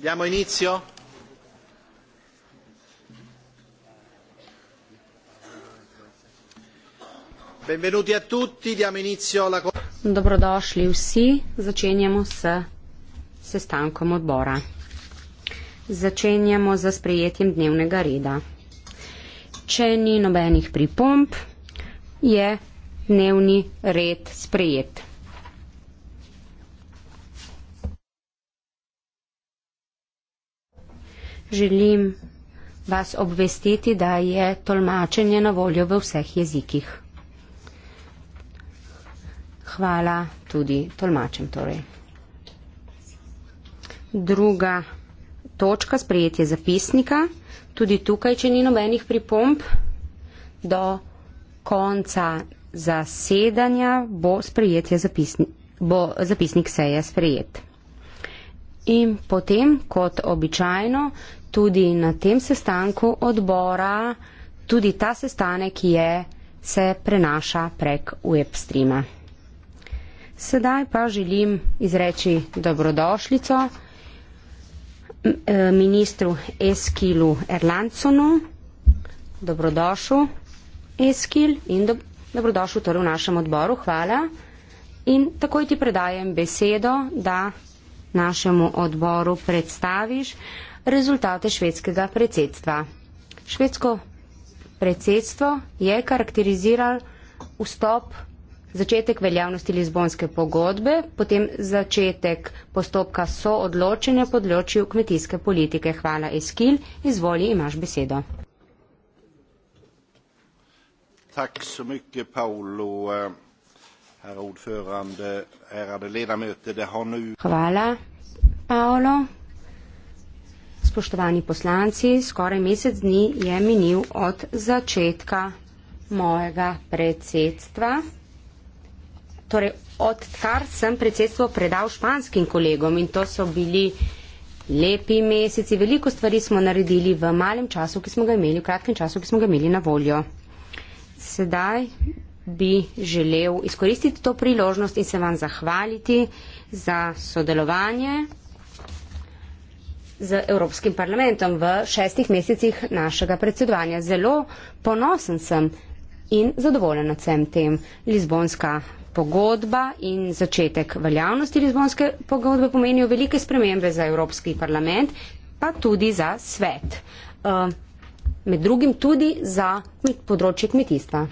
Diamo inizio? Benvenuti a tutti, diamo inizio alla... Dobrodošli vsi, začenjamo s sestankom odbora. Začenjamo za sprejetjem dnevnega reda. Če ni nobenih pripomp, je dnevni red sprejet. želim vas obvestiti, da je tolmačenje na voljo v vseh jezikih. Hvala tudi tolmačem torej. Druga točka, sprejetje zapisnika. Tudi tukaj, če ni nobenih pripomp, do konca zasedanja bo, zapisni, bo zapisnik seje sprejet. In potem, kot običajno, tudi na tem sestanku odbora, tudi ta sestanek je, se prenaša prek webstreama. Sedaj pa želim izreči dobrodošlico e, ministru Eskilu Erlanconu. Dobrodošel, Eskil, in do, dobrodošel torej v našem odboru. Hvala. In takoj ti predajem besedo, da našemu odboru predstaviš rezultate švedskega predsedstva. Švedsko predsedstvo je karakteriziral vstop začetek veljavnosti Lizbonske pogodbe, potem začetek postopka soodločenja področju kmetijske politike. Hvala, Eskil. Izvoli, imaš besedo. Tak so mykje, Paulo. Hvala, Paolo. Spoštovani poslanci, skoraj mesec dni je minil od začetka mojega predsedstva. Torej, odkar sem predsedstvo predal španskim kolegom in to so bili lepi meseci, veliko stvari smo naredili v malem času, ki smo ga imeli, v kratkem času, ki smo ga imeli na voljo. Sedaj bi želel izkoristiti to priložnost in se vam zahvaliti za sodelovanje z Evropskim parlamentom v šestih mesecih našega predsedovanja. Zelo ponosen sem in zadovoljen nad vsem tem. Lizbonska pogodba in začetek veljavnosti Lizbonske pogodbe pomenijo velike spremembe za Evropski parlament, pa tudi za svet. Eh, med drugim tudi za področje kmetijstva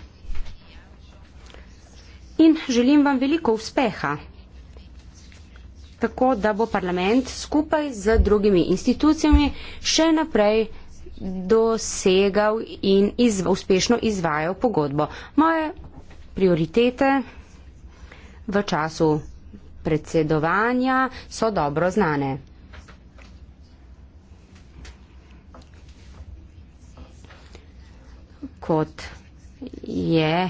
in želim vam veliko uspeha. Tako da bo parlament skupaj z drugimi institucijami še naprej dosegal in izv, uspešno izvajal pogodbo. Moje prioritete v času predsedovanja so dobro znane. Kot je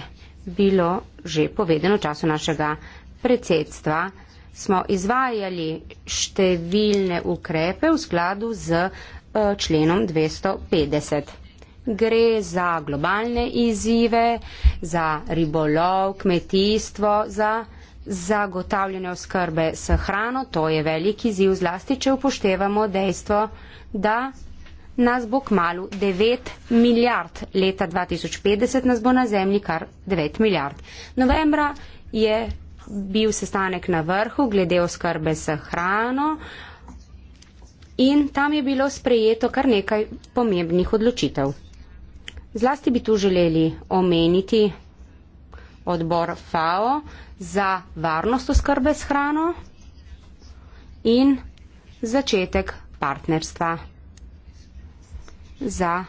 bilo že povedano v času našega predsedstva, smo izvajali številne ukrepe v skladu z eh, členom 250. Gre za globalne izzive, za ribolov, kmetijstvo, za zagotavljanje oskrbe s hrano. To je veliki izziv, zlasti če upoštevamo dejstvo, da nas bo k malu 9 milijard. Leta 2050 nas bo na Zemlji kar 9 milijard. Novembra je bil sestanek na vrhu glede oskrbe s hrano in tam je bilo sprejeto kar nekaj pomembnih odločitev. Zlasti bi tu želeli omeniti odbor FAO za varnost oskrbe s hrano in začetek partnerstva za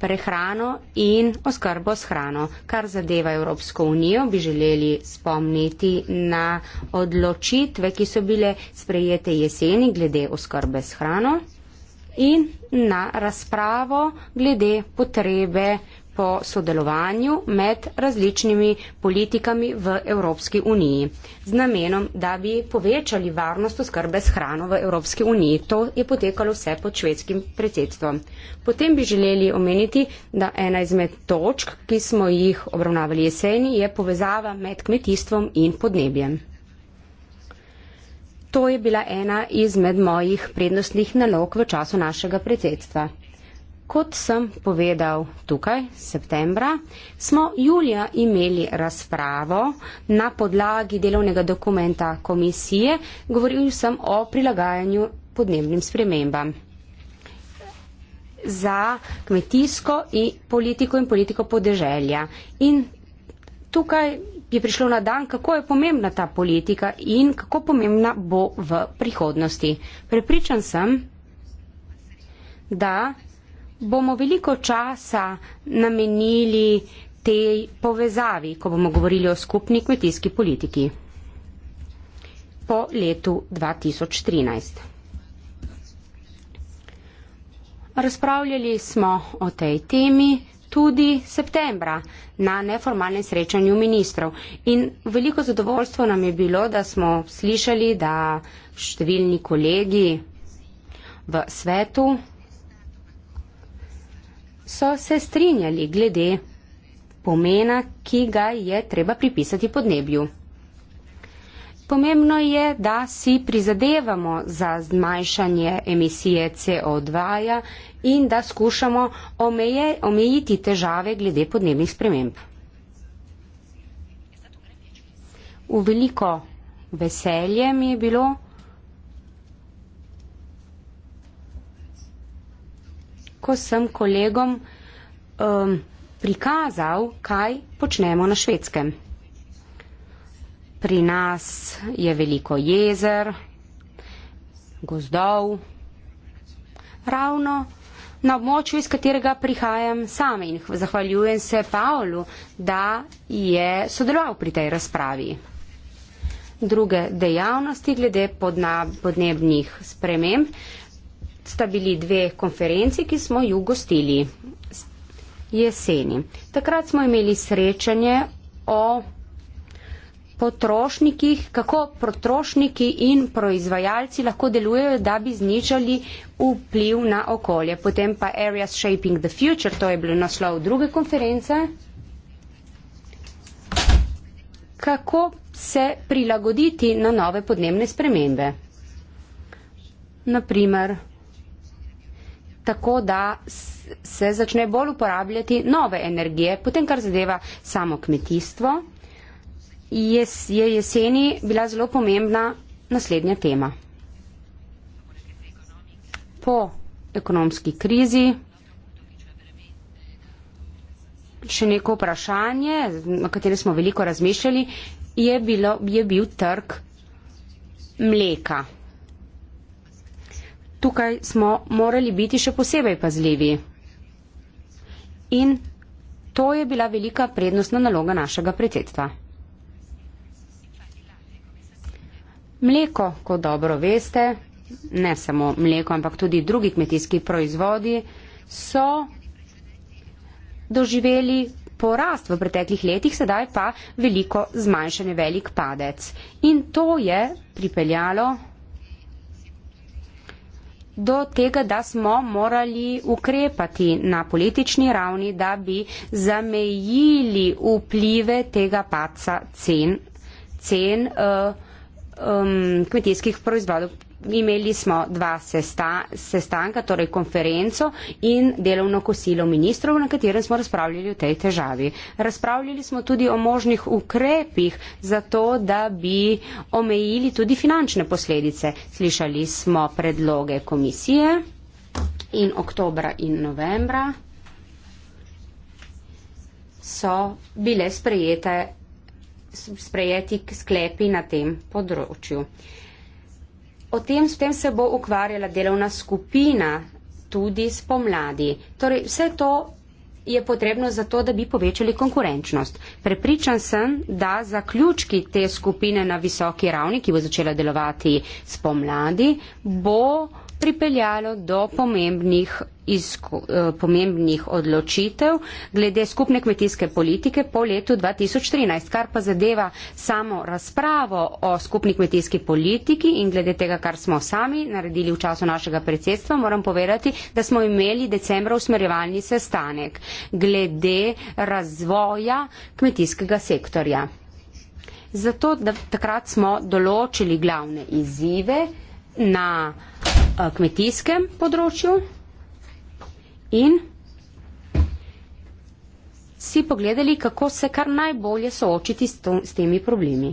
prehrano in oskrbo s hrano. Kar zadeva Evropsko unijo, bi želeli spomniti na odločitve, ki so bile sprejete jeseni glede oskrbe s hrano in na razpravo glede potrebe po sodelovanju med različnimi politikami v Evropski uniji z namenom, da bi povečali varnost oskrbe s hrano v Evropski uniji. To je potekalo vse pod švedskim predsedstvom. Potem bi želeli omeniti, da ena izmed točk, ki smo jih obravnavali jeseni, je povezava med kmetijstvom in podnebjem. To je bila ena izmed mojih prednostnih nalog v času našega predsedstva. Kot sem povedal tukaj, septembra, smo julija imeli razpravo na podlagi delovnega dokumenta komisije, govoril sem o prilagajanju podnebnim spremembam za kmetijsko in politiko in politiko podeželja. In tukaj je prišlo na dan, kako je pomembna ta politika in kako pomembna bo v prihodnosti. Prepričan sem, da bomo veliko časa namenili tej povezavi, ko bomo govorili o skupni kmetijski politiki po letu 2013. Razpravljali smo o tej temi tudi septembra na neformalnem srečanju ministrov in veliko zadovoljstvo nam je bilo, da smo slišali, da številni kolegi v svetu so se strinjali glede pomena, ki ga je treba pripisati podnebju. Pomembno je, da si prizadevamo za zmanjšanje emisije CO2 -ja in da skušamo omeje, omejiti težave glede podnebnih sprememb. V veliko veselje mi je bilo ko sem kolegom um, prikazal, kaj počnemo na švedskem. Pri nas je veliko jezer, gozdov, ravno na območju, iz katerega prihajam sam in zahvaljujem se Paulu, da je sodeloval pri tej razpravi. Druge dejavnosti glede podnebnih sprememb sta bili dve konferenci, ki smo ju gostili jeseni. Takrat smo imeli srečanje o potrošnikih, kako potrošniki in proizvajalci lahko delujejo, da bi znižali vpliv na okolje. Potem pa Areas Shaping the Future, to je bil naslov druge konference. Kako se prilagoditi na nove podnebne spremembe? Naprimer, tako da se začne bolj uporabljati nove energije. Potem, kar zadeva samo kmetijstvo, je jeseni bila zelo pomembna naslednja tema. Po ekonomski krizi. Še neko vprašanje, na katero smo veliko razmišljali, je, bilo, je bil trg mleka tukaj smo morali biti še posebej pazljivi. In to je bila velika prednostna naloga našega predsedstva. Mleko, kot dobro veste, ne samo mleko, ampak tudi drugi kmetijski proizvodi, so doživeli porast v preteklih letih, sedaj pa veliko zmanjšanje, velik padec. In to je pripeljalo do tega, da smo morali ukrepati na politični ravni, da bi zamejili vplive tega paca cen, cen uh, um, kmetijskih proizvodov imeli smo dva sesta sestanka, torej konferenco in delovno kosilo ministrov, na katerem smo razpravljali o tej težavi. Razpravljali smo tudi o možnih ukrepih za to, da bi omejili tudi finančne posledice. Slišali smo predloge komisije in oktobra in novembra so bile sprejete, sprejeti sklepi na tem področju. O tem, s tem se bo ukvarjala delovna skupina tudi spomladi. Torej, vse to je potrebno za to, da bi povečali konkurenčnost. Prepričan sem, da zaključki te skupine na visoki ravni, ki bo začela delovati spomladi, bo pripeljalo do pomembnih, izko, eh, pomembnih odločitev glede skupne kmetijske politike po letu 2013. Kar pa zadeva samo razpravo o skupni kmetijski politiki in glede tega, kar smo sami naredili v času našega predsedstva, moram povedati, da smo imeli decembra usmerjevalni sestanek glede razvoja kmetijskega sektorja. Zato, da takrat smo določili glavne izzive na Eh, kmetijskem področju in si pogledali, kako se kar najbolje soočiti s, to, s temi problemi.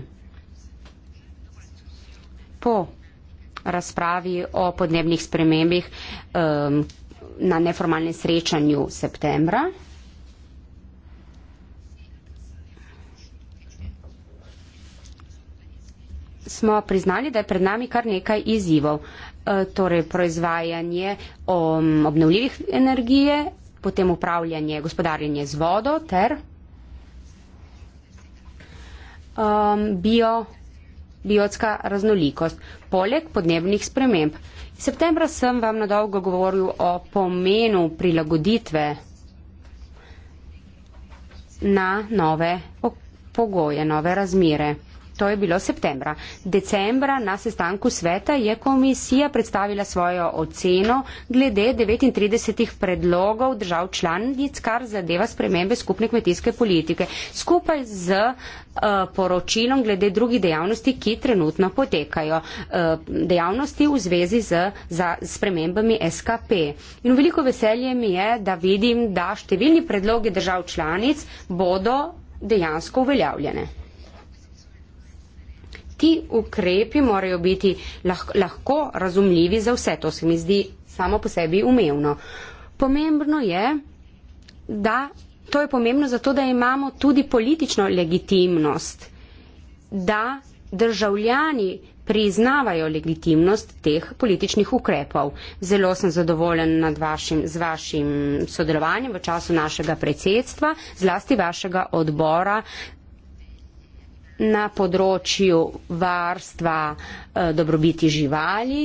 Po razpravi o podnebnih spremembih um, ehm, na neformalnem srečanju septembra smo priznali, da je pred nami kar nekaj izzivov. Eh, torej proizvajanje um, obnovljivih energije, potem upravljanje, gospodarjenje z vodo ter um, bio, biotska raznolikost. Poleg podnebnih sprememb. Septembra sem vam na dolgo govoril o pomenu prilagoditve na nove pogoje, nove razmere to je bilo septembra. Decembra na sestanku sveta je komisija predstavila svojo oceno glede 39 predlogov držav članic, kar zadeva spremembe skupne kmetijske politike, skupaj z uh, poročilom glede drugih dejavnosti, ki trenutno potekajo, uh, dejavnosti v zvezi z za spremembami SKP. In veliko veselje mi je, da vidim, da številni predlogi držav članic bodo dejansko uveljavljene ti ukrepi morajo biti lahko, lahko razumljivi za vse. To se mi zdi samo po sebi umevno. Pomembno je, da to je pomembno zato, da imamo tudi politično legitimnost, da državljani priznavajo legitimnost teh političnih ukrepov. Zelo sem zadovoljen nad vašim, z vašim sodelovanjem v času našega predsedstva, zlasti vašega odbora na področju varstva eh, dobrobiti živali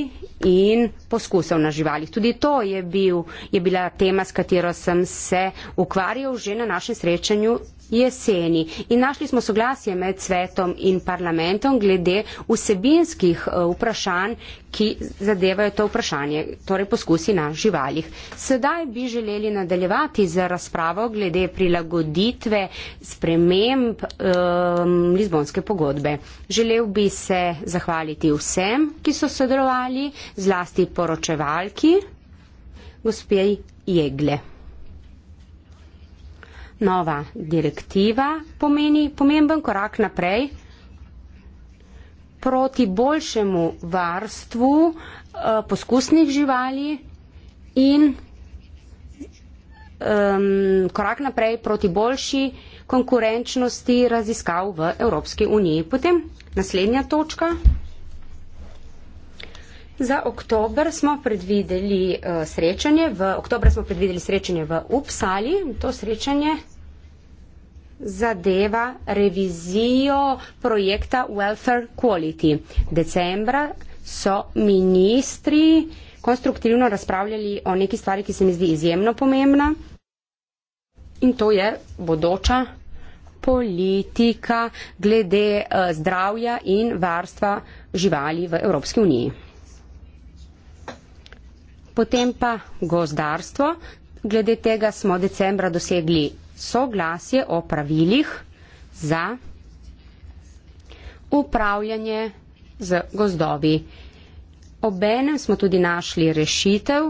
in poskusov na živalih. Tudi to je, bil, je bila tema, s katero sem se ukvarjal že na našem srečanju jeseni. In našli smo soglasje med svetom in parlamentom glede vsebinskih eh, vprašanj, ki zadevajo to vprašanje, torej poskusi na živalih. Sedaj bi želeli nadaljevati z razpravo glede prilagoditve sprememb um, Lizbonske pogodbe. Želel bi se zahvaliti vsem, ki so sodelovali, zlasti poročevalki, gospej Jegle. Nova direktiva pomeni pomemben korak naprej proti boljšemu varstvu eh, poskusnih živali in Um, korak naprej proti boljši konkurenčnosti raziskav v Evropski uniji. Potem naslednja točka. Za oktober smo predvideli uh, srečanje v oktober smo predvideli srečanje v Upsali. To srečanje zadeva revizijo projekta Welfare Quality. Decembra so ministri konstruktivno razpravljali o neki stvari, ki se mi zdi izjemno pomembna. In to je bodoča politika glede uh, zdravja in varstva živali v Evropski uniji potem pa gozdarstvo. Glede tega smo decembra dosegli soglasje o pravilih za upravljanje z gozdovi. Obenem smo tudi našli rešitev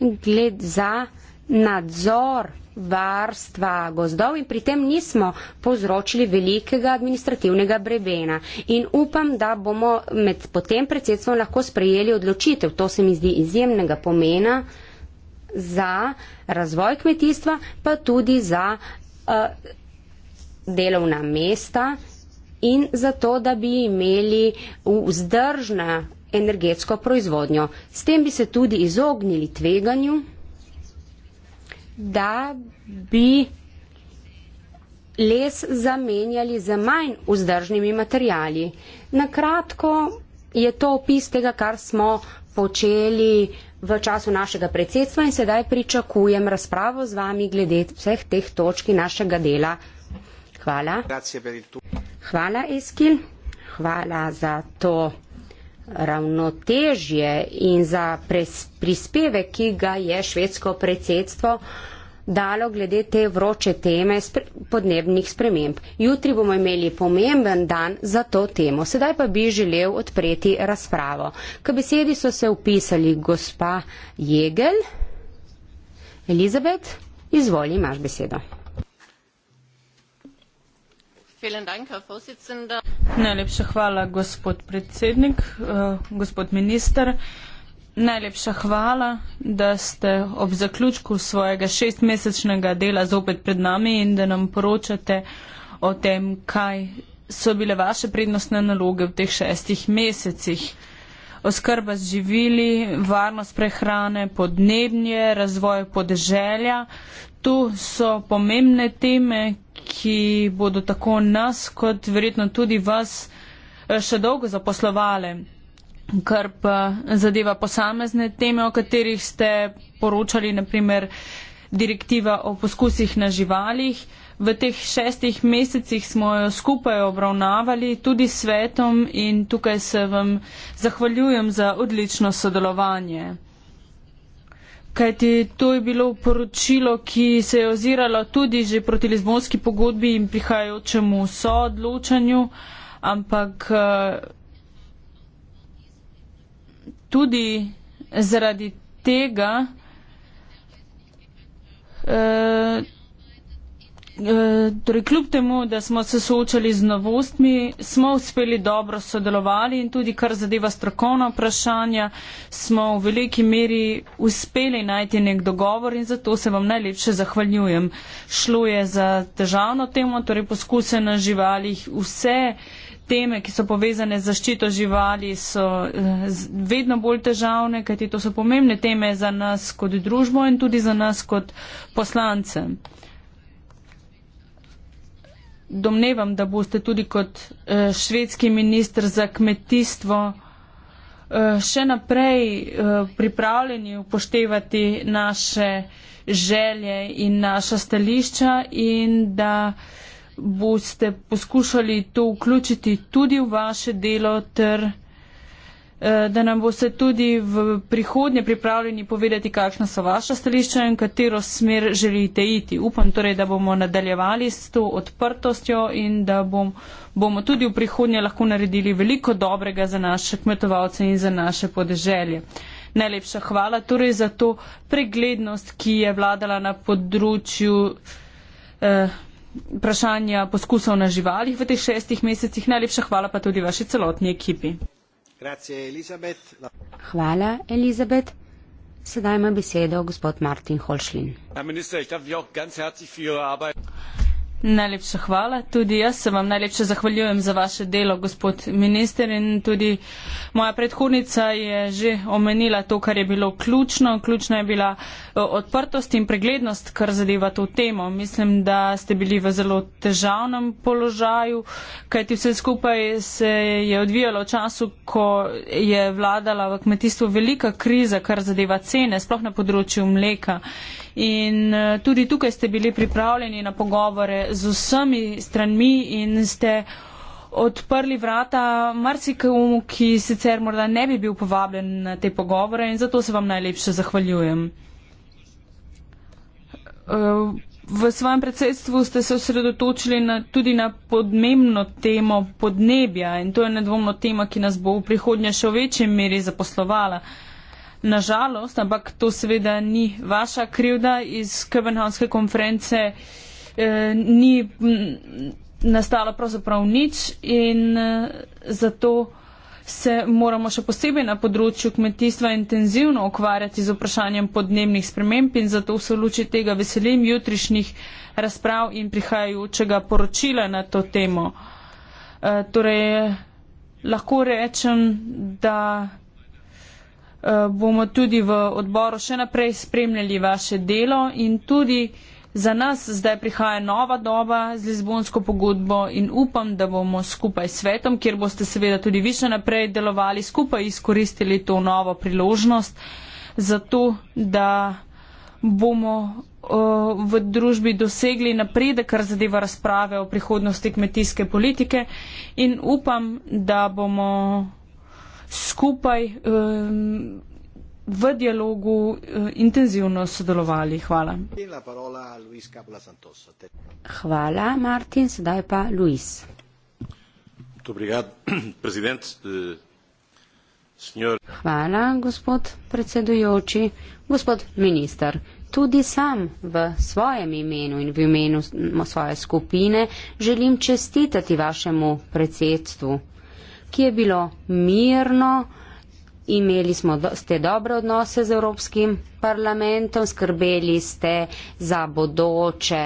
gled za nadzor varstva gozdov in pri tem nismo povzročili velikega administrativnega brebena. In upam, da bomo med potem predsedstvom lahko sprejeli odločitev. To se mi zdi izjemnega pomena za razvoj kmetijstva, pa tudi za uh, delovna mesta in za to, da bi imeli vzdržna energetsko proizvodnjo. S tem bi se tudi izognili tveganju da bi les zamenjali z manj vzdržnimi materijali. Na kratko je to opis tega, kar smo počeli v času našega predsedstva in sedaj pričakujem razpravo z vami glede vseh teh točk našega dela. Hvala. Hvala, Eskil. Hvala za to ravnotežje in za prispevek, ki ga je švedsko predsedstvo dalo glede te vroče teme podnebnih sprememb. Jutri bomo imeli pomemben dan za to temo. Sedaj pa bi želel odpreti razpravo. K besedi so se upisali gospa Jegel. Elizabet, izvoli, imaš besedo. Najlepša hvala, gospod predsednik, eh, gospod minister. Najlepša hvala, da ste ob zaključku svojega šestmesečnega dela zopet pred nami in da nam poročate o tem, kaj so bile vaše prednostne naloge v teh šestih mesecih. Oskrba z živili, varnost prehrane, podnebnje, razvoj podeželja. Tu so pomembne teme, ki bodo tako nas, kot verjetno tudi vas, eh, še dolgo zaposlovali kar pa zadeva posamezne teme, o katerih ste poročali, naprimer direktiva o poskusih na živalih. V teh šestih mesecih smo jo skupaj obravnavali tudi s svetom in tukaj se vam zahvaljujem za odlično sodelovanje. Kajti to je bilo poročilo, ki se je oziralo tudi že proti Lizbonski pogodbi in prihajajočemu soodločanju, ampak eh, tudi zaradi tega eh, eh, Torej, kljub temu, da smo se soočali z novostmi, smo uspeli dobro sodelovali in tudi kar zadeva strokovna vprašanja, smo v veliki meri uspeli najti nek dogovor in zato se vam najlepše zahvaljujem. Šlo je za državno temo, torej poskuse na živalih, vse eh, teme, ki so povezane z zaščito živali, so eh, vedno bolj težavne, kajti to so pomembne teme za nas kot družbo in tudi za nas kot poslance. Domnevam, da boste tudi kot eh, švedski ministr za kmetijstvo eh, še naprej pripravljeni upoštevati naše želje in naša stališča in da boste poskušali to vključiti tudi v vaše delo, ter eh, da nam boste tudi v prihodnje pripravljeni povedati, kakšna so vaša stališča in katero smer želite iti. Upam torej, da bomo nadaljevali s to odprtostjo in da bom, bomo tudi v prihodnje lahko naredili veliko dobrega za naše kmetovalce in za naše podeželje. Najlepša hvala torej za to preglednost, ki je vladala na področju. Eh, vprašanja poskusov na živalih v teh šestih mesecih. Najlepša hvala pa tudi vaši celotni ekipi. Hvala, Elizabet. Sedaj ima besedo gospod Martin Holšlin. Najlepša hvala. Tudi jaz se vam najlepše zahvaljujem za vaše delo, gospod minister. In tudi moja predhodnica je že omenila to, kar je bilo ključno. Ključna je bila eh, odprtost in preglednost, kar zadeva to temo. Mislim, da ste bili v zelo težavnem položaju, kajti vse skupaj se je odvijalo v času, ko je vladala v kmetijstvu velika kriza, kar zadeva cene, sploh na področju mleka in eh, tudi tukaj ste bili pripravljeni na pogovore z vsemi stranmi in ste odprli vrata marsikomu, ki sicer morda ne bi bil povabljen na te pogovore in zato se vam najlepše zahvaljujem. Eh, v svojem predsedstvu ste se osredotočili na, tudi na podnebno temo podnebja in to je nedvomno tema, ki nas bo v prihodnje še v večjem meri zaposlovala. Uh, nažalost, ampak to seveda ni vaša krivda iz Kopenhavnske konference. Eh, ni mm, nastalo pravzaprav nič in eh, zato se moramo še posebej na področju kmetijstva intenzivno ukvarjati z vprašanjem podnebnih sprememb in zato v luči tega veselim jutrišnjih razprav in prihajajočega poročila na to temo. Eh, torej, lahko rečem, da Eh, bomo tudi v odboru še naprej spremljali vaše delo in tudi za nas zdaj prihaja nova doba z Lizbonsko pogodbo in upam, da bomo skupaj s svetom, kjer boste seveda tudi vi še naprej delovali, skupaj izkoristili to novo priložnost za to, da bomo eh, v družbi dosegli napredek, kar zadeva razprave o prihodnosti kmetijske politike in upam, da bomo skupaj um, v dialogu um, intenzivno sodelovali. Hvala. Hvala, Martin. Sedaj pa Luis. Eh, Hvala, gospod predsedujoči. Gospod minister, tudi sam v svojem imenu in v imenu svoje skupine želim čestitati vašemu predsedstvu ki je bilo mirno, imeli smo, ste dobre odnose z Evropskim parlamentom, skrbeli ste za bodoče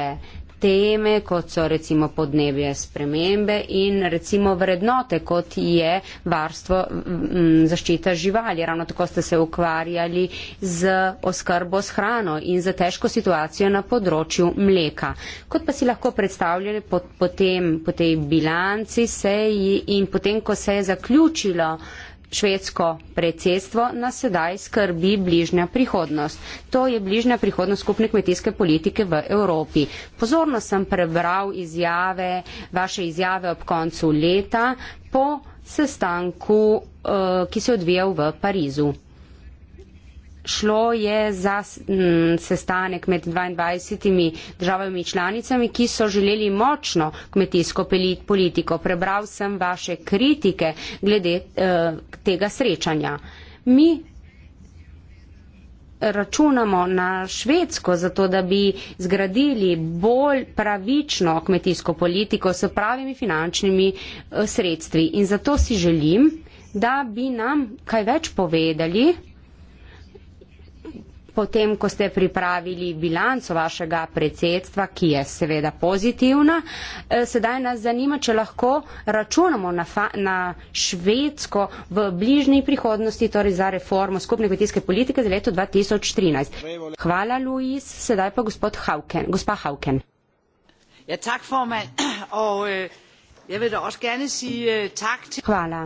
teme, kot so recimo podnebje spremembe in recimo vrednote, kot je varstvo m, zaščita živali. Ravno tako ste se ukvarjali z oskrbo s hrano in z težko situacijo na področju mleka. Kot pa si lahko predstavljali po, po, tem, po tej bilanci se je, in potem, ko se je zaključilo švedsko predsedstvo nas sedaj skrbi bližnja prihodnost. To je bližnja prihodnost skupne kmetijske politike v Evropi. Pozorno sem prebral izjave, vaše izjave ob koncu leta po sestanku, eh, ki se je odvijal v Parizu šlo je za mm, sestanek med 22 državami članicami, ki so želeli močno kmetijsko politiko. Prebral sem vaše kritike glede uh, tega srečanja. Mi računamo na Švedsko, zato da bi zgradili bolj pravično kmetijsko politiko s pravimi finančnimi eh, sredstvi. In zato si želim, da bi nam kaj več povedali potem, ko ste pripravili bilanco vašega predsedstva, ki je seveda pozitivna. Eh, sedaj nas zanima, če lahko računamo na, na Švedsko v bližnji prihodnosti, torej za reformo skupne kmetijske politike za leto 2013. Hvala, Luis. Sedaj pa gospod Hauken. Gospa Hauken. Ja, tak, formal. Oh, eh. Hvala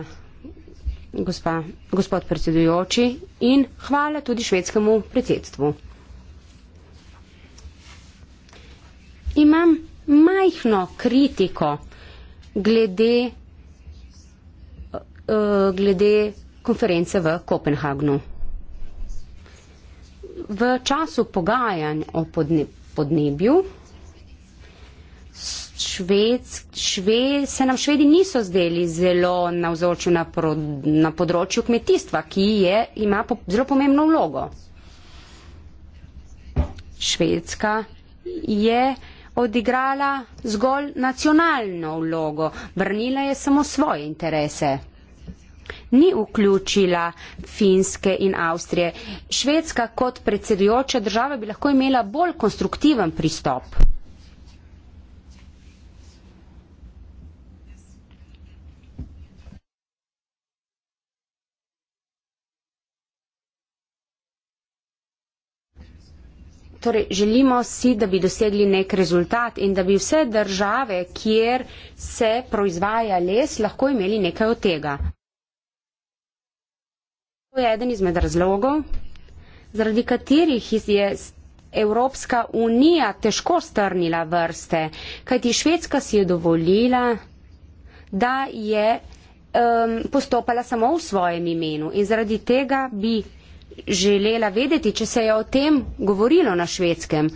gospa, gospod predsedujoči in hvala tudi švedskemu predsedstvu. Imam majhno kritiko glede, eh, glede konference v Kopenhagnu. V času pogajanj o podne, podnebju šved, se nam švedi niso zdeli zelo navzoči na, na področju kmetijstva, ki je, ima po, zelo pomembno vlogo. Švedska je odigrala zgolj nacionalno vlogo, vrnila je samo svoje interese. Ni vključila Finske in Avstrije. Švedska kot predsedujoča država bi lahko imela bolj konstruktiven pristop. torej želimo si, da bi dosegli nek rezultat in da bi vse države, kjer se proizvaja les, lahko imeli nekaj od tega. To je eden izmed razlogov, zaradi katerih je Evropska unija težko strnila vrste, kajti Švedska si je dovolila, da je um, postopala samo v svojem imenu in zaradi tega bi želela vedeti, če se je o tem govorilo na švedskem.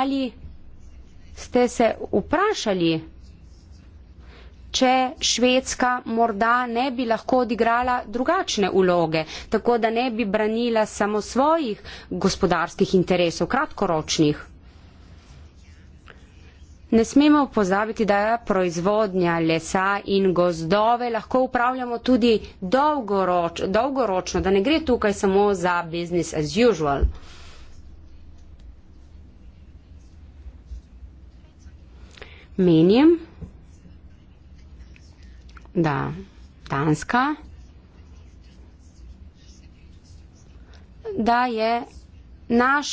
Ali ste se vprašali, če švedska morda ne bi lahko odigrala drugačne uloge, tako da ne bi branila samo svojih gospodarskih interesov, kratkoročnih? Ne smemo pozabiti, da je proizvodnja lesa in gozdove lahko upravljamo tudi dolgoroč, dolgoročno, da ne gre tukaj samo za business as usual. Menim, da Danska, da je naš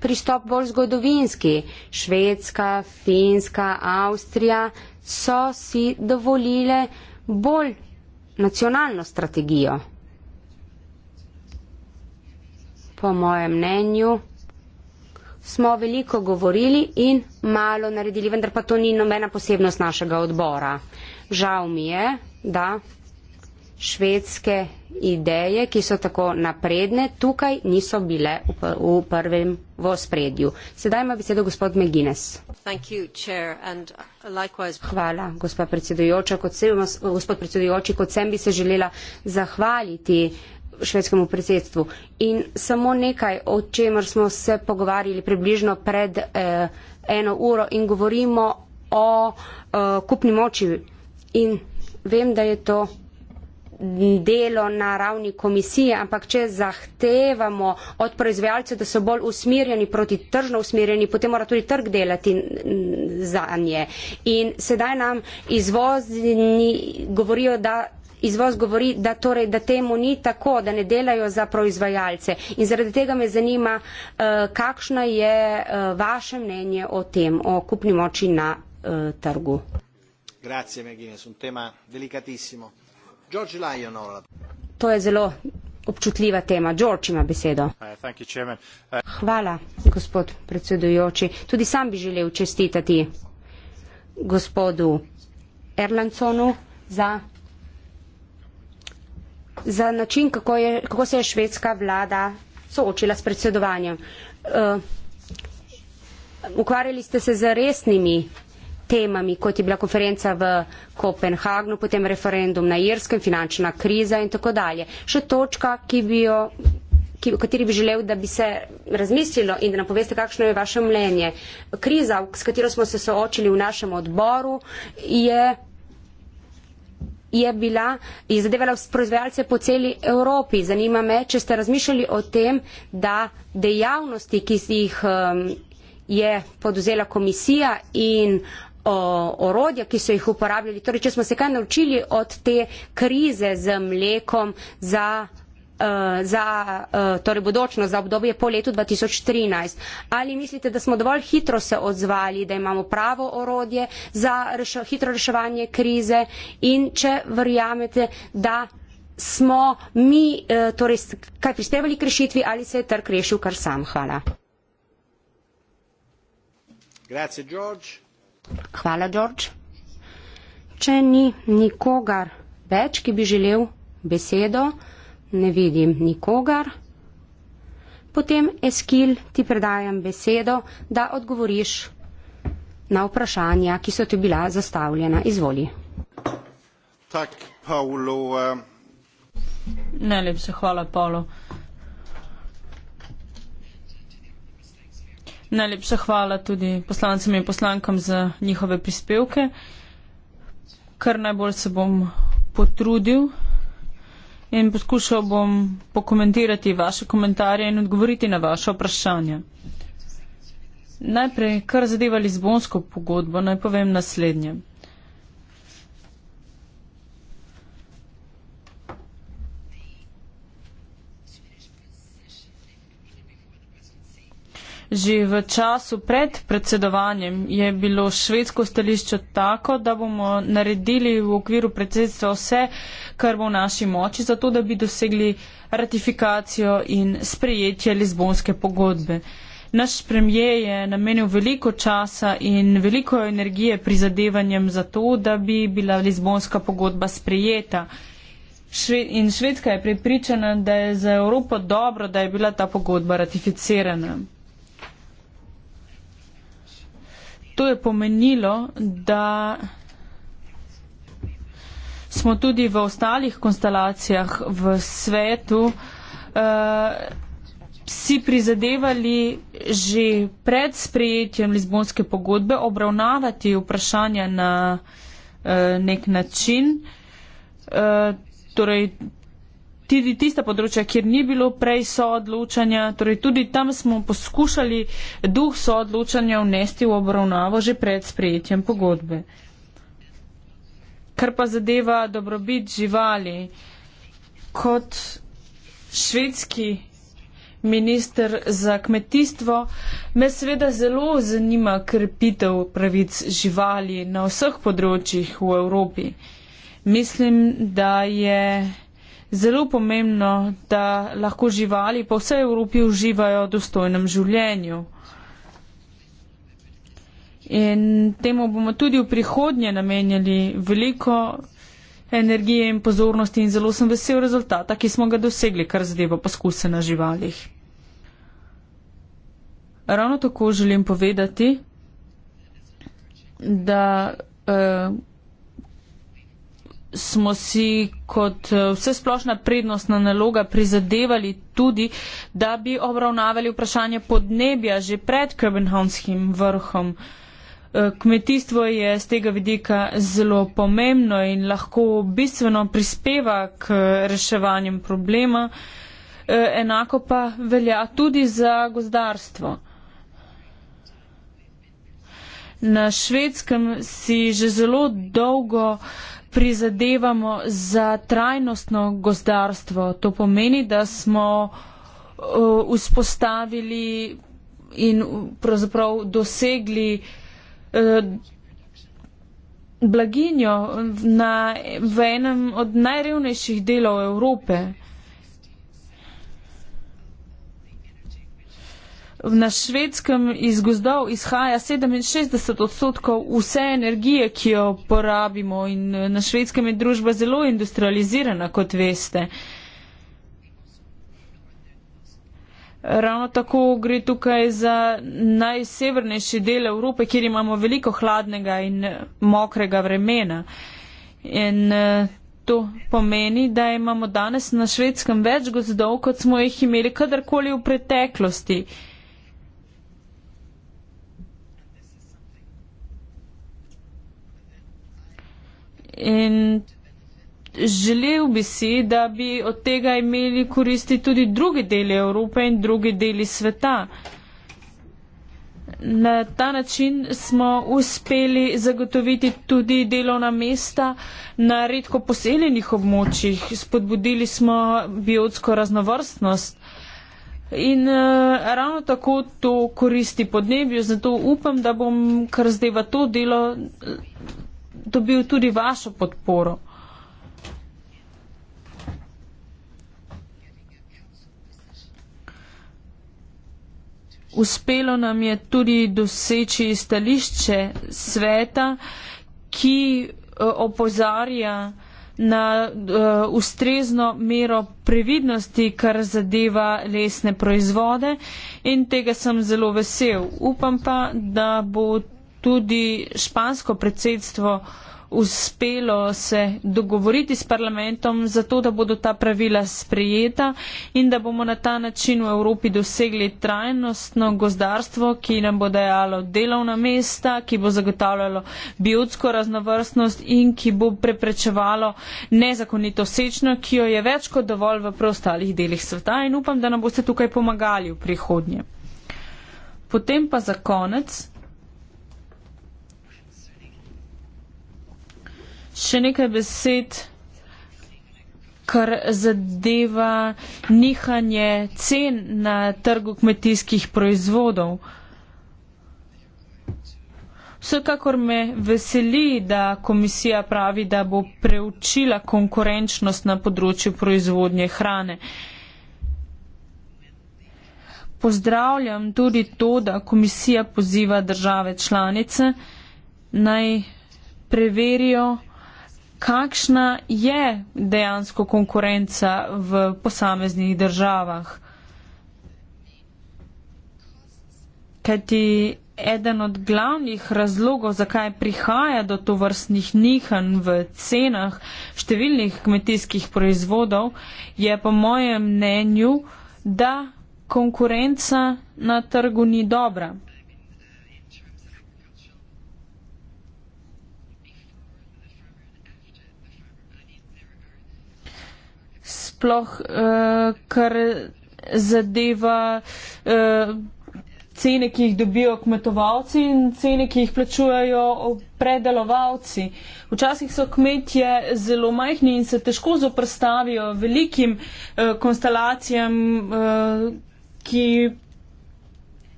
pristop bolj zgodovinski. Švedska, Finska, Avstrija so si dovolile bolj nacionalno strategijo. Po mojem mnenju smo veliko govorili in malo naredili, vendar pa to ni nobena posebnost našega odbora. Žal mi je, da švedske ideje, ki so tako napredne, tukaj niso bile v, pr v prvem v spredju. Sedaj ima besedo gospod McGuinness. Uh, Hvala, gospod predsedujoča. Kot sem, gospod predsedujoči, kot sem bi se želela zahvaliti švedskemu predsedstvu. In samo nekaj, o čemer smo se pogovarjali približno pred eh, eno uro in govorimo o eh, kupni moči. In vem, da je to delo na ravni komisije, ampak če zahtevamo od proizvajalcev, da so bolj usmerjeni proti tržno usmerjeni, potem mora tudi trg delati za nje. In sedaj nam izvozni govorijo, da. Izvoz govori, da, torej, da temu ni tako, da ne delajo za proizvajalce. In zaradi tega me zanima, eh, kakšno je eh, vaše mnenje o tem, o kupni moči na eh, trgu. Grazie, Megine, George Lyon. To je zelo občutljiva tema. George ima besedo. Uh, uh, Hvala, gospod predsedujoči. Tudi sam bi želel čestitati gospodu Erlandsonu za, za način, kako, je, kako se je švedska vlada soočila s predsedovanjem. Uh, ukvarjali ste se z resnimi temami, kot je bila konferenca v Kopenhagnu, potem referendum na Irskem, finančna kriza in tako dalje. Še točka, ki bi jo o kateri bi želel, da bi se razmislilo in da nam poveste, kakšno je vaše mnenje. Kriza, s katero smo se soočili v našem odboru, je, je bila, je zadevala proizvajalce po celi Evropi. Zanima me, če ste razmišljali o tem, da dejavnosti, ki jih um, je poduzela komisija in uh, orodja, ki so jih uporabljali. Torej, če smo se kaj naučili od te krize z mlekom za, uh, za uh, torej bodočno, za obdobje po letu 2013. Ali mislite, da smo dovolj hitro se odzvali, da imamo pravo orodje za reš hitro reševanje krize in če verjamete, da smo mi uh, torej, kaj prispevali k rešitvi ali se je trg rešil kar sam? Hvala. Grazie, George. Hvala, George. Če ni nikogar več, ki bi želel besedo, ne vidim nikogar. Potem, Eskil, ti predajam besedo, da odgovoriš na vprašanja, ki so ti bila zastavljena. Izvoli. Tak, Paulo, uh... Najlepša hvala, Paulo. Najlepša hvala tudi poslancem in poslankam za njihove prispevke. Kar najbolj se bom potrudil in poskušal bom pokomentirati vaše komentarje in odgovoriti na vaše vprašanja. Najprej, kar zadeva Lizbonsko pogodbo, naj povem naslednje. Že v času pred predsedovanjem je bilo švedsko stališče tako, da bomo naredili v okviru predsedstva vse, kar bo v naši moči, zato da bi dosegli ratifikacijo in sprejetje Lizbonske pogodbe. Naš premijer je namenil veliko časa in veliko energije prizadevanjem za to, da bi bila Lizbonska pogodba sprejeta. In Švedska je pripričana, da je za Evropo dobro, da je bila ta pogodba ratificirana. to je pomenilo, da smo tudi v ostalih konstelacijah v svetu uh, si prizadevali že pred sprejetjem Lizbonske pogodbe obravnavati vprašanja na uh, nek način. Uh, torej, tudi tista področja, kjer ni bilo prej soodločanja, torej tudi tam smo poskušali duh soodločanja vnesti v obravnavo že pred sprejetjem pogodbe. Kar pa zadeva dobrobit živali, kot švedski minister za kmetijstvo, me seveda zelo zanima krepitev pravic živali na vseh področjih v Evropi. Mislim, da je zelo pomembno, da lahko živali po vsej Evropi uživajo v dostojnem življenju. In temu bomo tudi v prihodnje namenjali veliko energije in pozornosti in zelo sem vesel rezultata, ki smo ga dosegli, kar zadeva poskuse na živalih. Ravno tako želim povedati, da eh, smo si kot eh, vse splošna prednostna naloga prizadevali tudi, da bi obravnavali vprašanje podnebja že pred Krbenhavnskim vrhom. Eh, kmetijstvo je z tega vidika zelo pomembno in lahko bistveno prispeva k eh, reševanjem problema, enako pa velja tudi za gozdarstvo. Na švedskem si že zelo dolgo uh, prizadevamo za trajnostno gozdarstvo. To pomeni, da smo uh, vzpostavili in pravzaprav dosegli uh, blaginjo na, v enem od najrevnejših delov Evrope. na švedskem iz gozdov izhaja 67 odstotkov vse energije, ki jo porabimo in eh, na švedskem je družba zelo industrializirana, kot veste. Ravno tako gre tukaj za najsevernejši del Evrope, kjer imamo veliko hladnega in eh, mokrega vremena. In eh, to pomeni, da imamo danes na švedskem več gozdov, kot smo jih imeli kadarkoli v preteklosti. in želel bi si, da bi od tega imeli koristi tudi drugi deli Evrope in drugi deli sveta. Na ta način smo uspeli zagotoviti tudi delovna mesta na redko poseljenih območjih. Spodbudili smo biotsko raznovrstnost in eh, ravno tako to koristi podnebju, zato upam, da bom kar zdaj v to delo dobil tudi vašo podporo. Uspelo nam je tudi doseči stališče sveta, ki e, opozarja na uh, ustrezno mero previdnosti, kar zadeva lesne proizvode in tega sem zelo vesel. Upam pa, da bo tudi špansko predsedstvo uspelo se dogovoriti s parlamentom za to, da bodo ta pravila sprejeta in da bomo na ta način v Evropi dosegli trajnostno gozdarstvo, ki nam bo dajalo delovna mesta, ki bo zagotavljalo biotsko raznovrstnost in ki bo preprečevalo nezakonito sečno, ki jo je več kot dovolj v preostalih delih sveta in upam, da nam boste tukaj pomagali v prihodnje. Potem pa za konec. še nekaj besed, kar zadeva nihanje cen na trgu kmetijskih proizvodov. Vsekakor me veseli, da komisija pravi, da bo preučila konkurenčnost na področju proizvodnje hrane. Pozdravljam tudi to, da komisija poziva države članice naj preverijo kakšna je dejansko konkurenca v posameznih državah. Kajti eden od glavnih razlogov, zakaj prihaja do to vrstnih nihan v cenah številnih kmetijskih proizvodov, je po mojem mnenju, da konkurenca na trgu ni dobra. sploh, uh, kar zadeva uh, cene, ki jih dobijo kmetovalci in cene, ki jih plačujejo predelovalci. Včasih so kmetje zelo majhni in se težko zoprstavijo velikim uh, eh, konstelacijam, uh, ki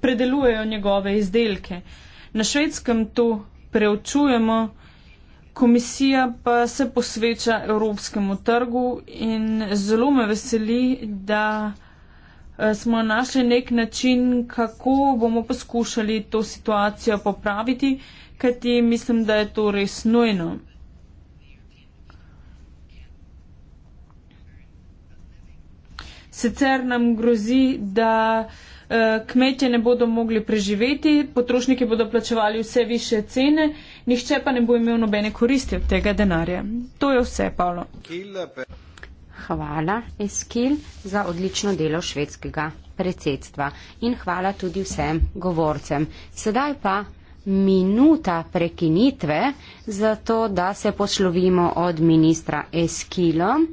predelujejo njegove izdelke. Na švedskem to preučujemo. Komisija pa se posveča evropskemu trgu in zelo me veseli, da eh, smo našli nek način, kako bomo poskušali to situacijo popraviti, kajti mislim, da je to res nujno. Sicer nam grozi, da eh, kmetje ne bodo mogli preživeti, potrošniki bodo plačevali vse više cene nihče pa ne bo imel nobene koristi od tega denarja. To je vse, Paolo. Hvala, Eskil, za odlično delo švedskega predsedstva in hvala tudi vsem govorcem. Sedaj pa minuta prekinitve, zato da se poslovimo od ministra Eskilom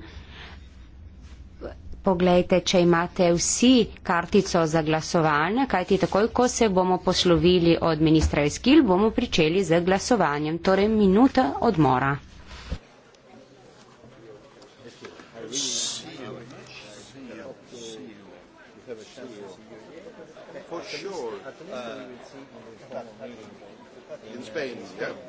poglejte, če imate vsi kartico za glasovanje, kajti takoj, ko se bomo poslovili od ministra Eskil, bomo pričeli z glasovanjem. Torej, minuta odmora. For sure. Uh, in Spain, yeah.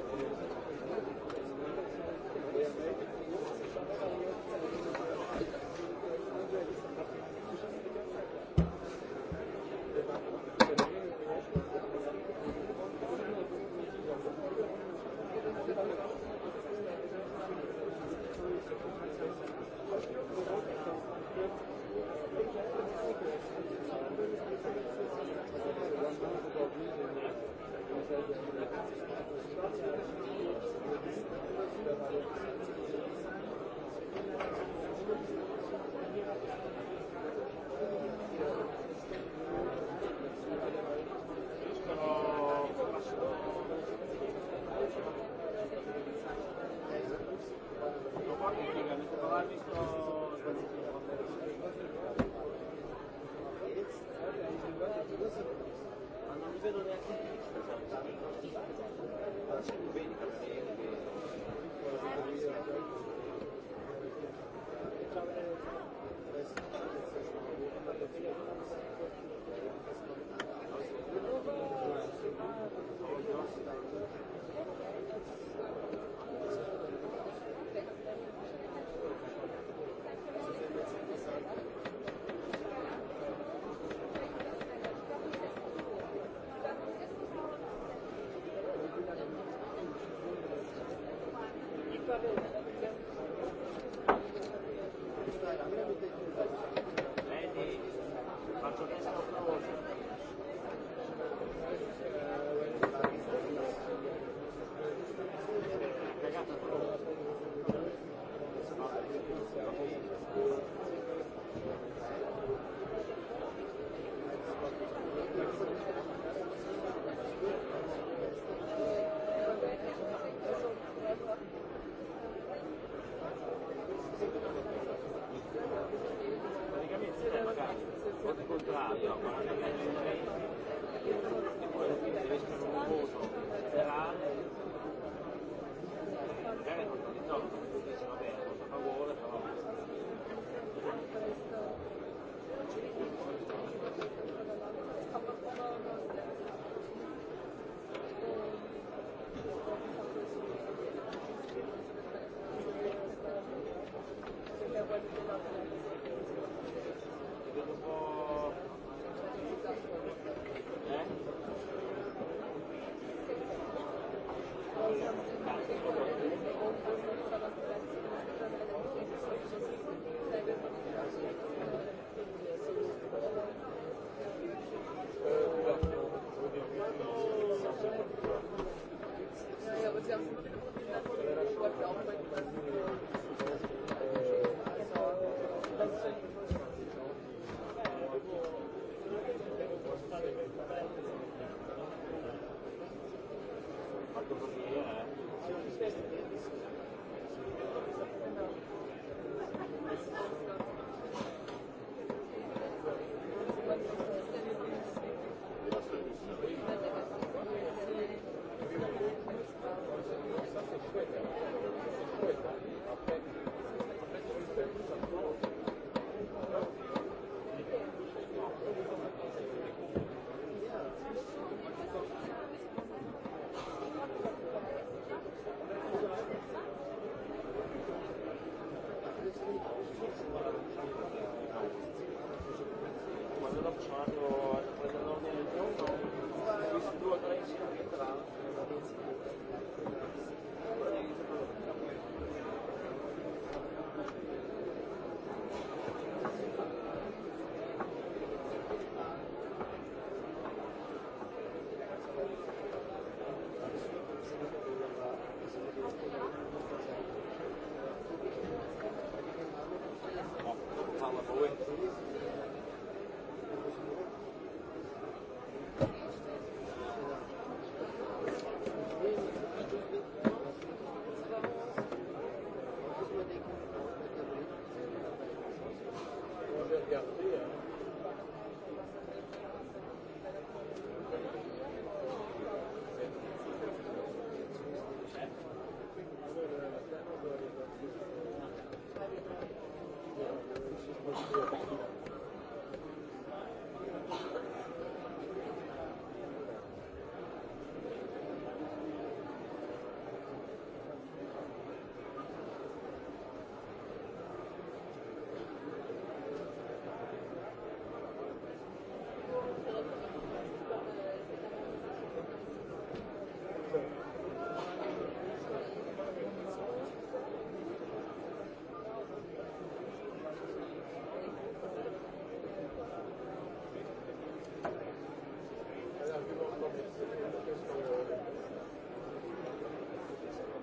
contrario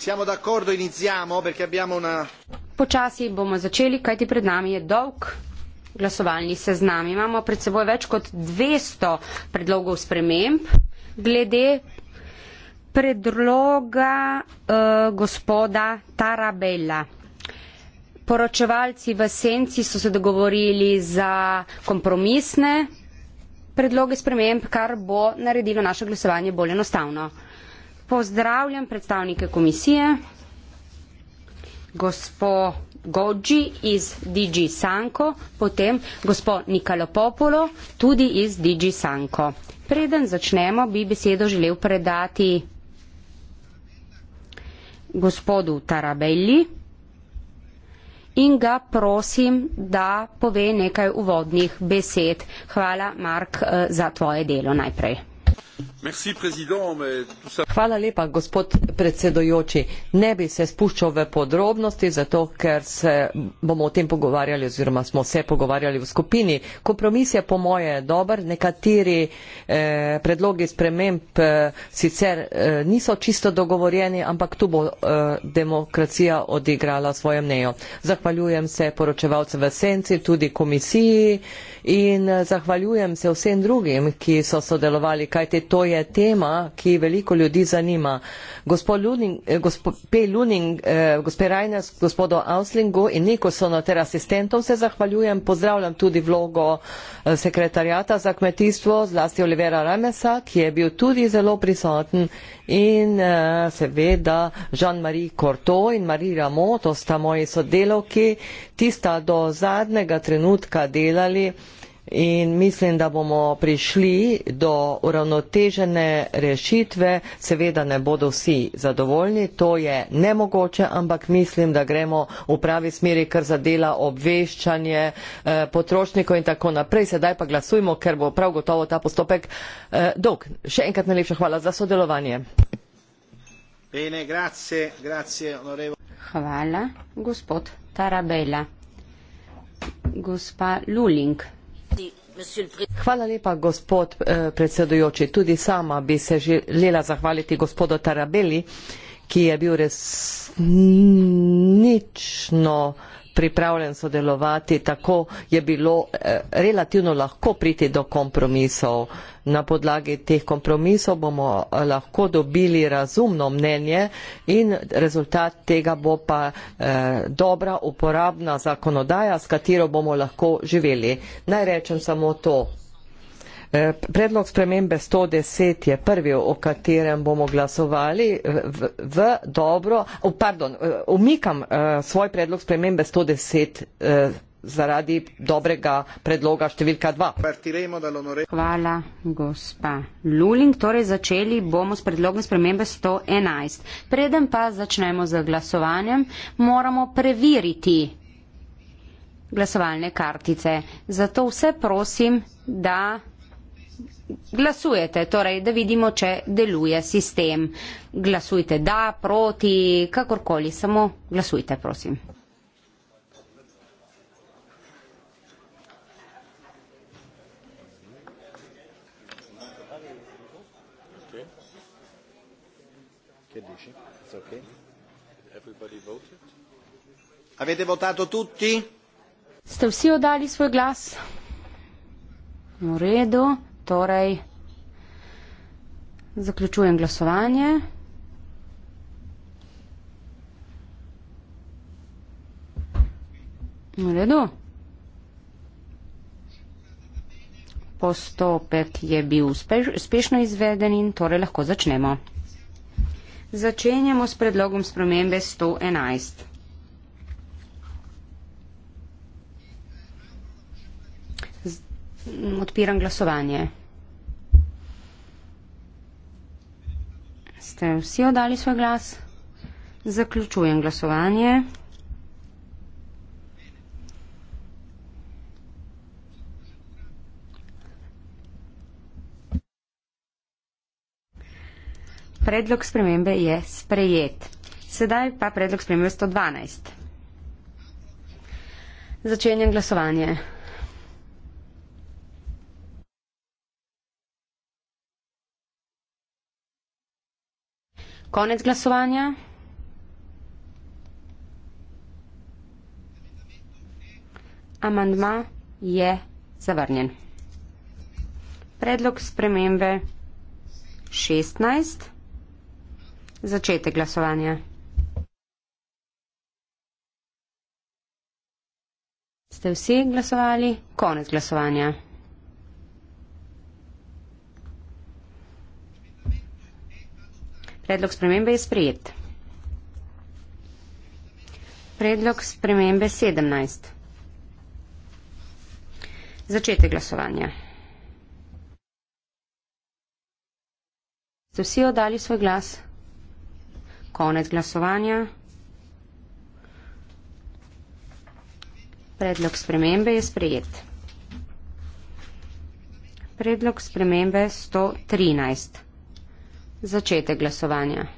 Siamo d'accordo, iniziamo perché abbiamo una. Počasi bomo začeli, kajti pred nami je dolg glasovalni seznam. Imamo pred seboj več kot 200 predlogov sprememb glede predloga uh, gospoda Tarabella. Poročevalci v senci so se dogovorili za kompromisne predloge sprememb, kar bo naredilo naše glasovanje bolj enostavno pozdravljam predstavnike komisije, gospo Goji iz DG Sanko, potem gospo Nikalo Popolo, tudi iz DG Sanko. Preden začnemo, bi besedo želel predati gospodu Tarabelli in ga prosim, da pove nekaj uvodnih besed. Hvala, Mark, eh, za tvoje delo najprej. Hvala lepa, gospod predsedojoči. Ne bi se spuščal v podrobnosti, zato ker se bomo o tem pogovarjali oziroma smo se pogovarjali v skupini. Kompromis je po moje dober, nekateri eh, predlogi sprememb eh, sicer eh, niso čisto dogovorjeni, ampak tu bo eh, demokracija odigrala svoje mnejo. Zahvaljujem se poročevalcem v senci, tudi komisiji in eh, zahvaljujem se vsem drugim, ki so sodelovali, kaj kajti to je tema, ki veliko ljudi zanima. Gospod Luning, eh, gospod Luning, eh, gospod Rajnes, gospodo Auslingu in Nikosono ter asistentom se zahvaljujem. Pozdravljam tudi vlogo eh, sekretarjata za kmetijstvo, zlasti Olivera Ramesa, ki je bil tudi zelo prisoten in seveda Jean-Marie Corto in Marie Ramo, to sta moji sodelovki, tista do zadnjega trenutka delali in mislim, da bomo prišli do uravnotežene rešitve. Seveda ne bodo vsi zadovoljni, to je nemogoče, ampak mislim, da gremo v pravi smeri, kar zadela obveščanje eh, potrošnikov in tako naprej. Sedaj pa glasujmo, ker bo prav gotovo ta postopek eh, dolg. Še enkrat najlepša hvala za sodelovanje. Bene, grazie, grazie, hvala, gospod Tarabela. Gospa Luling. Hvala lepa, gospod eh, predsedujoči. Tudi sama bi se želela zahvaliti gospodu Tarabeli, ki je bil resnično pripravljen sodelovati, tako je bilo eh, relativno lahko priti do kompromisov. Na podlagi teh kompromisov bomo eh, lahko dobili razumno mnenje in rezultat tega bo pa eh, dobra uporabna zakonodaja, s katero bomo lahko živeli. Naj rečem samo to, Eh, predlog spremembe 110 je prvi, o katerem bomo glasovali v, v dobro. Pardon, umikam eh, eh, svoj predlog spremembe 110 zaradi dobrega predloga številka 2. Hvala, gospa Luling. Torej začeli bomo s predlogom spremembe 111. Preden pa začnemo z glasovanjem, moramo preveriti glasovalne kartice. Zato vse prosim, da glasujete, torej da vidimo, če deluje sistem. Glasujte da, proti, kakorkoli, samo glasujte, prosim. Avete votato tutti? Ste vsi oddali svoj glas? V redu torej zaključujem glasovanje. V redu. Postopek je bil uspešno izveden in torej lahko začnemo. Začenjamo s predlogom spremembe 111. Odpiram glasovanje. ste vsi oddali svoj glas. Zaključujem glasovanje. Predlog spremembe je sprejet. Sedaj pa predlog spremembe 112. Začenjem glasovanje. Konec glasovanja. Amandma je zavrnjen. Predlog spremembe 16. Začete glasovanja. Ste vsi glasovali? Konec glasovanja. Predlog spremembe je sprejet. Predlog spremembe 17. Začete glasovanje. Ste vsi oddali svoj glas? Konec glasovanja. Predlog spremembe je sprejet. Predlog spremembe 113 začetek glasovanja.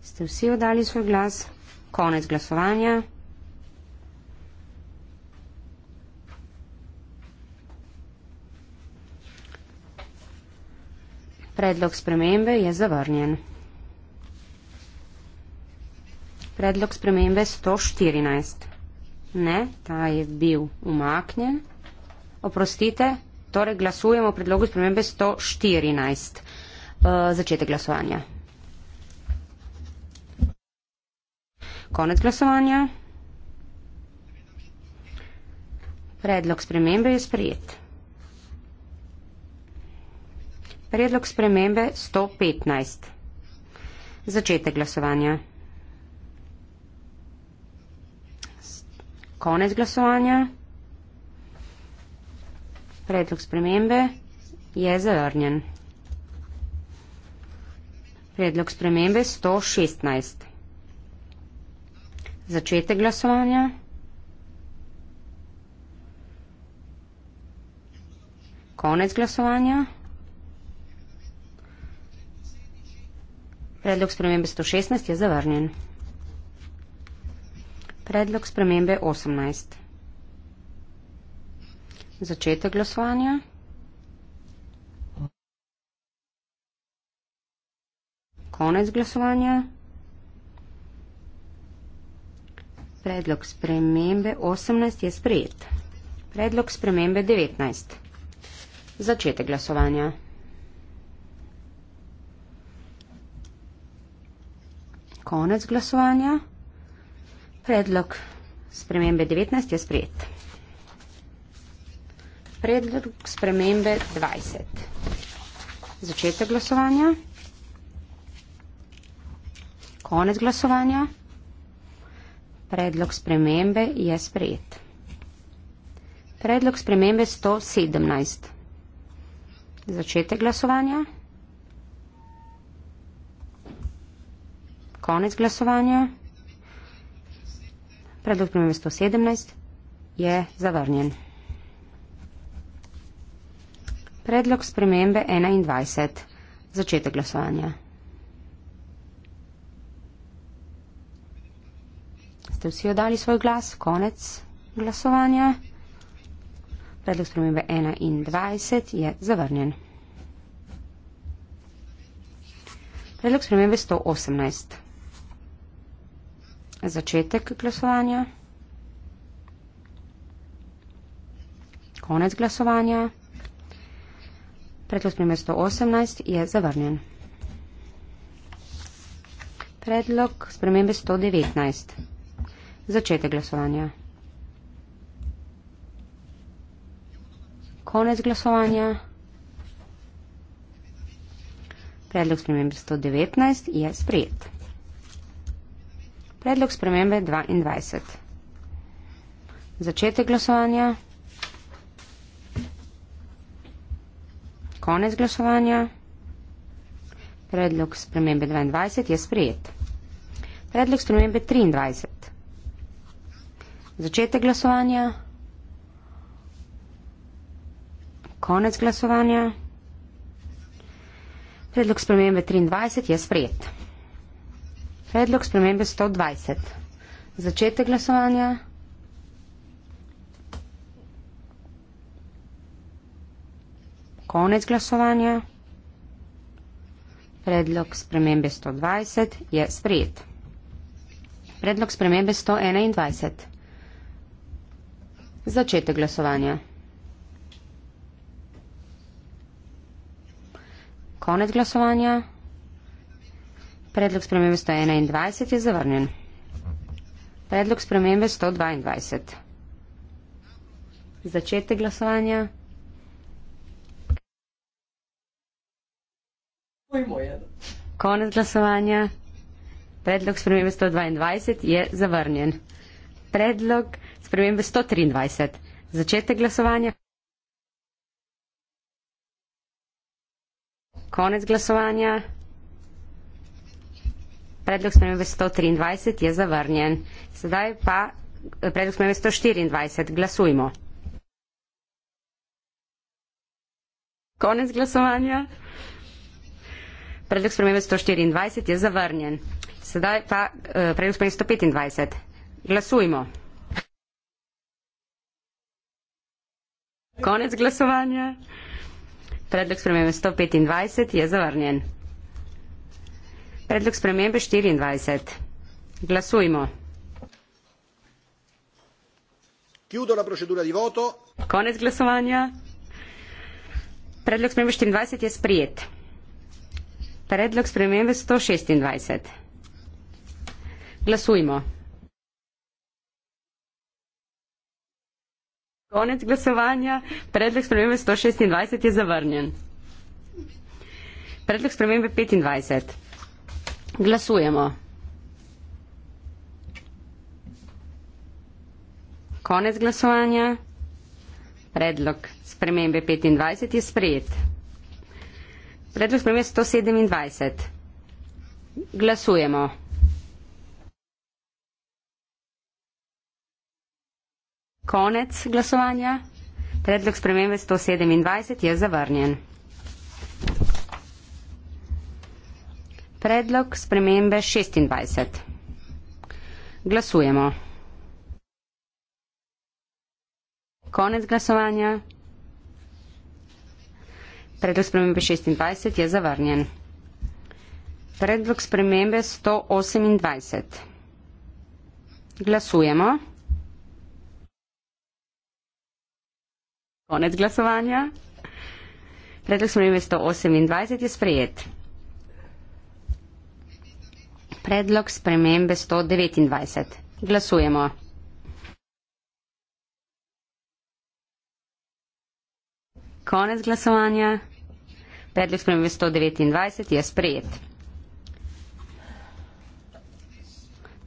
Ste vsi oddali svoj glas? Konec glasovanja. Predlog spremembe je zavrnjen. Predlog spremembe 114. Ne, ta je bil umaknjen. Oprostite, Torej glasujemo o predlogu spremembe 114. Uh, eh, začetek glasovanja. Konec glasovanja. Predlog spremembe je sprejet. Predlog spremembe 115. Začetek glasovanja. Konec glasovanja. Predlog spremembe je zavrnjen. Predlog spremembe 116. Začetek glasovanja. Konec glasovanja. Predlog spremembe 116 je zavrnjen. Predlog spremembe 18 začetek glasovanja. Konec glasovanja. Predlog spremembe 18 je sprejet. Predlog spremembe 19. Začetek glasovanja. Konec glasovanja. Predlog spremembe 19 je sprejet predlog spremembe 20. Začetek glasovanja. Konec glasovanja. Predlog spremembe je sprejet. Predlog spremembe 117. Začetek glasovanja. Konec glasovanja. Predlog spremembe 117 je zavrnjen. Predlog spremembe 21. Začetek glasovanja. Ste vsi oddali svoj glas? Konec glasovanja. Predlog spremembe 21 je zavrnjen. Predlog spremembe 118. Začetek glasovanja. Konec glasovanja. Predlog spremembe 118 je zavrnjen. Predlog spremembe 119. Začete glasovanja. Konec glasovanja. Predlog spremembe 119 je sprejet. Predlog spremembe 22. Začete glasovanja. konec glasovanja. Predlog spremembe 22 je sprejet. Predlog spremembe 23. Začetek glasovanja. Konec glasovanja. Predlog spremembe 23 je sprejet. Predlog spremembe 120. Začetek glasovanja. konec glasovanja. Predlog spremembe 120 je sprejet. Predlog spremembe 121. Začetek glasovanja. Konec glasovanja. Predlog spremembe 121 je zavrnjen. Predlog spremembe 122. Začetek glasovanja. Konec glasovanja. Predlog spremembe 122 je zavrnjen. Predlog spremembe 123. Začetek glasovanja. Konec glasovanja. Predlog spremembe 123 je zavrnjen. Sedaj pa eh, predlog spremembe 124. Glasujmo. Konec glasovanja predlog spremembe 124 je zavrnjen. Sedaj pa eh, predlog spremembe 125. Glasujmo. Konec glasovanja. Predlog spremembe 125 je zavrnjen. Predlog spremembe 24. Glasujmo. Konec glasovanja. Predlog spremembe 24 je sprijet. Predlog spremembe 126. Glasujmo. Konec glasovanja. Predlog spremembe 126 je zavrnjen. Predlog spremembe 25. Glasujemo. Konec glasovanja. Predlog spremembe 25 je sprejet. Predlog spremembe 127. Glasujemo. Konec glasovanja. Predlog spremembe 127 je zavrnjen. Predlog spremembe 26. Glasujemo. Konec glasovanja. Predlog spremembe 26 je zavrnjen. Predlog spremembe 128. Glasujemo. Konec glasovanja. Predlog spremembe 128 je sprejet. Predlog spremembe 129. Glasujemo. Konec glasovanja. Predlog spremembe 129 je sprejet.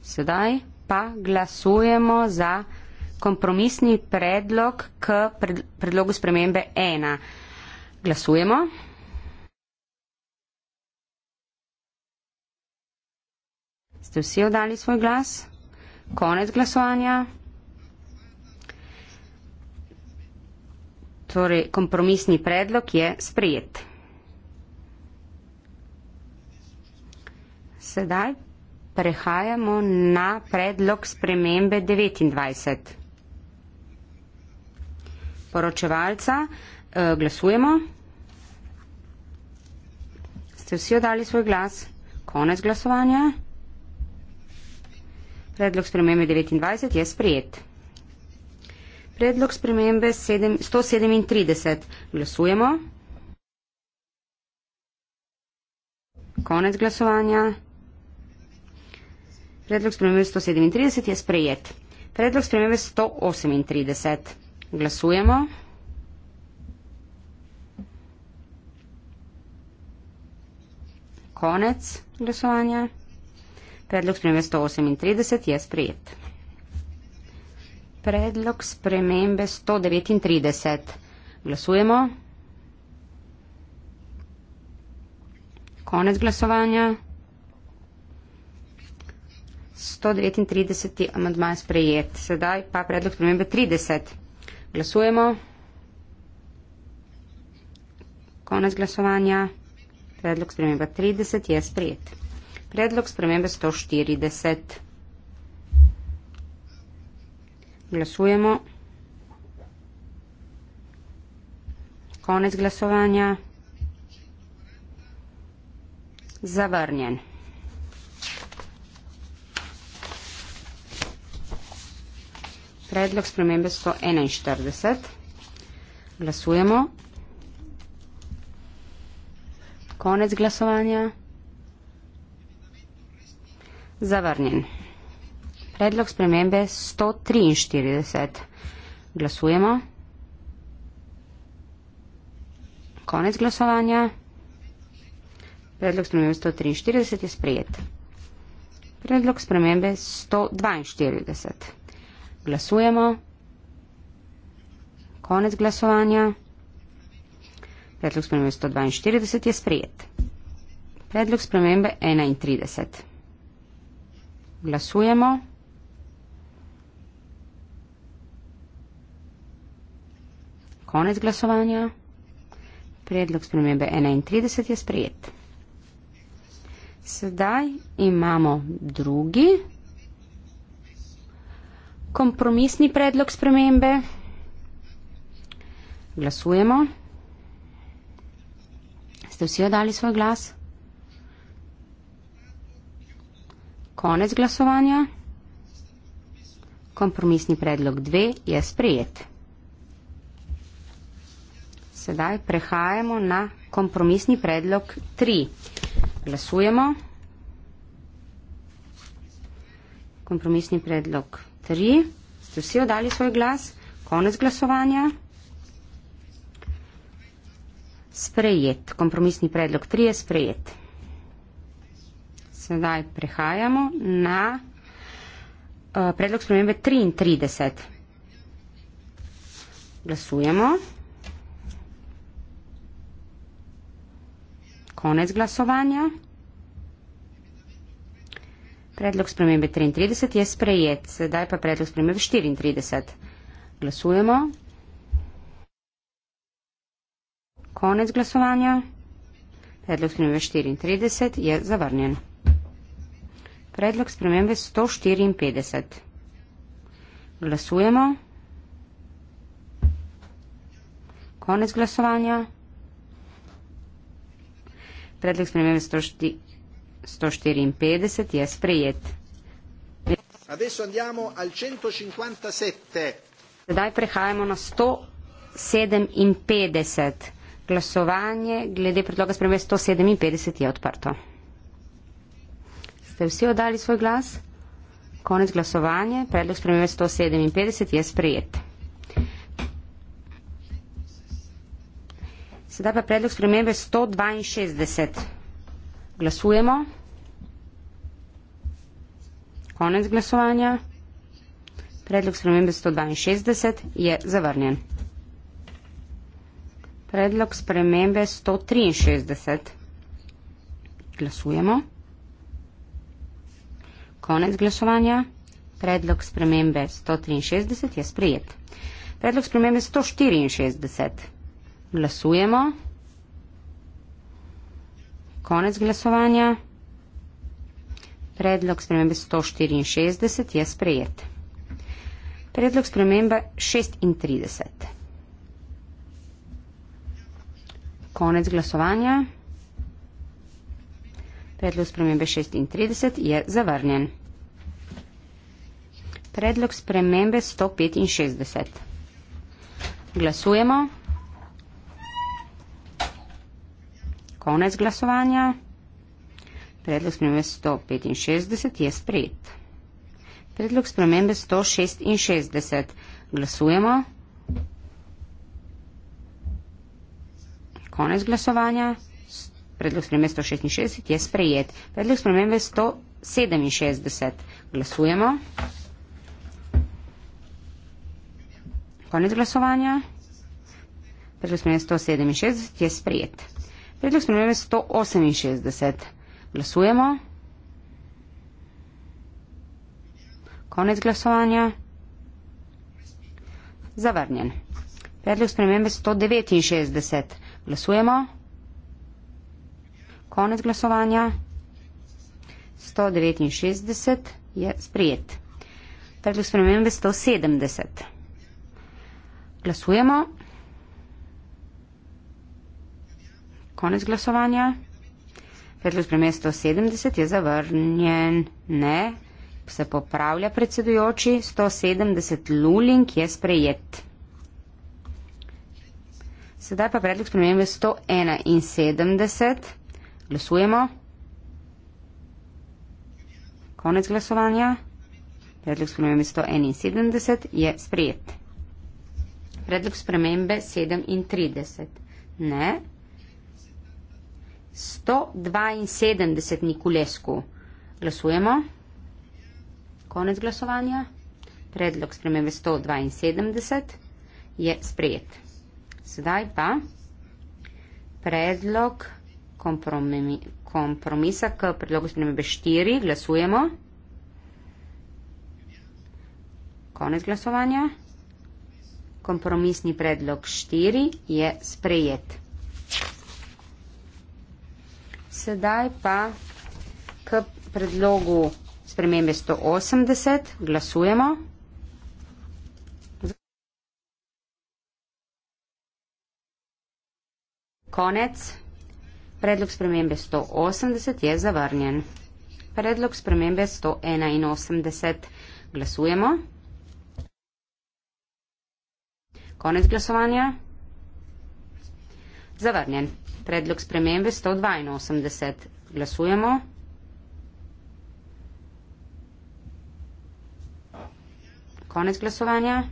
Sedaj pa glasujemo za kompromisni predlog k predlogu spremembe 1. Glasujemo. Ste vsi oddali svoj glas? Konec glasovanja. Torej, kompromisni predlog je sprejet. Sedaj prehajamo na predlog spremembe 29. Poročevalca eh, glasujemo. Ste vsi odali svoj glas? Konec glasovanja. Predlog spremembe 29 je sprejet predlog spremembe 137. Glasujemo. Konec glasovanja. Predlog spremembe 137 je sprejet. Predlog spremembe 138. Glasujemo. Konec glasovanja. Predlog spremembe 138 je sprejet predlog spremembe 139. Glasujemo. Konec glasovanja. 139. amandma je sprejet. Sedaj pa predlog spremembe 30. Glasujemo. Konec glasovanja. Predlog spremembe 30 je sprejet. Predlog spremembe 140. Glasujemo. Konec glasovanja. Zavrnjen. Predlog spremembe 141. Glasujemo. Konec glasovanja. Zavrnjen predlog spremembe 143. Glasujemo. Konec glasovanja. Predlog spremembe 143 je sprejet. Predlog spremembe 142. Glasujemo. Konec glasovanja. Predlog spremembe 142 je sprejet. Predlog spremembe 31. Glasujemo. Konec glasovanja. Predlog spremembe 31 je sprejet. Sedaj imamo drugi kompromisni predlog spremembe. Glasujemo. Ste vsi odali svoj glas? Konec glasovanja. Kompromisni predlog 2 je sprejet. Sedaj prehajamo na kompromisni predlog 3. Glasujemo. Kompromisni predlog 3. Ste vsi odali svoj glas? Konec glasovanja. Sprejet. Kompromisni predlog 3 je sprejet. Sedaj prehajamo na uh, predlog spremembe 33. Glasujemo. konec glasovanja. Predlog spremembe 33 je sprejet. Sedaj pa predlog spremembe 34. Glasujemo. Konec glasovanja. Predlog spremembe 34 je zavrnjen. Predlog spremembe 154. Glasujemo. Konec glasovanja. Predlog spremembe 154 je sprejet. Sedaj prehajamo na 157. Glasovanje glede predloga spremembe 157 je odprto. Ste vsi oddali svoj glas? Konec glasovanja. Predlog spremembe 157 je sprejet. Sedaj pa predlog spremembe 162. Glasujemo. Konec glasovanja. Predlog spremembe 162 je zavrnjen. Predlog spremembe 163. Glasujemo. Konec glasovanja. Predlog spremembe 163 je sprejet. Predlog spremembe 164. Glasujemo. Konec glasovanja. Predlog spremembe 164 je sprejet. Predlog spremembe 36. Konec glasovanja. Predlog spremembe 36 je zavrnjen. Predlog spremembe 165. Glasujemo. Konec glasovanja. Predlog spremembe 165 je sprejet. Predlog spremembe 166. Glasujemo. Konec glasovanja. Predlog spremembe 166 je sprejet. Predlog spremembe 167. Glasujemo. Konec glasovanja. Predlog spremembe 167 je sprejet. Predlog spremembe 168. Glasujemo. Konec glasovanja. Zavrnjen. Predlog spremembe 169. Glasujemo. Konec glasovanja. 169 je sprijet. Predlog spremembe 170. Glasujemo. Konec glasovanja. Predlog spremembe 170 je zavrnjen. Ne, se popravlja predsedujoči. 170 lulink je sprejet. Sedaj pa predlog spremembe 171. Glasujemo. Konec glasovanja. Predlog spremembe 171 je sprejet. Predlog spremembe 37. Ne. 172 Nikulesku. Glasujemo. Konec glasovanja. Predlog spremembe 172 je sprejet. Sedaj pa predlog kompromisa k predlogu spremembe 4. Glasujemo. Konec glasovanja. Kompromisni predlog 4 je sprejet. Sedaj pa k predlogu spremembe 180 glasujemo. Konec. Predlog spremembe 180 je zavrnjen. Predlog spremembe 181 glasujemo. Konec glasovanja. Zavrnjen predlog spremembe 182. Glasujemo. Konec glasovanja.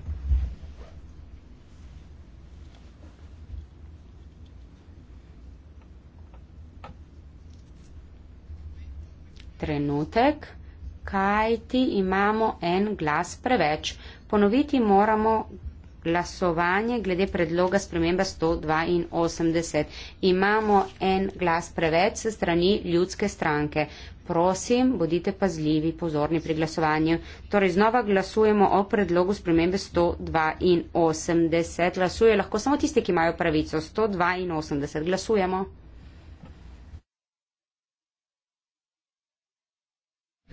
Trenutek, kaj ti imamo en glas preveč. Ponoviti moramo glasovanje glede predloga sprememba 182. Imamo en glas preveč se strani ljudske stranke. Prosim, bodite pazljivi, pozorni pri glasovanju. Torej, znova glasujemo o predlogu spremembe 182. Glasuje lahko samo tisti, ki imajo pravico. 182. Glasujemo.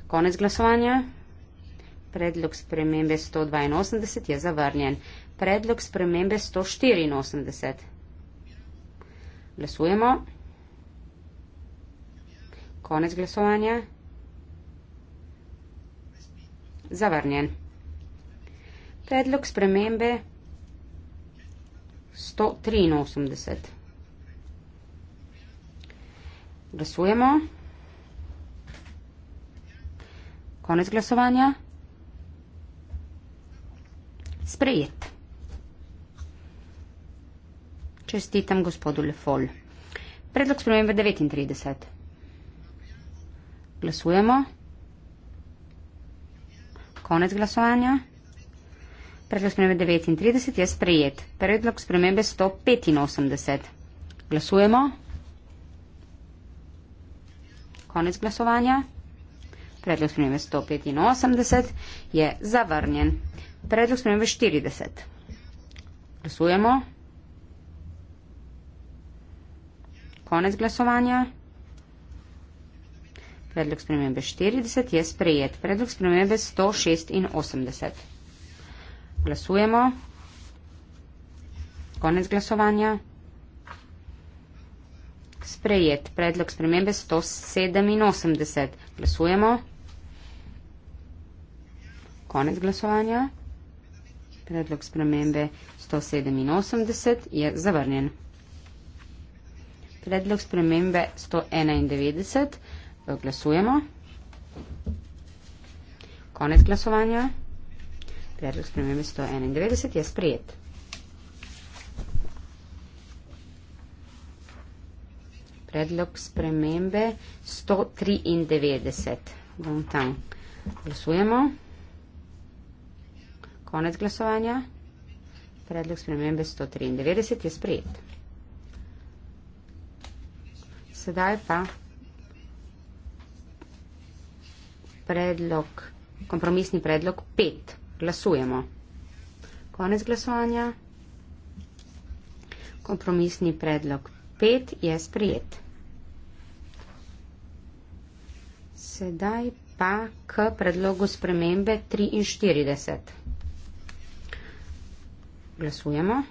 Konec glasovanja. Predlog spremembe 182 je zavrnjen predlog spremembe 184. Glasujemo. Konec glasovanja. Zavrnjen. Predlog spremembe 183. Glasujemo. Konec glasovanja. Sprejet. Čestitam gospodu Lefol. Predlog spremembe 39. Glasujemo. Konec glasovanja. Predlog spremembe 39 je sprejet. Predlog spremembe 185. Glasujemo. Konec glasovanja. Predlog spremembe 185 je zavrnjen. Predlog spremembe 40. Glasujemo. Konec glasovanja. Predlog spremembe 40 je sprejet. Predlog spremembe 186. Glasujemo. Konec glasovanja. Sprejet. Predlog spremembe 187. Glasujemo. Konec glasovanja. Predlog spremembe 187 je zavrnjen predlog spremembe 191. Glasujemo. Konec glasovanja. Predlog spremembe 191 je sprejet. Predlog spremembe 193. Bom tam. Glasujemo. Konec glasovanja. Predlog spremembe 193 je sprejet. Sedaj pa predlog, kompromisni predlog 5. Glasujemo. Konec glasovanja. Kompromisni predlog 5 je sprijet. Sedaj pa k predlogu spremembe 43. Glasujemo.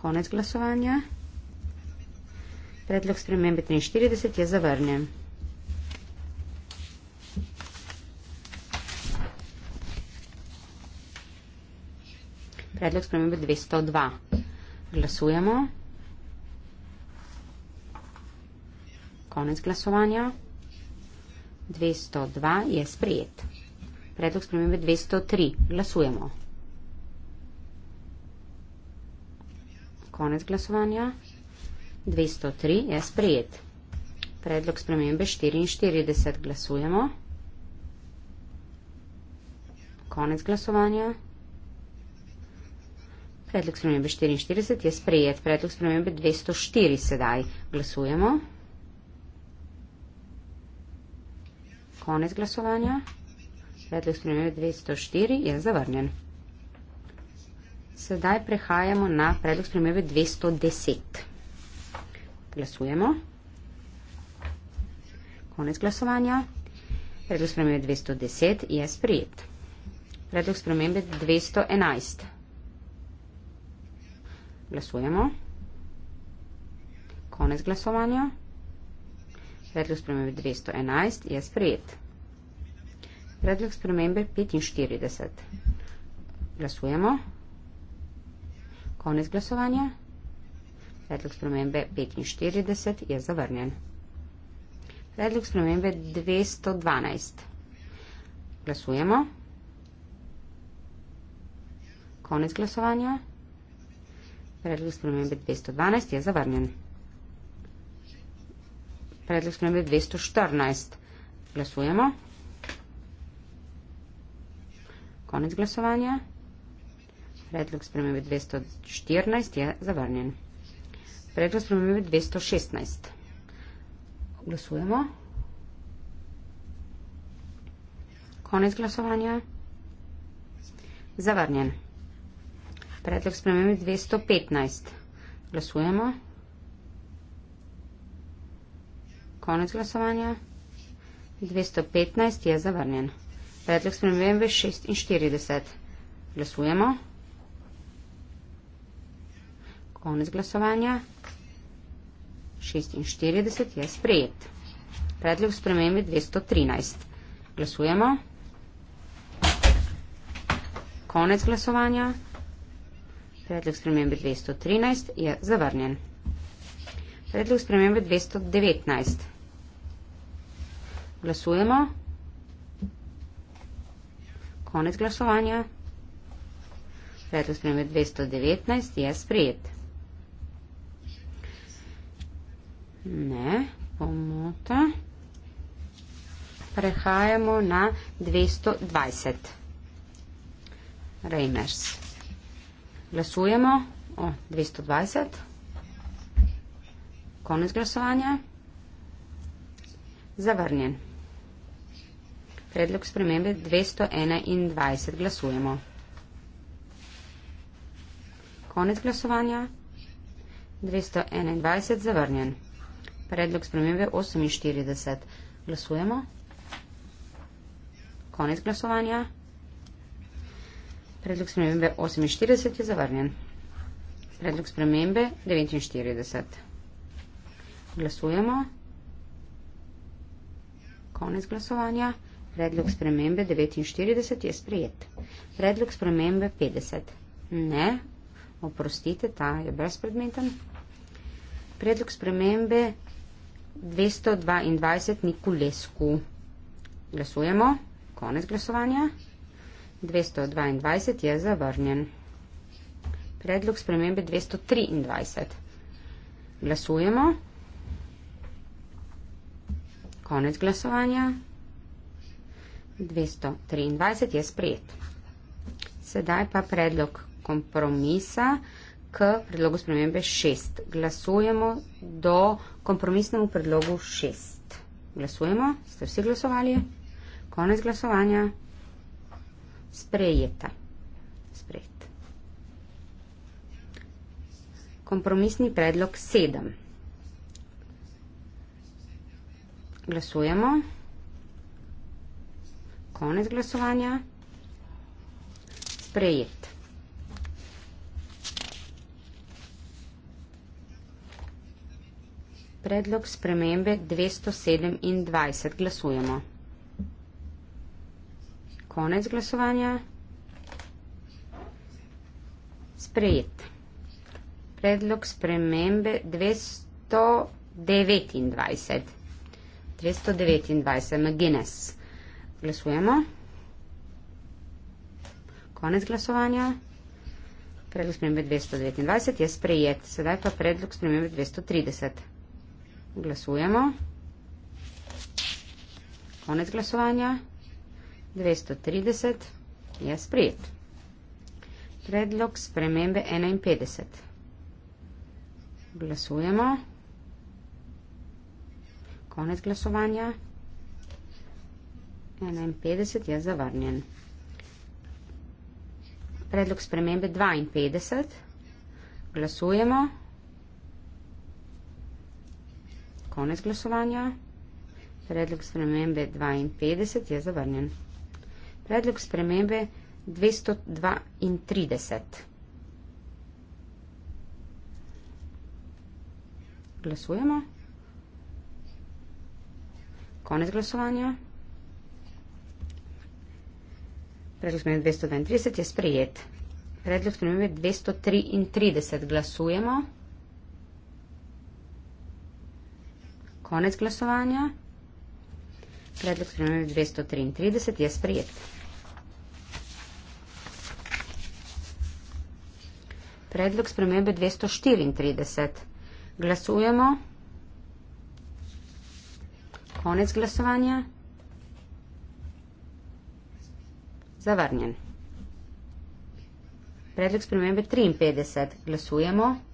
Konec glasovanja. Predlog spremembe 43 je zavrnjen. Predlog spremembe 202. Glasujemo. Konec glasovanja. 202 je sprejet. Predlog spremembe 203. Glasujemo. Konec glasovanja. 203 je sprejet. Predlog spremembe 44 glasujemo. Konec glasovanja. Predlog spremembe 44 je sprejet. Predlog spremembe 204 sedaj glasujemo. Konec glasovanja. Predlog spremembe 204 je zavrnjen. Sedaj prehajamo na predlog spremembe 210. Glasujemo. Konec glasovanja. Predlog spremembe 210 je sprijet. Predlog spremembe 211. Glasujemo. Konec glasovanja. Predlog spremembe 211 je sprijet. Predlog spremembe 45. Glasujemo. Konec glasovanja. Predlog spremembe 45 je zavrnjen. Predlog spremembe 212. Glasujemo. Konec glasovanja. Predlog spremembe 212 je zavrnjen. Predlog spremembe 214. Glasujemo. Konec glasovanja. Predlog spremembe 214 je zavrnjen predlog spremembe 216. Glasujemo. Konec glasovanja. Zavrnjen. Predlog spremembe 215. Glasujemo. Konec glasovanja. 215 je zavrnjen. Predlog spremembe 46. Glasujemo. Konec glasovanja. 46 je sprejet. Predlog spremembe 213. Glasujemo. Konec glasovanja. Predlog spremembe 213 je zavrnjen. Predlog spremembe 219. Glasujemo. Konec glasovanja. Predlog spremembe 219 je sprejet. Ne, pomota. Prehajamo na 220. Reimers. Glasujemo o 220. Konec glasovanja. Zavrnjen. Predlog spremembe 221. Glasujemo. Konec glasovanja. 221. Zavrnjen predlog spremembe 48. Glasujemo. Konec glasovanja. Predlog spremembe 48 je zavrnjen. Predlog spremembe 49. Glasujemo. Konec glasovanja. Predlog spremembe 49 je sprejet. Predlog spremembe 50. Ne, oprostite, ta je brezpredmeten. Predlog spremembe 222 Nikulesku. Glasujemo. Konec glasovanja. 222 je zavrnjen. Predlog spremembe 223. Glasujemo. Konec glasovanja. 223 je sprejet. Sedaj pa predlog kompromisa k predlogu spremembe 6. Glasujemo do kompromisnemu predlogu 6. Glasujemo, ste vsi glasovali? Konec glasovanja. Sprejeta. Sprejet. Kompromisni predlog 7. Glasujemo. Konec glasovanja. Sprejet. predlog spremembe 227. Glasujemo. Konec glasovanja. Sprejet. Predlog spremembe 229. 229. McGuinness. Glasujemo. Konec glasovanja. Predlog spremembe 229 je sprejet. Sedaj pa predlog spremembe 230. Glasujemo. Konec glasovanja. 230 je sprijet. Predlog spremembe 51. Glasujemo. Konec glasovanja. 51 je zavarnjen. Predlog spremembe 52. Glasujemo. Glasujemo. konec glasovanja. Predlog spremembe 52 je zavrnjen. Predlog spremembe 232. Glasujemo. Konec glasovanja. Predlog spremembe 232 je sprejet. Predlog spremembe 233. Glasujemo. konec glasovanja. Predlog spremenja 233 je sprejet. Predlog spremenja 234. Glasujemo. Konec glasovanja. Zavrnjen. Predlog spremenja 53. Glasujemo. Glasujemo.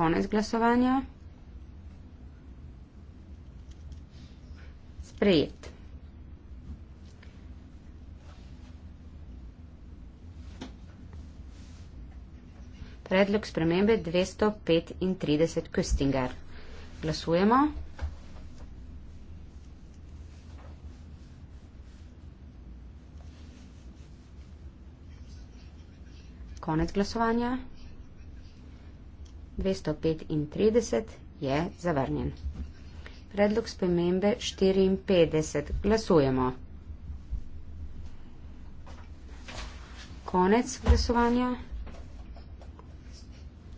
konec glasovanja. Sprejet. Predlog spremembe 235 Köstinger. Glasujemo. Konec glasovanja. 235 je zavrnjen. Predlog spremembe 54. Glasujemo. Konec glasovanja.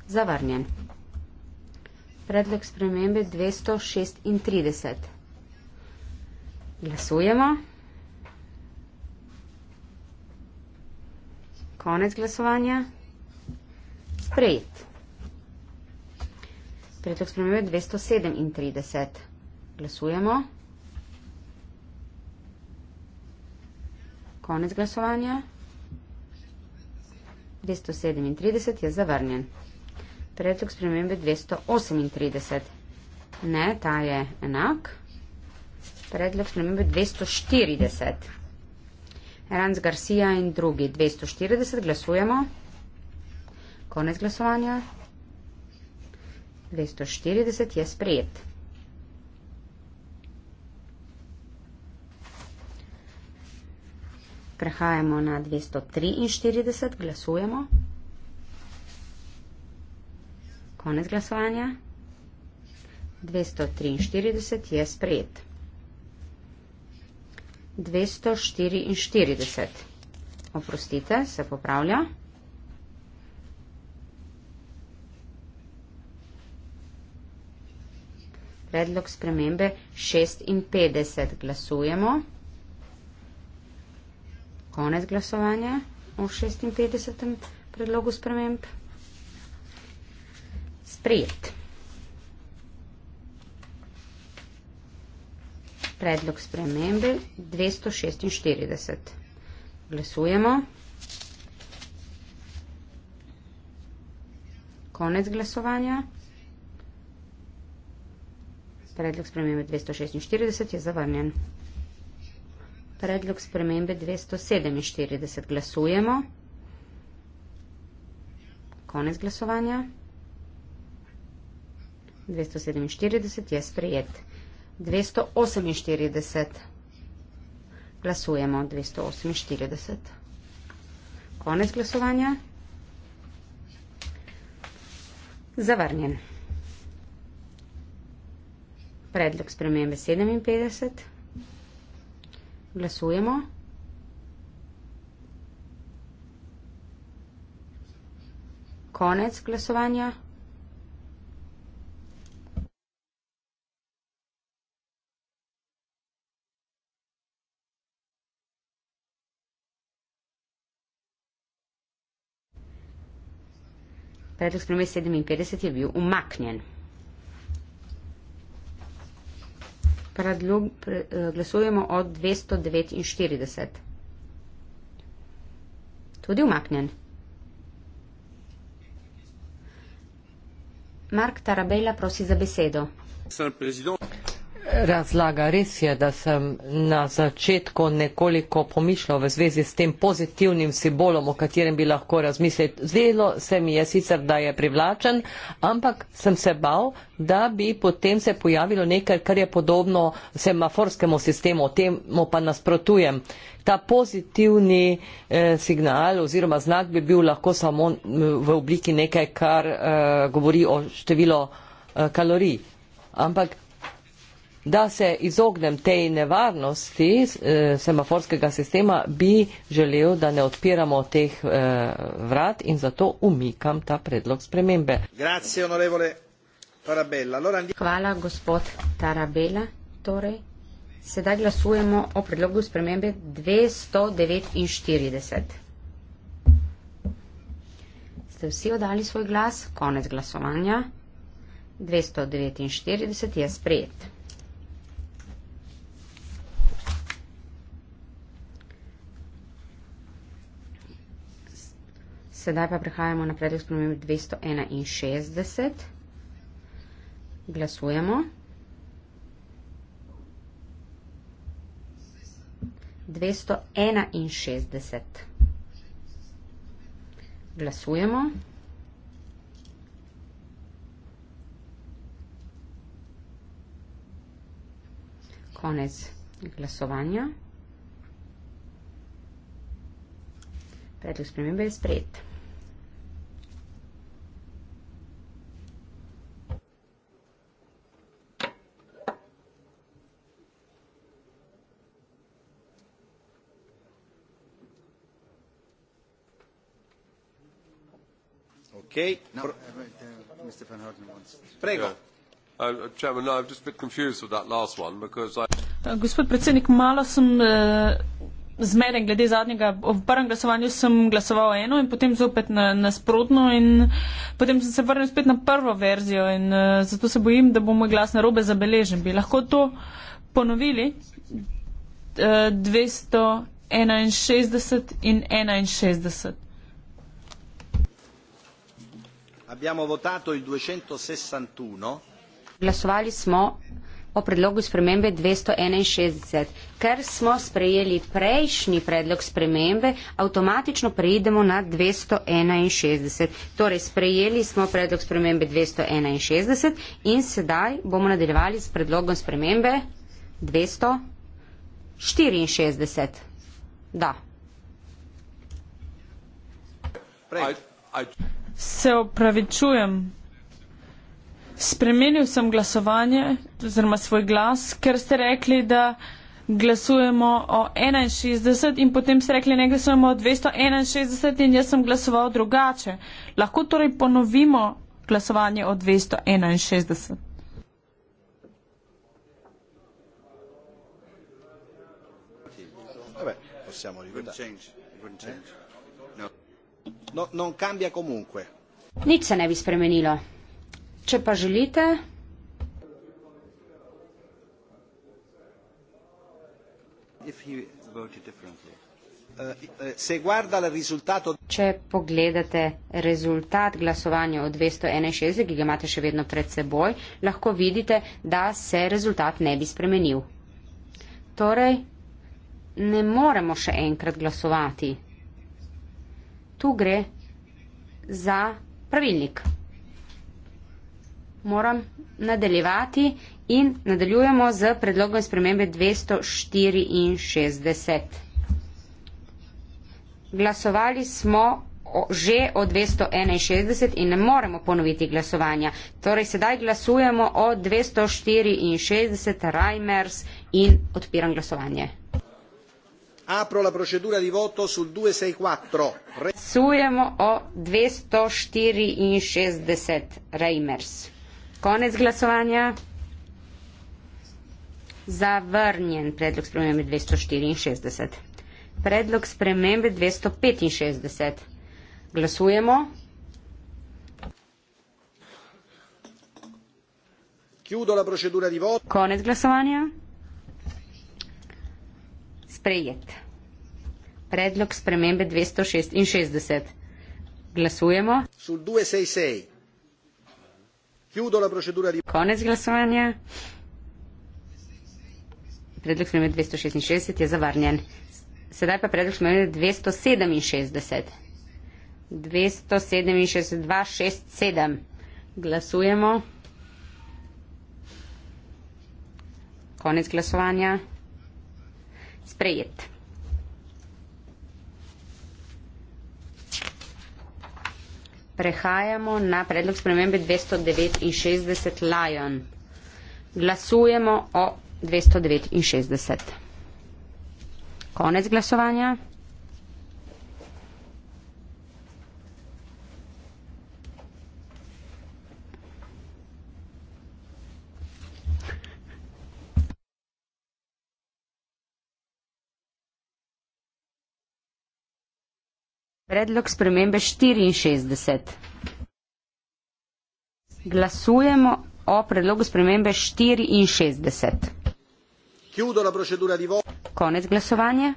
Zavrnjen. Predlog spremembe 236. Glasujemo. Konec glasovanja. Sprejet. Predlog spremembe je 237. Glasujemo. Konec glasovanja. 237 je zavrnjen. Predlog spremembe 238. Ne, ta je enak. Predlog spremembe 240. Ranc Garcia in drugi 240. Glasujemo. Konec glasovanja. 240 je sprejet. Prehajamo na 243, glasujemo. Konec glasovanja. 243 je sprejet. 244, oprostite, se popravlja. 243. predlog spremembe 56. Glasujemo. Konec glasovanja o 56. predlogu sprememb. Sprijet. Predlog spremembe 246. Glasujemo. Konec glasovanja. Predlog spremembe 246 je zavrnjen. Predlog spremembe 247 glasujemo. Konec glasovanja. 247 je sprejet. 248 glasujemo. 248. Konec glasovanja. Zavrnjen predlog spremembe 57. Glasujemo. Konec glasovanja. Predlog spremembe 57 je bil umaknjen. predlog, pre, eh, glasujemo o 249. Tudi umaknjen. Mark Tarabella prosi za besedo razlaga. Res je, da sem na začetku nekoliko pomišljal v zvezi s tem pozitivnim simbolom, o katerem bi lahko razmislil. Zdelo se mi je sicer, da je privlačen, ampak sem se bal, da bi potem se pojavilo nekaj, kar je podobno semaforskemu sistemu. Temu pa nasprotujem. Ta pozitivni eh, signal oziroma znak bi bil lahko samo eh, v obliki nekaj, kar eh, govori o število eh, kalorij. Ampak da se izognem tej nevarnosti eh, semaforskega sistema, bi želel, da ne odpiramo teh eh, vrat in zato umikam ta predlog spremembe. Hvala, gospod Tarabela. Torej, sedaj glasujemo o predlogu spremembe 249. Ste vsi oddali svoj glas? Konec glasovanja. 249 je sprejet. Sedaj pa prehajamo na predlog spremembe 261. Glasujemo. 261. Glasujemo. 261. Konec glasovanja. Predlog spremembe je sprejet. gospod predsednik malo sem uh, zmeden glede zadnjega ob prvem glasovanju sem glasoval eno in potem zopet na nasprotno in potem sem se vrnil spet na prvo verzijo in uh, zato se bojim da bo moj glas na robe zabeležen bi lahko to ponovili uh, dvesto enainšestdeset in enainšestdeset abbiamo votato il duecentosessantuno Glasovali smo o predlogu spremembe 261. Ker smo sprejeli prejšnji predlog spremembe, avtomatično preidemo na 261. Torej, sprejeli smo predlog spremembe 261 in sedaj bomo nadaljevali s predlogom spremembe 264. Da. Prej. Se opravičujem. Spremenil sem glasovanje oziroma svoj glas, ker ste rekli, da glasujemo o 61 in potem ste rekli, ne glasujemo o 261 in jaz sem glasoval drugače. Lahko torej ponovimo glasovanje o 261. Possiamo ricordare. Wouldn't change. Wouldn't change. Eh? No, non cambia comunque. Nič se ne bi spremenilo. Če pa želite. Eh, eh, če pogledate rezultat glasovanja o 261, ki ga imate še vedno pred seboj, lahko vidite, da se rezultat ne bi spremenil. Torej, ne moremo še enkrat glasovati tu gre za pravilnik. Moram nadaljevati in nadaljujemo z predlogom spremembe 264. Glasovali smo že o 261 in ne moremo ponoviti glasovanja. Torej, sedaj glasujemo o 264 Reimers in odpiram glasovanje apro la procedura di voto sul duecentosessantaquattro glasujemo o dvestoštiriinšestdeset reimers konec glasovanja zavrnjen predlog spremembe dvestoštiriinšestdeset predlog spremembe dvestopetinšestdeset glasujemo Chiudo la procedura di voto. Konec glasovanja sprejet. Predlog spremembe 266. Glasujemo. Sul 266. Di... Konec glasovanja. Predlog spremembe 266 je zavarnjen. Sedaj pa predlog spremembe 267. 267. Glasujemo. Konec glasovanja sprejet. Prehajamo na predlog spremembe 269 Lion. Glasujemo o 269. Konec glasovanja. predlog spremembe 64. Glasujemo o predlogu spremembe 64. Chiudo la procedura di voto. Konec glasovanja.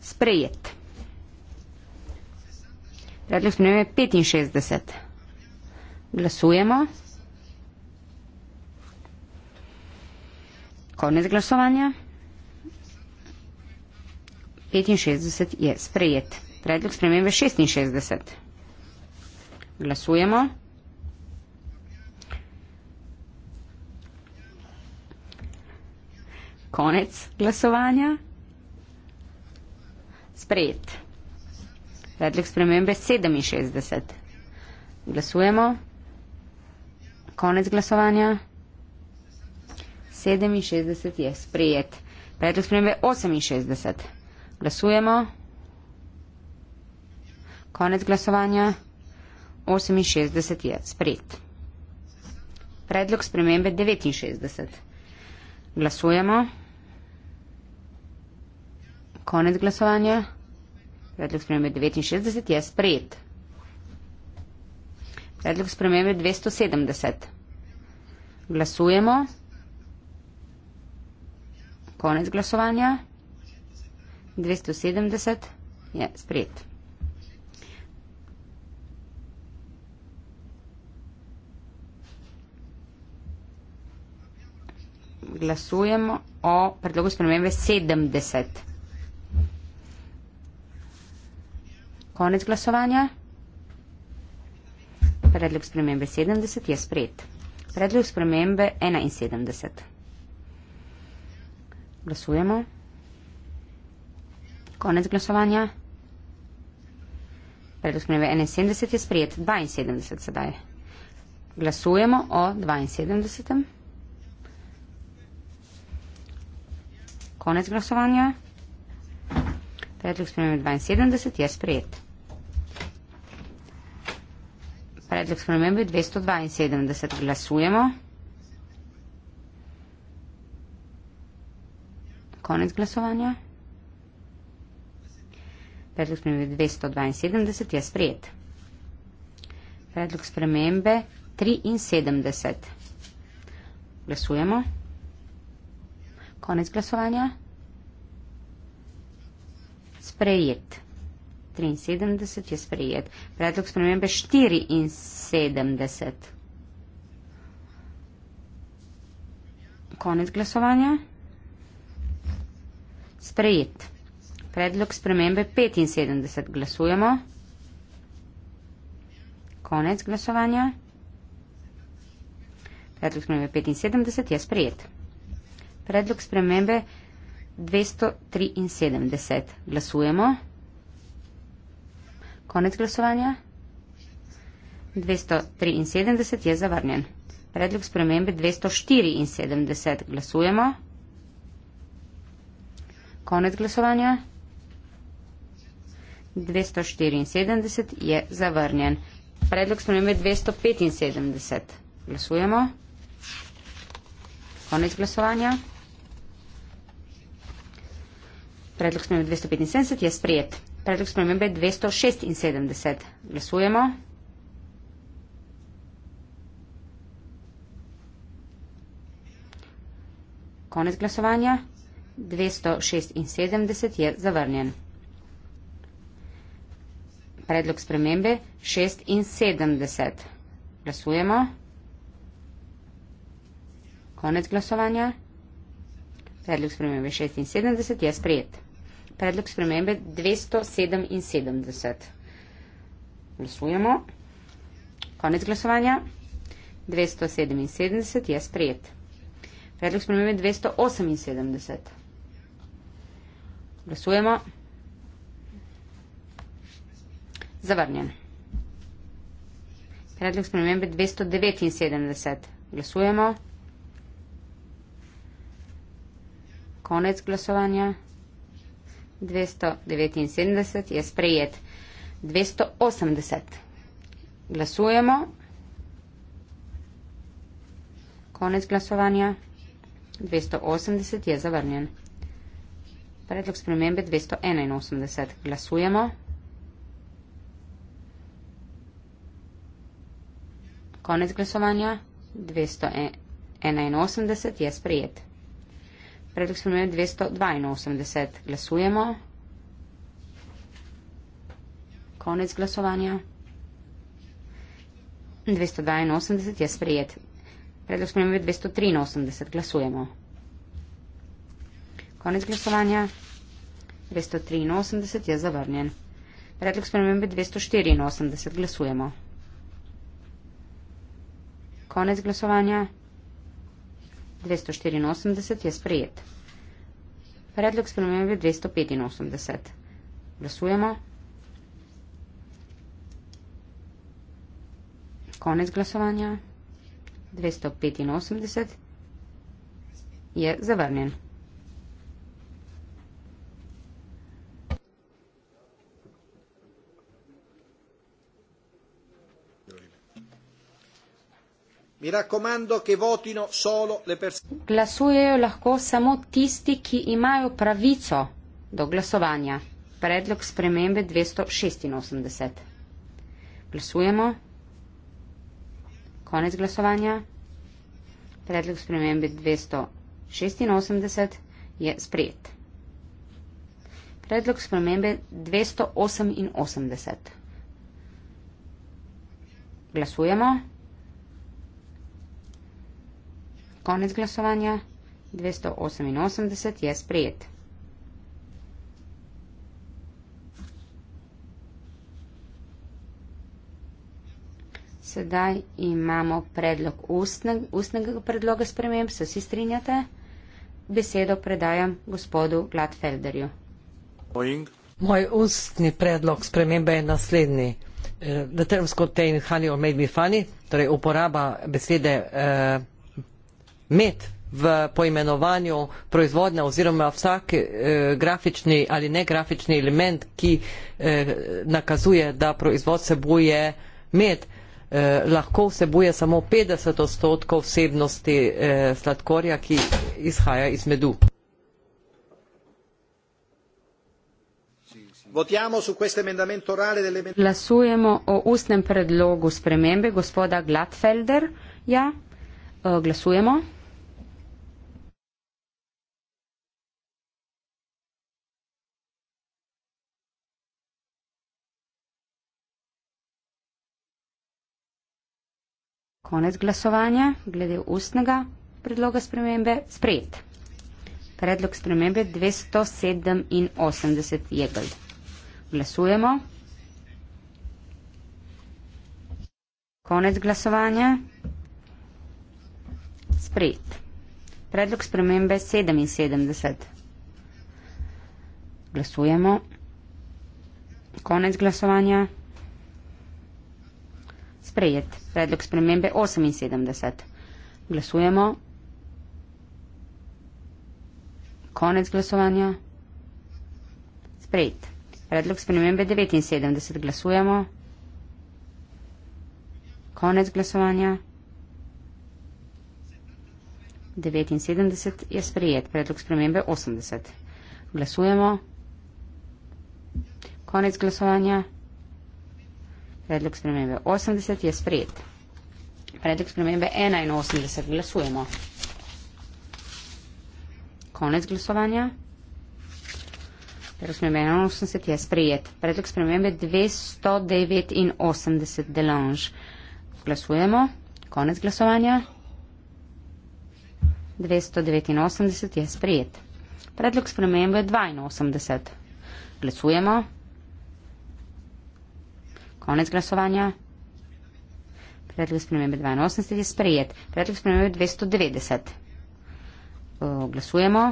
Sprejet. Predlog spremembe 65. Glasujemo. Konec glasovanja. 65 je sprejet. Predlog spremembe 66. Glasujemo. Konec glasovanja. Sprejet. Predlog spremembe 67. Glasujemo. Konec glasovanja. 67 je sprejet. Predlog spremembe 68. Glasujemo. Konec glasovanja. 68 je sprit. Predlog spremembe 69. Glasujemo. Konec glasovanja. Predlog spremembe 69 je sprit. Predlog spremembe 270. Glasujemo. Konec glasovanja. 270 je sprejet. Glasujemo o predlogu spremembe 70. Konec glasovanja. Predlog spremembe 70 je sprejet. Predlog spremembe 71. Glasujemo. Konec glasovanja. Predlog sprejme 71 je sprejet, 72 sedaj. Glasujemo o 72. Konec glasovanja. Predlog sprejme 72 je sprejet. Predlog sprejme 272. Glasujemo. Konec glasovanja predlog spremembe 272 je sprejet. Predlog spremembe 73. Glasujemo. Konec glasovanja. Sprejet. 73 je sprejet. Predlog spremembe 74. Konec glasovanja. Sprejet. Predlog spremembe 75. Glasujemo. Konec glasovanja. Predlog spremembe 75 je sprejet. Predlog spremembe 273. Glasujemo. Konec glasovanja. 273 je zavrnjen. Predlog spremembe 274. Glasujemo. Konec glasovanja. 274 je zavrnjen. Predlog spremembe 275. Glasujemo. Konec glasovanja. Predlog spremembe 275 je sprejet. Predlog spremembe 276. Glasujemo. Konec glasovanja. 276 je zavrnjen predlog spremembe 76. Glasujemo. Konec glasovanja. Predlog spremembe 76 je sprejet. Predlog spremembe 277. Glasujemo. Konec glasovanja. 277 je sprejet. Predlog spremembe 278. Glasujemo. Zavrnjen. Predlog spremembe 279. Glasujemo. Konec glasovanja. 279 je sprejet. 280. Glasujemo. Konec glasovanja. 280 je zavrnjen. Predlog spremembe 281. Glasujemo. Konec glasovanja 281 e-, je sprejet. Predlog spremenja 282. Glasujemo. Konec glasovanja. 282 je sprejet. Predlog spremenja 283. Glasujemo. Konec glasovanja. 283 je zavrnjen. Predlog spremenja 284. Glasujemo. Konec glasovanja. 284 je sprejet. Predlog spremembe 285. Glasujemo. Konec glasovanja. 285 je zavrnjen. Mi raccomando che votino solo le persone. Glasujejo lahko samo tisti, ki imajo pravico do glasovanja. Predlog spremembe 286. Glasujemo. Konec glasovanja. Predlog spremembe 286 je sprejet. Predlog spremembe 288. Glasujemo. Konec glasovanja. 288 je sprejet. Sedaj imamo predlog ustne, ustnega predloga sprememb. Se vsi strinjate? Besedo predajam gospodu Gladfelderju. Moj ustni predlog spremembe je naslednji. Eh, the terms contain honey or made me funny, torej uporaba besede. Uh, med v poimenovanju proizvodnja oziroma vsak eh, grafični ali negrafični element, ki eh, nakazuje, da proizvod sebuje med, eh, lahko sebuje samo 50 odstotkov vsebnosti eh, sladkorja, ki izhaja iz medu. Glasujemo o ustnem predlogu spremembe gospoda Gladfelder. Ja, eh, glasujemo. konec glasovanja glede ustnega predloga spremembe sprejet. Predlog spremembe 287 je gl. Glasujemo. Konec glasovanja. Sprejet. Predlog spremembe 77. Glasujemo. Konec glasovanja sprejet. Predlog spremembe 78. Glasujemo. Konec glasovanja. Sprejet. Predlog spremembe 79. Glasujemo. Konec glasovanja. 79 je sprejet. Predlog spremembe 80. Glasujemo. Konec glasovanja. Predlog spremembe 80 je sprejet. Predlog spremembe 81 glasujemo. Konec glasovanja. Predlog spremembe 81 je sprejet. Predlog spremembe 289 delonž. Glasujemo. Konec glasovanja. 289 je sprejet. Predlog spremembe 82. Glasujemo. Konec glasovanja. Predlog spremembe 82 je sprejet. Predlog spremembe 290. Glasujemo.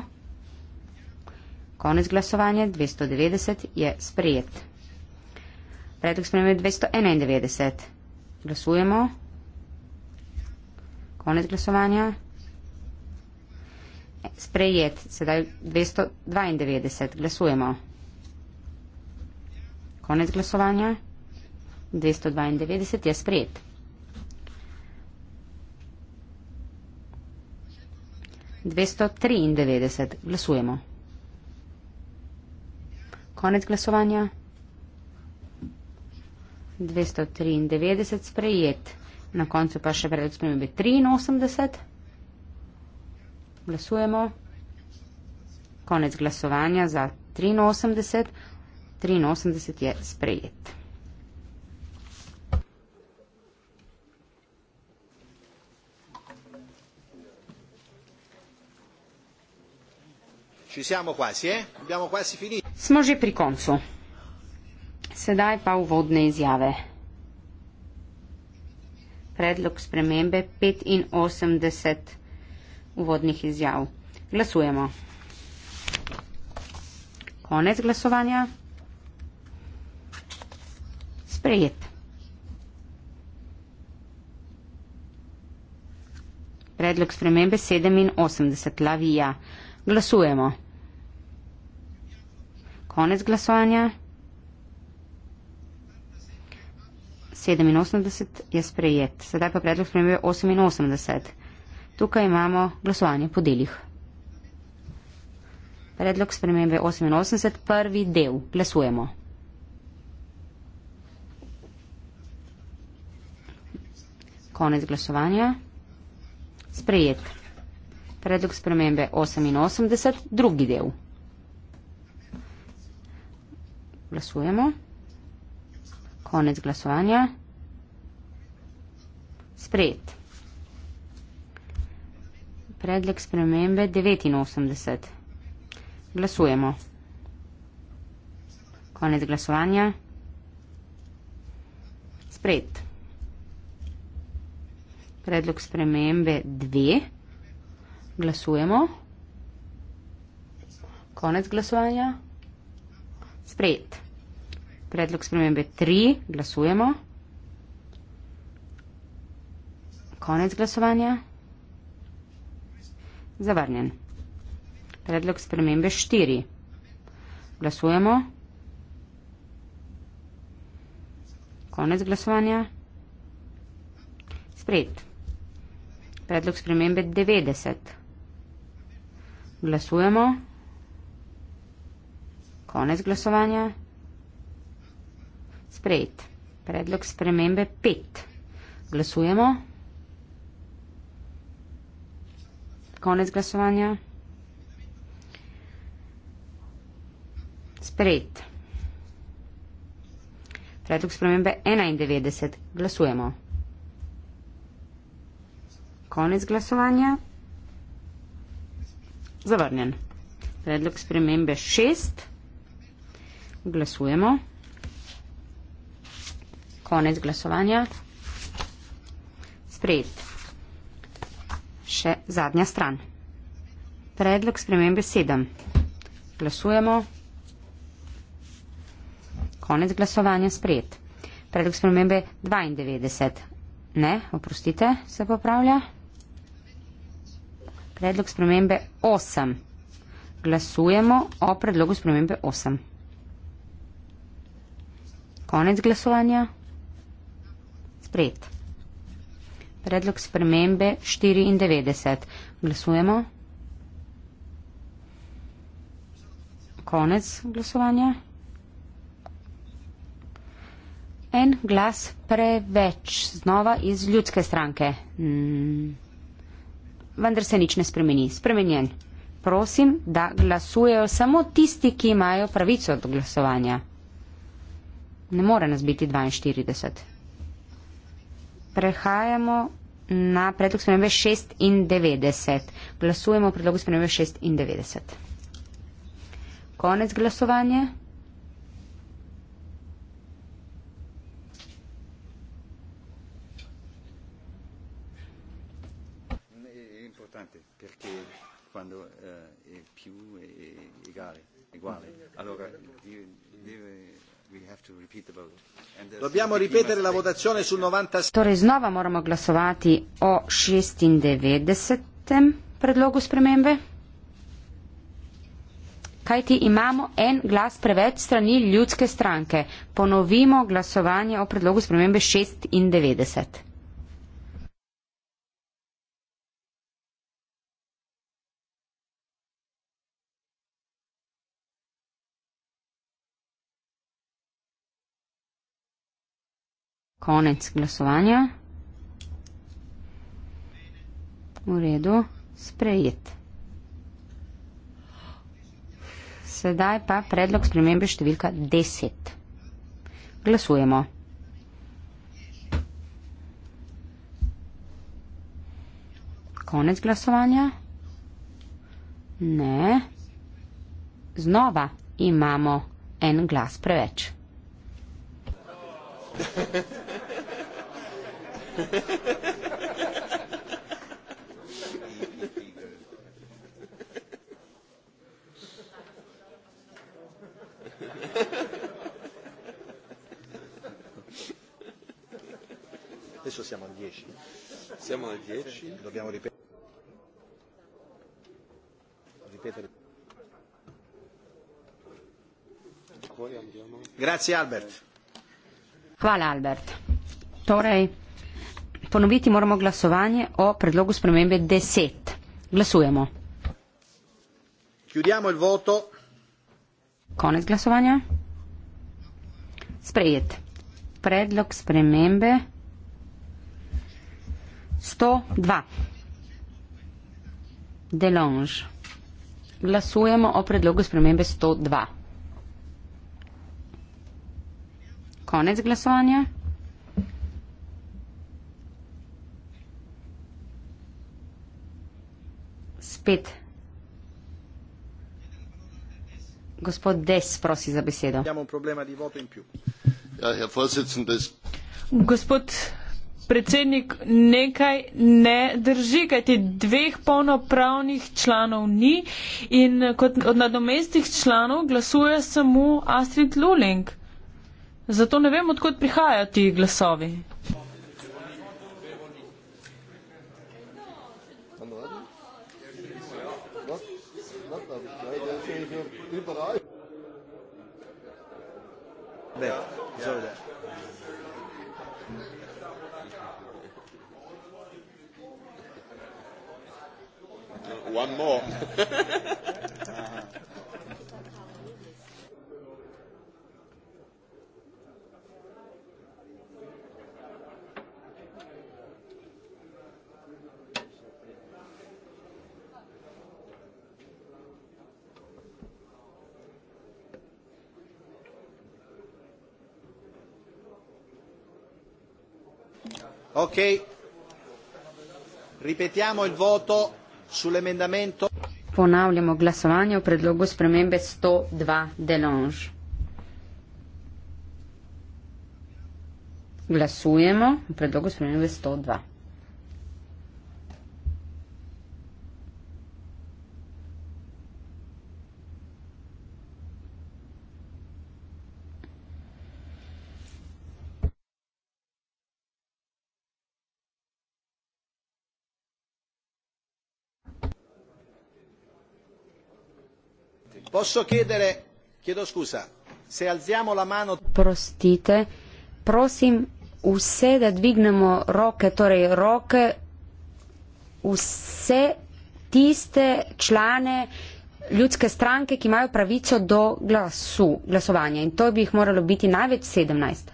Konec glasovanja 290 je sprejet. Predlog spremembe 291. Glasujemo. Konec glasovanja. Sprejet. Sedaj 292. Glasujemo. Konec glasovanja. 292 je sprejet. Dvesto triindevetdeset. Glasujemo. Konec glasovanja. Dvesto triindevetdeset sprejet. Na koncu pa še predlog spremembe triinosemdeset. Glasujemo. Konec glasovanja za triinosemdeset. Triinosemdeset je sprejet. Ci siamo quasi, eh? Abbiamo quasi finito. Smo že pri koncu. Sedaj pa uvodne izjave. Predlog spremembe 85 uvodnih izjav. Glasujemo. Konec glasovanja. Sprejet. Predlog spremembe 87. Lavija. Glasujemo. Konec glasovanja. 87 je sprejet. Sedaj pa predlog spremembe 88. Tukaj imamo glasovanje po delih. Predlog spremembe 88, prvi del. Glasujemo. Konec glasovanja. Sprejet predlog spremembe 88, drugi del. Glasujemo. Konec glasovanja. Sprejet. Predlog spremembe 89. Glasujemo. Konec glasovanja. Sprejet. Predlog spremembe 2. Glasujemo. Konec glasovanja. Sprejet. Predlog spremembe 3. Glasujemo. Konec glasovanja. Zavrnjen. Predlog spremembe 4. Glasujemo. Konec glasovanja. Sprejet. Predlog spremembe 90. Glasujemo. Glasujemo. Konec glasovanja. Sprejet. Predlog spremembe 5. Glasujemo. Konec glasovanja. Sprejet. Predlog spremembe 91. Glasujemo. Konec glasovanja. Zavrnjen. Predlog spremembe šest. Glasujemo. Konec glasovanja. Sprejet. Še zadnja stran. Predlog spremembe sedem. Glasujemo. Konec glasovanja. Sprejet. Predlog spremembe 92. Ne, oprostite, se popravlja predlog spremembe 8. Glasujemo o predlogu spremembe 8. Konec glasovanja. Sprejet. Predlog spremembe 94. Glasujemo. Konec glasovanja. En glas preveč, znova iz ljudske stranke. Mm vendar se nič ne spremeni. Spremenjen. Prosim, da glasujejo samo tisti, ki imajo pravico do glasovanja. Ne more nas biti 42. Prehajamo na predlog spremembe 96. Glasujemo o predlogu spremembe 96. Konec glasovanja. quando eh, è più è, eh, è egale, uguale. Allora, deve, we have to the vote. Dobbiamo ripetere la votazione sul 90. Torej, znova moramo glasovati o 96. predlogu spremembe. Kaj ti imamo en glas preveč strani ljudske stranke? Ponovimo glasovanje o predlogu spremembe 96. konec glasovanja. V redu, sprejet. Sedaj pa predlog spremembe številka 10. Glasujemo. Konec glasovanja? Ne. Znova imamo en glas preveč. Adesso siamo al 10. Siamo al 10. Dobbiamo ripetere. Ripetere. Poi andiamo. Grazie Albert. Qual Albert? Torei. Ponoviti moramo glasovanje o predlogu spremembe 10. Glasujemo. Chiudiamo il voto. Konec glasovanja. Sprejet. Predlog spremembe 102. Delonž. Glasujemo o predlogu spremembe 102. Konec glasovanja. Spet. Gospod Des, prosi za besedo. Ja, Gospod predsednik, nekaj ne drži, kajti dveh polnopravnih članov ni in kot od nadomestih članov glasuje samo Astrid Luling. Zato ne vem, odkot prihajajo ti glasovi. 네, 죄송합니다. 원 모어. Ok, ripetiamo il voto sull'emendamento. Ponavljamo glasovanje o predlogu spremembe 102 Delonge. Glasujemo o predlogu spremembe 102. Posso chiedere, chiedo scusa, se alziamo la mano... Prostite, prosim, vse da dvignemo roke, torej roke, vse tiste člane ljudske stranke, ki imajo pravico do glasu, glasovanja. In to bi jih moralo biti največ 17.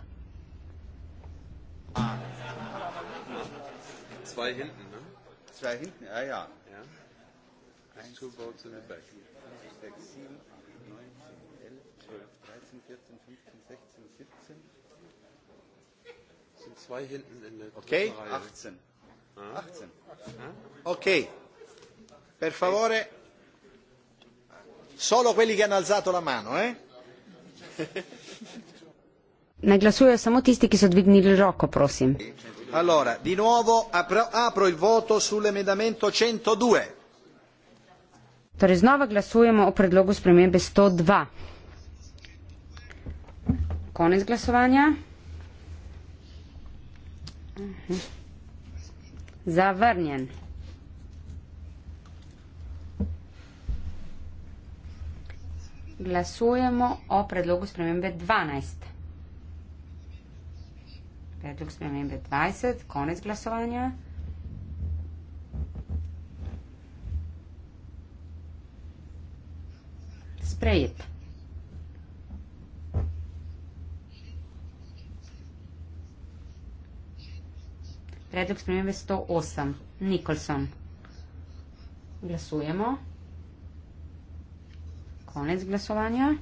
Zwei hinten, ne? Zwei hinten, ja, ja. Ja. Two votes in the back. 6, 7, 9, 10, 11, 12, 13, 14, 15, 16, 17. Das sind zwei hinten in der Okay, Reihe. 18. Ah. 18. Ah. Okay. Per favore, solo quelli che hanno alzato la mano, eh? Glasuje samo tisti, ki so dvignili roko, prosim. Allora, di nuovo apro, apro il voto sull'emendamento 102. Torej, znova glasujemo o predlogu spremembe 102. Konec glasovanja. Aha. Mhm. Zavrnjen. Glasujemo o predlogu spremembe 12. Predlog spremembe 20. Konec glasovanja. sprejet. Predlog spremembe 108. Nikolson. Glasujemo. Konec glasovanja.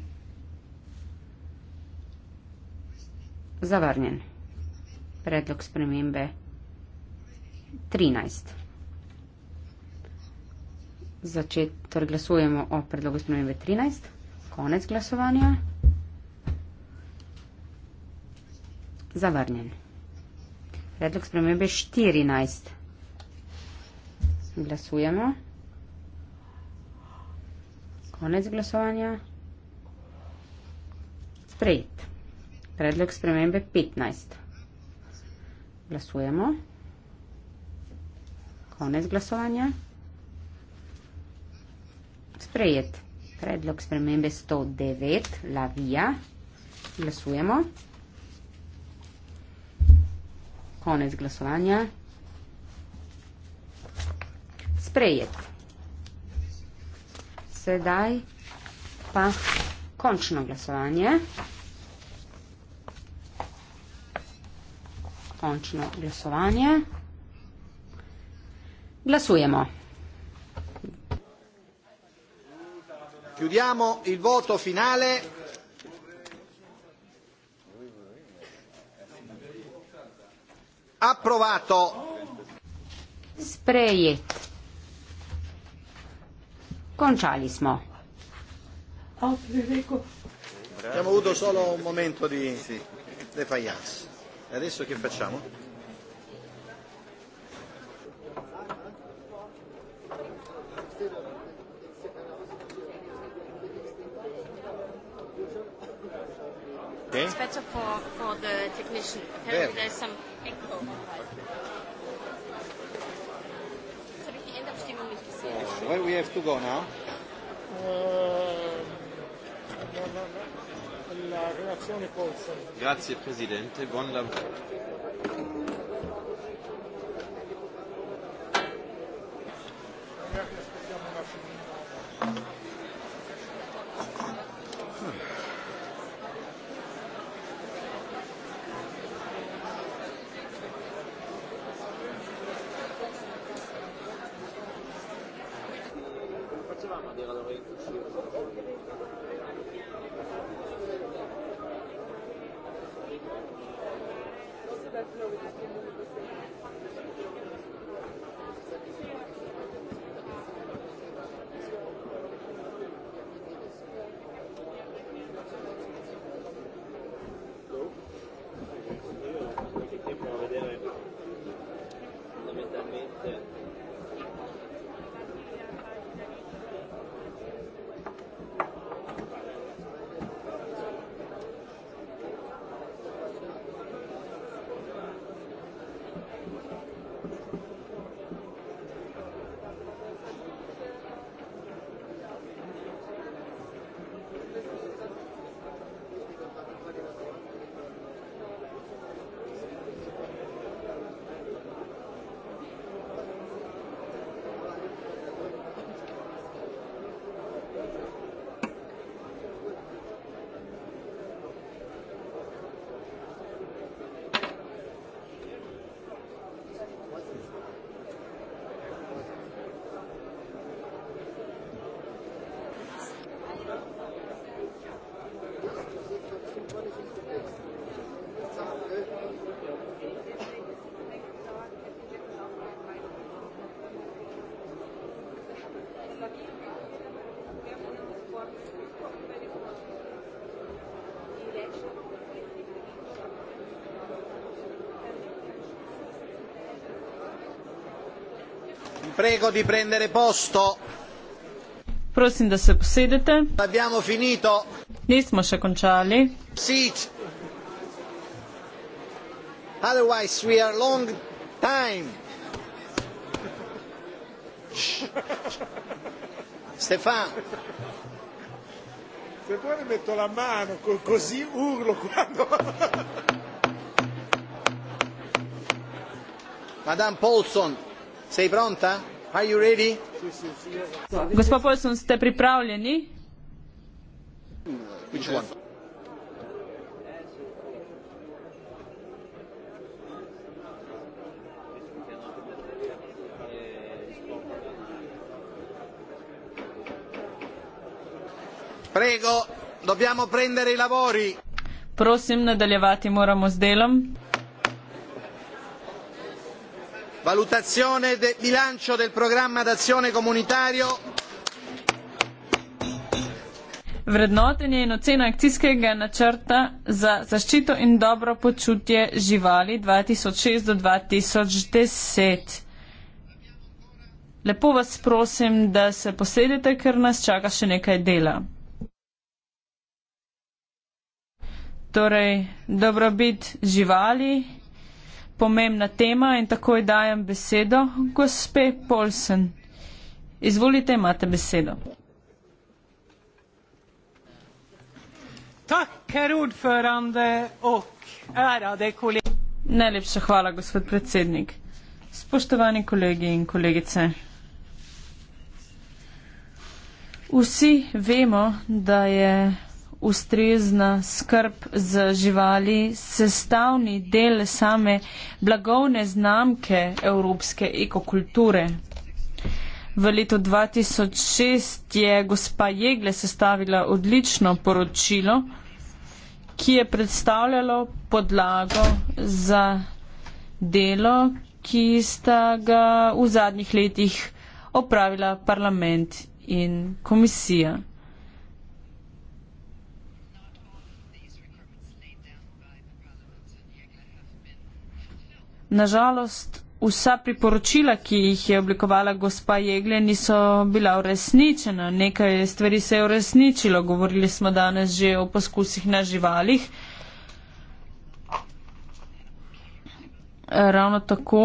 Zavrnjen. Predlog spremembe 13 začeti, torej glasujemo o predlogu spremembe 13. Konec glasovanja. Zavrnjen. Predlog spremembe 14. Glasujemo. Konec glasovanja. Sprejet. Predlog spremembe 15. Glasujemo. Konec glasovanja sprejet. Predlog spremembe 109, Lavija. Glasujemo. Konec glasovanja. Sprejet. Sedaj pa končno glasovanje. Končno glasovanje. Glasujemo. Chiudiamo il voto finale. Approvato. Sprejet. Končali smo. Abbiamo avuto solo un momento di defaillance. E adesso che facciamo? better for, for the technician. Apparently yeah. there's some echo. Okay. Oh, where we have to go now? Uh, no, no, no. Grazie Presidente, buon lavoro. Prego di prendere posto. Prosim, da se posedete. Abbiamo finito. Nismo še končali. Seat. Otherwise we are long time. Stefan. Se poi le metto la mano così urlo quando... Madame Paulson. Sei pronta? Are you ready? Gospod Polson, ste pripravljeni? Which one? Prego, dobbiamo prendere i lavori. Prosim, nadaljevati moramo z delom valutazione del bilancio del programma d'azione comunitario. Vrednotenje in ocena akcijskega načrta za zaščito in dobro počutje živali 2006 do 2010. Lepo vas prosim, da se posedete, ker nas čaka še nekaj dela. Torej, dobrobit živali pomembna tema in takoj dajem besedo gospe Polsen. Izvolite, imate besedo. Najlepša hvala, gospod predsednik. Spoštovani kolegi in kolegice. Vsi vemo, da je ustrezna skrb za živali, sestavni del same blagovne znamke evropske ekokulture. V letu 2006 je gospa Jegle sestavila odlično poročilo, ki je predstavljalo podlago za delo, ki sta ga v zadnjih letih opravila parlament in komisija. nažalost, vsa priporočila, ki jih je oblikovala gospa Jegle, niso bila uresničena. Nekaj stvari se je uresničilo, govorili smo danes že o poskusih na živalih. Ravno tako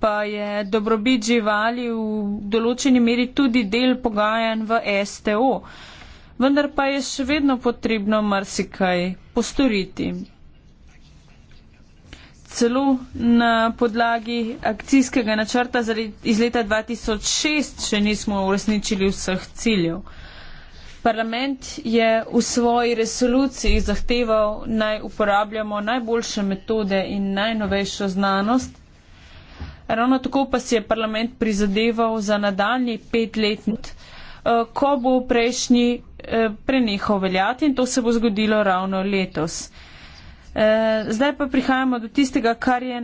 pa je dobrobit živali v določeni meri tudi del pogajanj v STO. Vendar pa je še vedno potrebno marsikaj postoriti celo na podlagi akcijskega načrta iz leta 2006 še nismo uresničili vseh ciljev. Parlament je v svoji resoluciji zahteval naj uporabljamo najboljše metode in najnovejšo znanost. Ravno tako pa si je parlament prizadeval za nadaljni petletni, eh, ko bo prejšnji eh, prenehal veljati in to se bo zgodilo ravno letos. Eh, zdaj pa prihajamo do tistega, kar je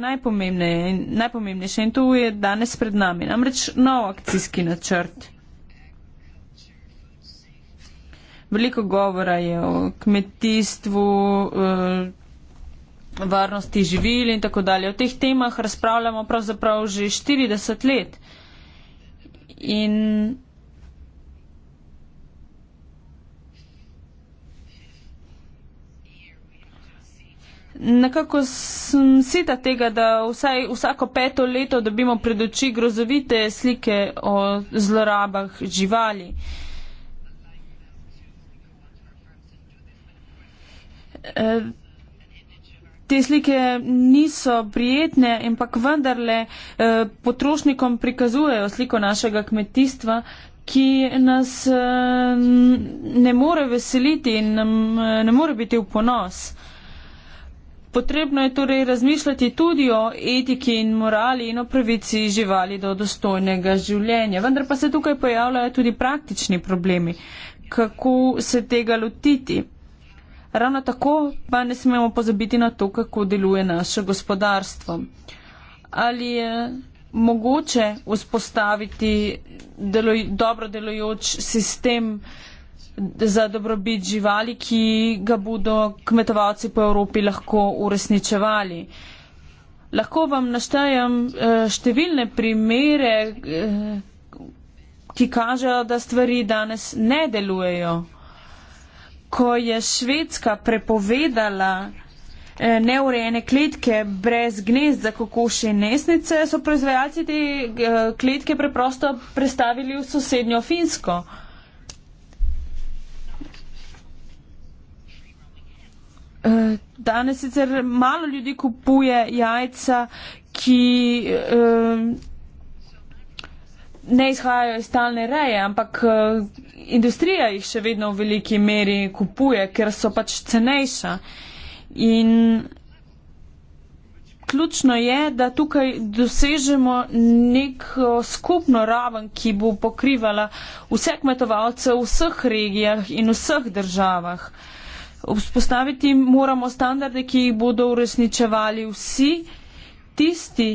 najpomembnejše in to je danes pred nami, namreč nov akcijski načrt. Veliko govora je o kmetijstvu, eh, varnosti živil in tako dalje. O teh temah razpravljamo pravzaprav že 40 let. In Nekako sem sita tega, da vsaj vsako peto leto dobimo pred oči grozovite slike o zlorabah živali. E, te slike niso prijetne, ampak vendarle e, potrošnikom prikazujejo sliko našega kmetijstva, ki nas e, ne more veseliti in ne more biti v ponos. Potrebno je torej razmišljati tudi o etiki in morali in o pravici živali do dostojnega življenja. Vendar pa se tukaj pojavljajo tudi praktični problemi. Kako se tega lotiti? Ravno tako pa ne smemo pozabiti na to, kako deluje naše gospodarstvo. Ali je mogoče vzpostaviti deloj, dobro delujoč sistem? za dobrobit živali, ki ga bodo kmetovalci po Evropi lahko uresničevali. Lahko vam naštejem eh, številne primere, eh, ki kažejo, da stvari danes ne delujejo. Ko je Švedska prepovedala eh, neurejene kletke brez gnezd za kokoši in nesnice, so proizvajalci te kletke preprosto prestavili v sosednjo Finsko. Eh, danes sicer malo ljudi kupuje jajca, ki eh, ne izhajajo iz stalne reje, ampak eh, industrija jih še vedno v veliki meri kupuje, ker so pač cenejša. In ključno je, da tukaj dosežemo neko skupno raven, ki bo pokrivala vse kmetovalce v vseh regijah in vseh državah. Vzpostaviti moramo standarde, ki jih bodo uresničevali vsi tisti,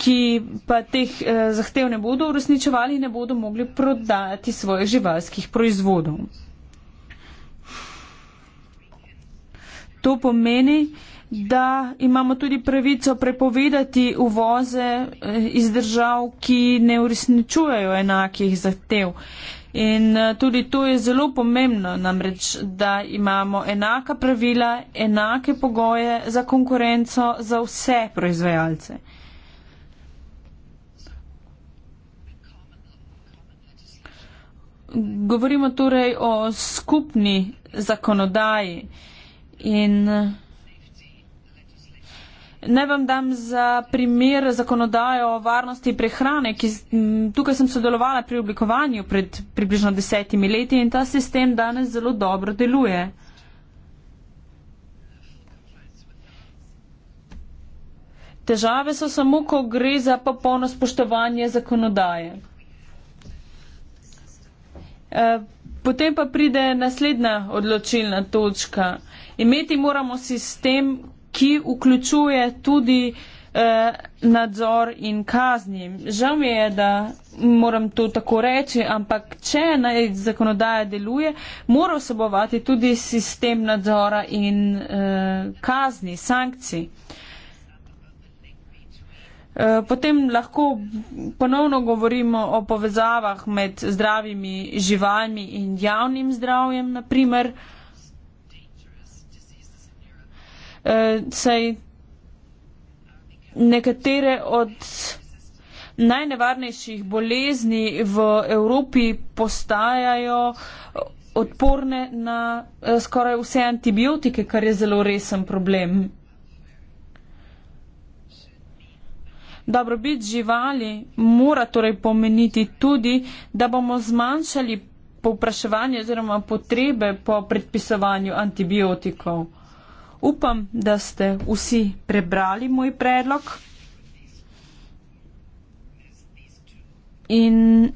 ki pa teh eh, zahtev ne bodo uresničevali in ne bodo mogli prodajati svojih živalskih proizvodov. To pomeni, da imamo tudi pravico prepovedati uvoze eh, iz držav, ki ne uresničujejo enakih zahtev. Eh, In eh, tudi to je zelo pomembno, namreč, da imamo enaka pravila, enake pogoje za konkurenco za vse proizvajalce. Govorimo torej o skupni zakonodaji in eh, Naj vam dam za primer zakonodajo o varnosti prehrane, ki tukaj sem sodelovala pri oblikovanju pred približno desetimi leti in ta sistem danes zelo dobro deluje. Težave so samo, ko gre za popolno spoštovanje zakonodaje. E, potem pa pride naslednja odločilna točka. Imeti moramo sistem, ki vključuje tudi eh, nadzor in kazni. Žal mi je, da moram to tako reči, ampak če naj zakonodaja deluje, mora vsebovati tudi sistem nadzora in eh, kazni, sankcij. Eh, potem lahko ponovno govorimo o povezavah med zdravimi živalmi in javnim zdravjem, naprimer eh, saj nekatere od najnevarnejših bolezni v Evropi postajajo odporne na eh, skoraj vse antibiotike, kar je zelo resen problem. Dobrobit živali mora torej pomeniti tudi, da bomo zmanjšali povpraševanje oziroma potrebe po predpisovanju antibiotikov. Upam, da ste vsi prebrali moj predlog. In uh,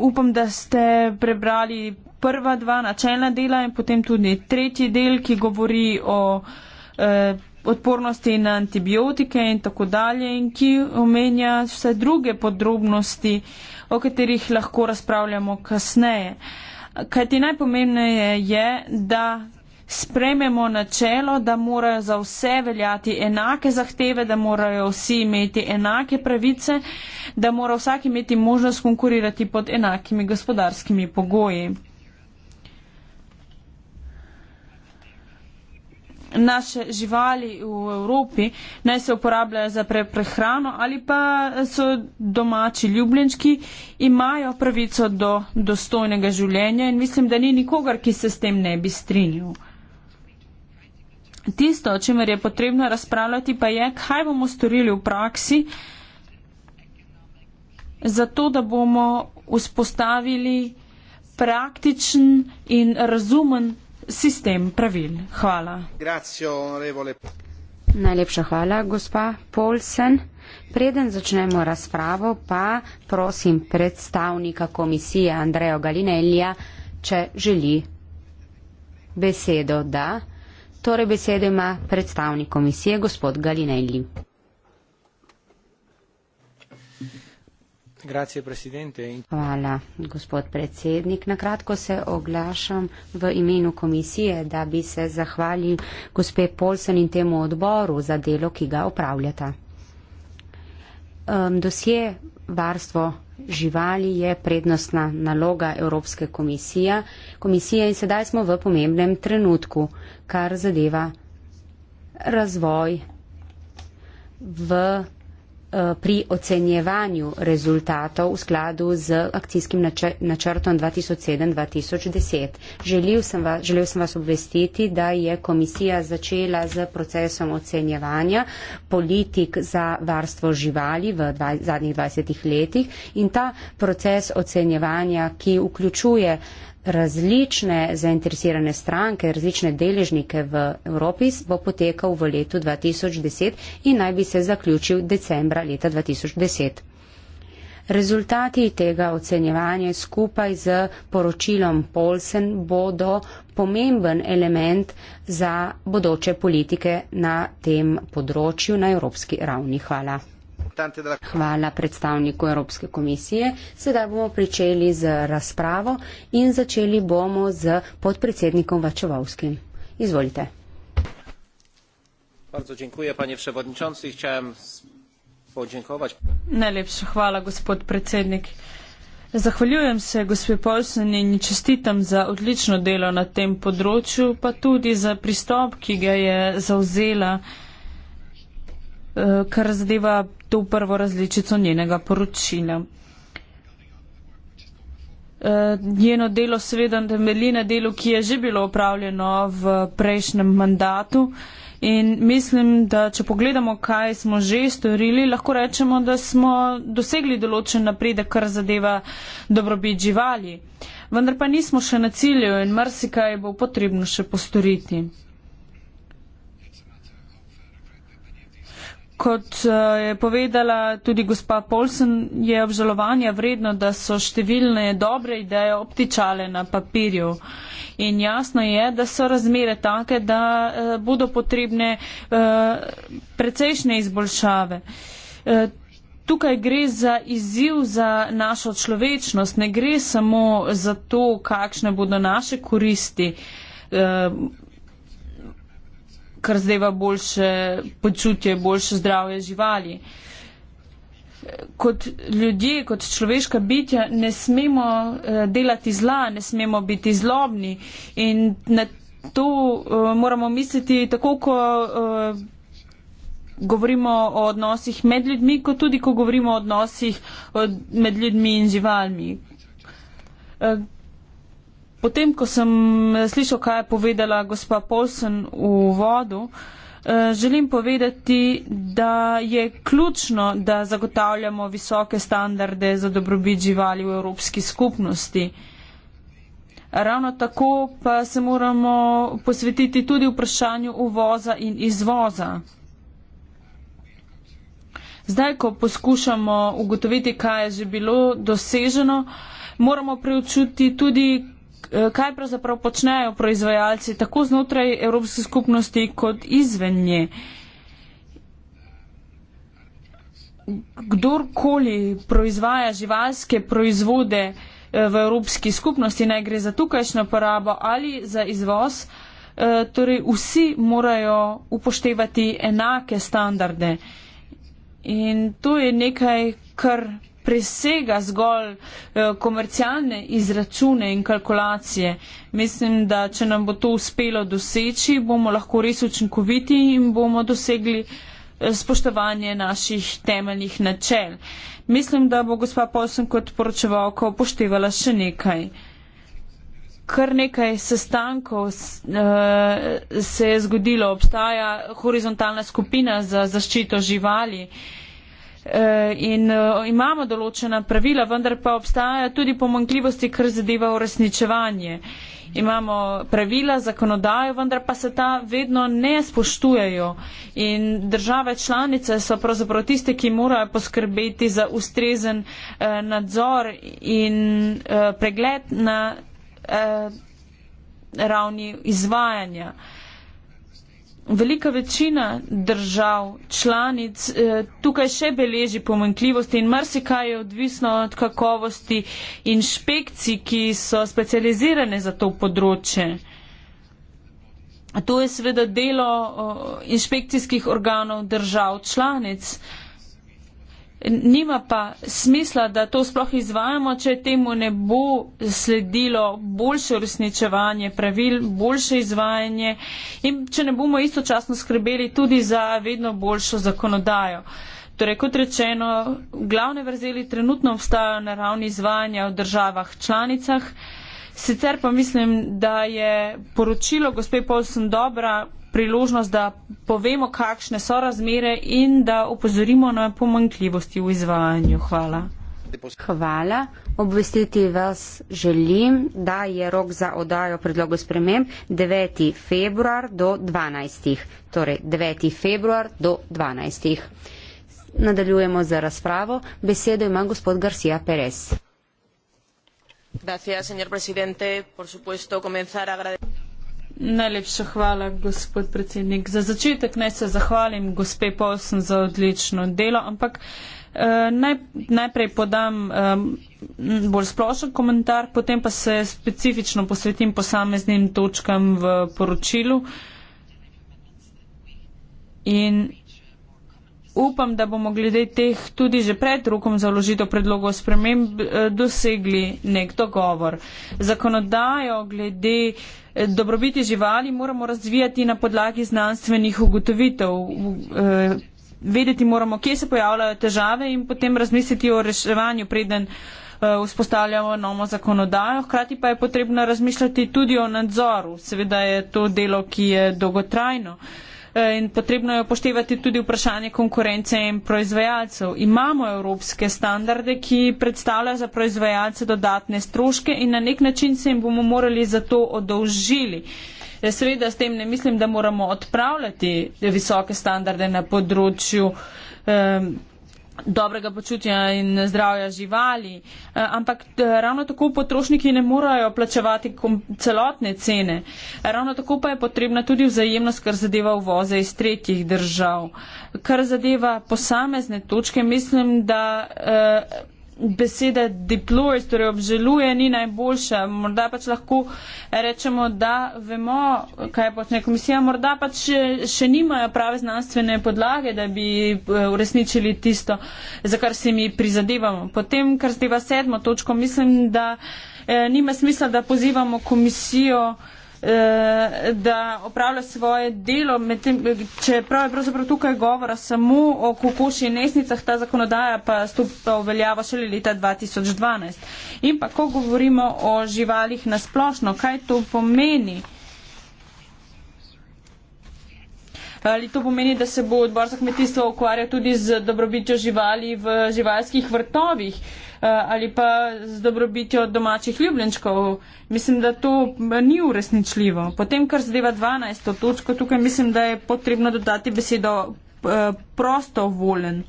upam, da ste prebrali prva dva načelna dela in potem tudi tretji del, ki govori o uh, odpornosti na antibiotike in tako dalje in ki omenja vse druge podrobnosti, o katerih lahko razpravljamo kasneje. Uh, Kaj ti najpomembneje je, da sprememo načelo, da morajo za vse veljati enake zahteve, da morajo vsi imeti enake pravice, da mora vsak imeti možnost konkurirati pod enakimi gospodarskimi pogoji. naše živali v Evropi, naj se uporabljajo za prehrano ali pa so domači ljubljenčki, imajo pravico do dostojnega življenja in mislim, da ni nikogar, ki se s tem ne bi strinjal. Tisto, o čemer je potrebno razpravljati, pa je, kaj bomo storili v praksi, zato da bomo vzpostavili praktičen in razumen sistem pravil. Hvala. Najlepša hvala, gospa Polsen. Preden začnemo razpravo, pa prosim predstavnika komisije Andreja Galinelija, če želi besedo, da. Torej besedo ima predstavnik komisije, gospod Galinelji. Grazie, presidente. Hvala, gospod predsednik. Na kratko se oglašam v imenu komisije, da bi se zahvalil gospe Polsen in temu odboru za delo, ki ga opravljata. Um, dosje varstvo živali je prednostna naloga Evropske komisije. komisije in sedaj smo v pomembnem trenutku, kar zadeva razvoj v Eh, pri ocenjevanju rezultatov v skladu z akcijskim načr načrtom 2007-2010. Želel, želel sem vas obvestiti, da je komisija začela z procesom ocenjevanja politik za varstvo živali v zadnjih 20 letih in ta proces ocenjevanja, ki vključuje različne zainteresirane stranke, različne deležnike v Evropi, bo potekal v letu 2010 in naj bi se zaključil decembra leta 2010. Rezultati tega ocenjevanja skupaj z poročilom Polsen bodo pomemben element za bodoče politike na tem področju na evropski ravni. Hvala rappresentante della Hvala predstavniku Evropske komisije. Sedaj bomo pričeli z razpravo in začeli bomo z podpredsednikom Vačovovskim. Izvolite. Bardzo dziękuję panie przewodniczący. Chciałem podziękować. Najlepša hvala gospod predsednik. Zahvaljujem se gospe Polsen in čestitam za odlično delo na tem področju, pa tudi za pristop, ki ga je zauzela Eh, kar zadeva to prvo različico njenega poročila. Eh, njeno delo seveda temelji na delu, ki je že bilo upravljeno v prejšnjem mandatu in mislim, da če pogledamo, kaj smo že storili, lahko rečemo, da smo dosegli določen napredek, kar zadeva dobrobit živali. Vendar pa nismo še na cilju in marsikaj bo potrebno še postoriti. Kot eh, je povedala tudi gospa Polsen, je obžalovanja vredno, da so številne dobre ideje optičale na papirju. In jasno je, da so razmere take, da eh, bodo potrebne eh, precejšnje izboljšave. Tukaj gre za izziv za našo človečnost, ne gre samo za to, kakšne bodo naše koristi kar zdajva boljše počutje, boljše zdravje živali. Kot ljudje, kot človeška bitja ne smemo eh, delati zla, ne smemo biti zlobni in na to eh, moramo misliti tako, ko eh, govorimo o odnosih med ljudmi, kot tudi, ko govorimo o odnosih med ljudmi in živalmi. Potem, ko sem eh, slišal, kaj je povedala gospa Polsen v vodu, eh, želim povedati, da je ključno, da zagotavljamo visoke standarde za dobrobit živali v Evropski skupnosti. Ravno tako pa se moramo posvetiti tudi vprašanju uvoza in izvoza. Zdaj, ko poskušamo ugotoviti, kaj je že bilo doseženo, moramo preučuti tudi, Eh, kaj pravzaprav počnejo proizvajalci tako znotraj Evropske skupnosti kot izven nje. Kdorkoli proizvaja živalske proizvode eh, v Evropski skupnosti, naj gre za tukajšnjo porabo ali za izvoz, eh, torej vsi morajo upoštevati enake standarde. In to je nekaj, kar presega zgolj eh, komercialne izračune in kalkulacije. Mislim, da če nam bo to uspelo doseči, bomo lahko res učinkoviti in bomo dosegli eh, spoštovanje naših temeljnih načel. Mislim, da bo gospa Posen kot poročevalka upoštevala še nekaj. Kar nekaj sestankov eh, se je zgodilo, obstaja horizontalna skupina za zaščito živali. Eh, in eh, imamo določena pravila, vendar pa obstajajo tudi pomankljivosti, kar zadeva uresničevanje. Imamo pravila, zakonodajo, vendar pa se ta vedno ne spoštujejo in države članice so pravzaprav tiste, ki morajo poskrbeti za ustrezen eh, nadzor in eh, pregled na eh, ravni izvajanja. Eh, Velika večina držav članic eh, tukaj še beleži pomankljivosti in marsikaj je odvisno od kakovosti inšpekcij, ki so specializirane za to področje. To je seveda delo inšpekcijskih organov držav članic nima pa smisla, da to sploh izvajamo, če temu ne bo sledilo boljše uresničevanje pravil, boljše izvajanje in če ne bomo istočasno skrbeli tudi za vedno boljšo zakonodajo. Torej, kot rečeno, glavne vrzeli trenutno obstajajo na ravni izvajanja v državah članicah. Sicer pa mislim, da je poročilo gospe Polson dobra, priložnost, da povemo, kakšne so razmere in da upozorimo na pomankljivosti v izvajanju. Hvala. Hvala. Obvestiti vas želim, da je rok za odajo predlogu sprememb 9. februar do 12. Torej 9. februar do 12. Nadaljujemo z razpravo. Besedo ima gospod Garcia Perez. Gracias, señor presidente. Por supuesto, comenzar agradecer. Najlepša hvala, gospod predsednik. Za začetek naj se zahvalim gospe Polsen za odlično delo, ampak eh, naj, najprej podam eh, bolj splošen komentar, potem pa se specifično posvetim posameznim točkam v poročilu. In upam, da bomo glede teh tudi že pred rokom založitev predlogov sprememb eh, dosegli nek dogovor. Zakonodajo glede eh, dobrobiti živali moramo razvijati na podlagi znanstvenih ugotovitev. Eh, vedeti moramo, kje se pojavljajo težave in potem razmisliti o reševanju preden vzpostavljamo novo zakonodajo. Hkrati pa je potrebno razmišljati tudi o nadzoru. Seveda je to delo, ki je dolgotrajno in potrebno je upoštevati tudi vprašanje konkurence in proizvajalcev. Imamo evropske standarde, ki predstavljajo za proizvajalce dodatne stroške in na nek način se jim bomo morali za to odolžili. Eh, Sreda s tem ne mislim, da moramo odpravljati visoke standarde na področju. Um, dobrega počutja in zdravja živali. Eh, ampak eh, ravno tako potrošniki ne morajo plačevati celotne cene. Ravno tako pa je potrebna tudi vzajemnost, kar zadeva uvoze iz tretjih držav. Kar zadeva posamezne točke, mislim, da. Eh, beseda deploy, torej obžaluje, ni najboljša. Morda pač lahko rečemo, da vemo, kaj počne komisija. Morda pač še, še nimajo prave znanstvene podlage, da bi eh, uresničili tisto, za kar se mi prizadevamo. Potem, kar zdaj pa sedmo točko, mislim, da eh, nima smisla, da pozivamo komisijo. Eh, da opravlja svoje delo, tem, čeprav je pravzaprav tukaj govora samo o kokoši in nesnicah, ta zakonodaja pa stopa v veljavo šele leta 2012. In pa, ko govorimo o živalih nasplošno, kaj to pomeni? Ali to pomeni, da se bo odbor za kmetijstvo ukvarjal tudi z dobrobitjo živali v živalskih vrtovih? Uh, Eh, ali pa z dobrobitjo domačih ljubljenčkov. Mislim, da to ni uresničljivo. Potem, kar zadeva 12. točko, tukaj mislim, da je potrebno dodati besedo eh, prostovolen.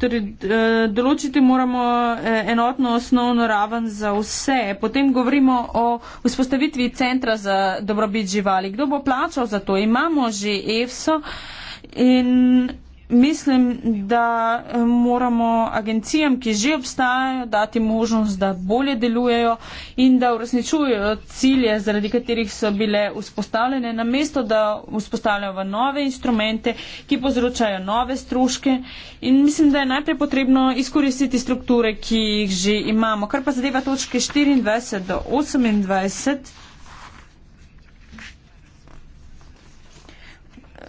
Torej, eh, določiti moramo enotno osnovno raven za vse. Potem govorimo o vzpostavitvi centra za dobrobit živali. Kdo bo plačal za to? Imamo že EFSO in mislim, da eh, moramo agencijam, ki že obstajajo, dati možnost, da bolje delujejo in da uresničujejo cilje, zaradi katerih so bile vzpostavljene, namesto da vzpostavljajo nove instrumente, ki povzročajo nove stroške. In mislim, da je najprej potrebno izkoristiti strukture, ki jih že imamo. Kar pa zadeva točke 24 do 28.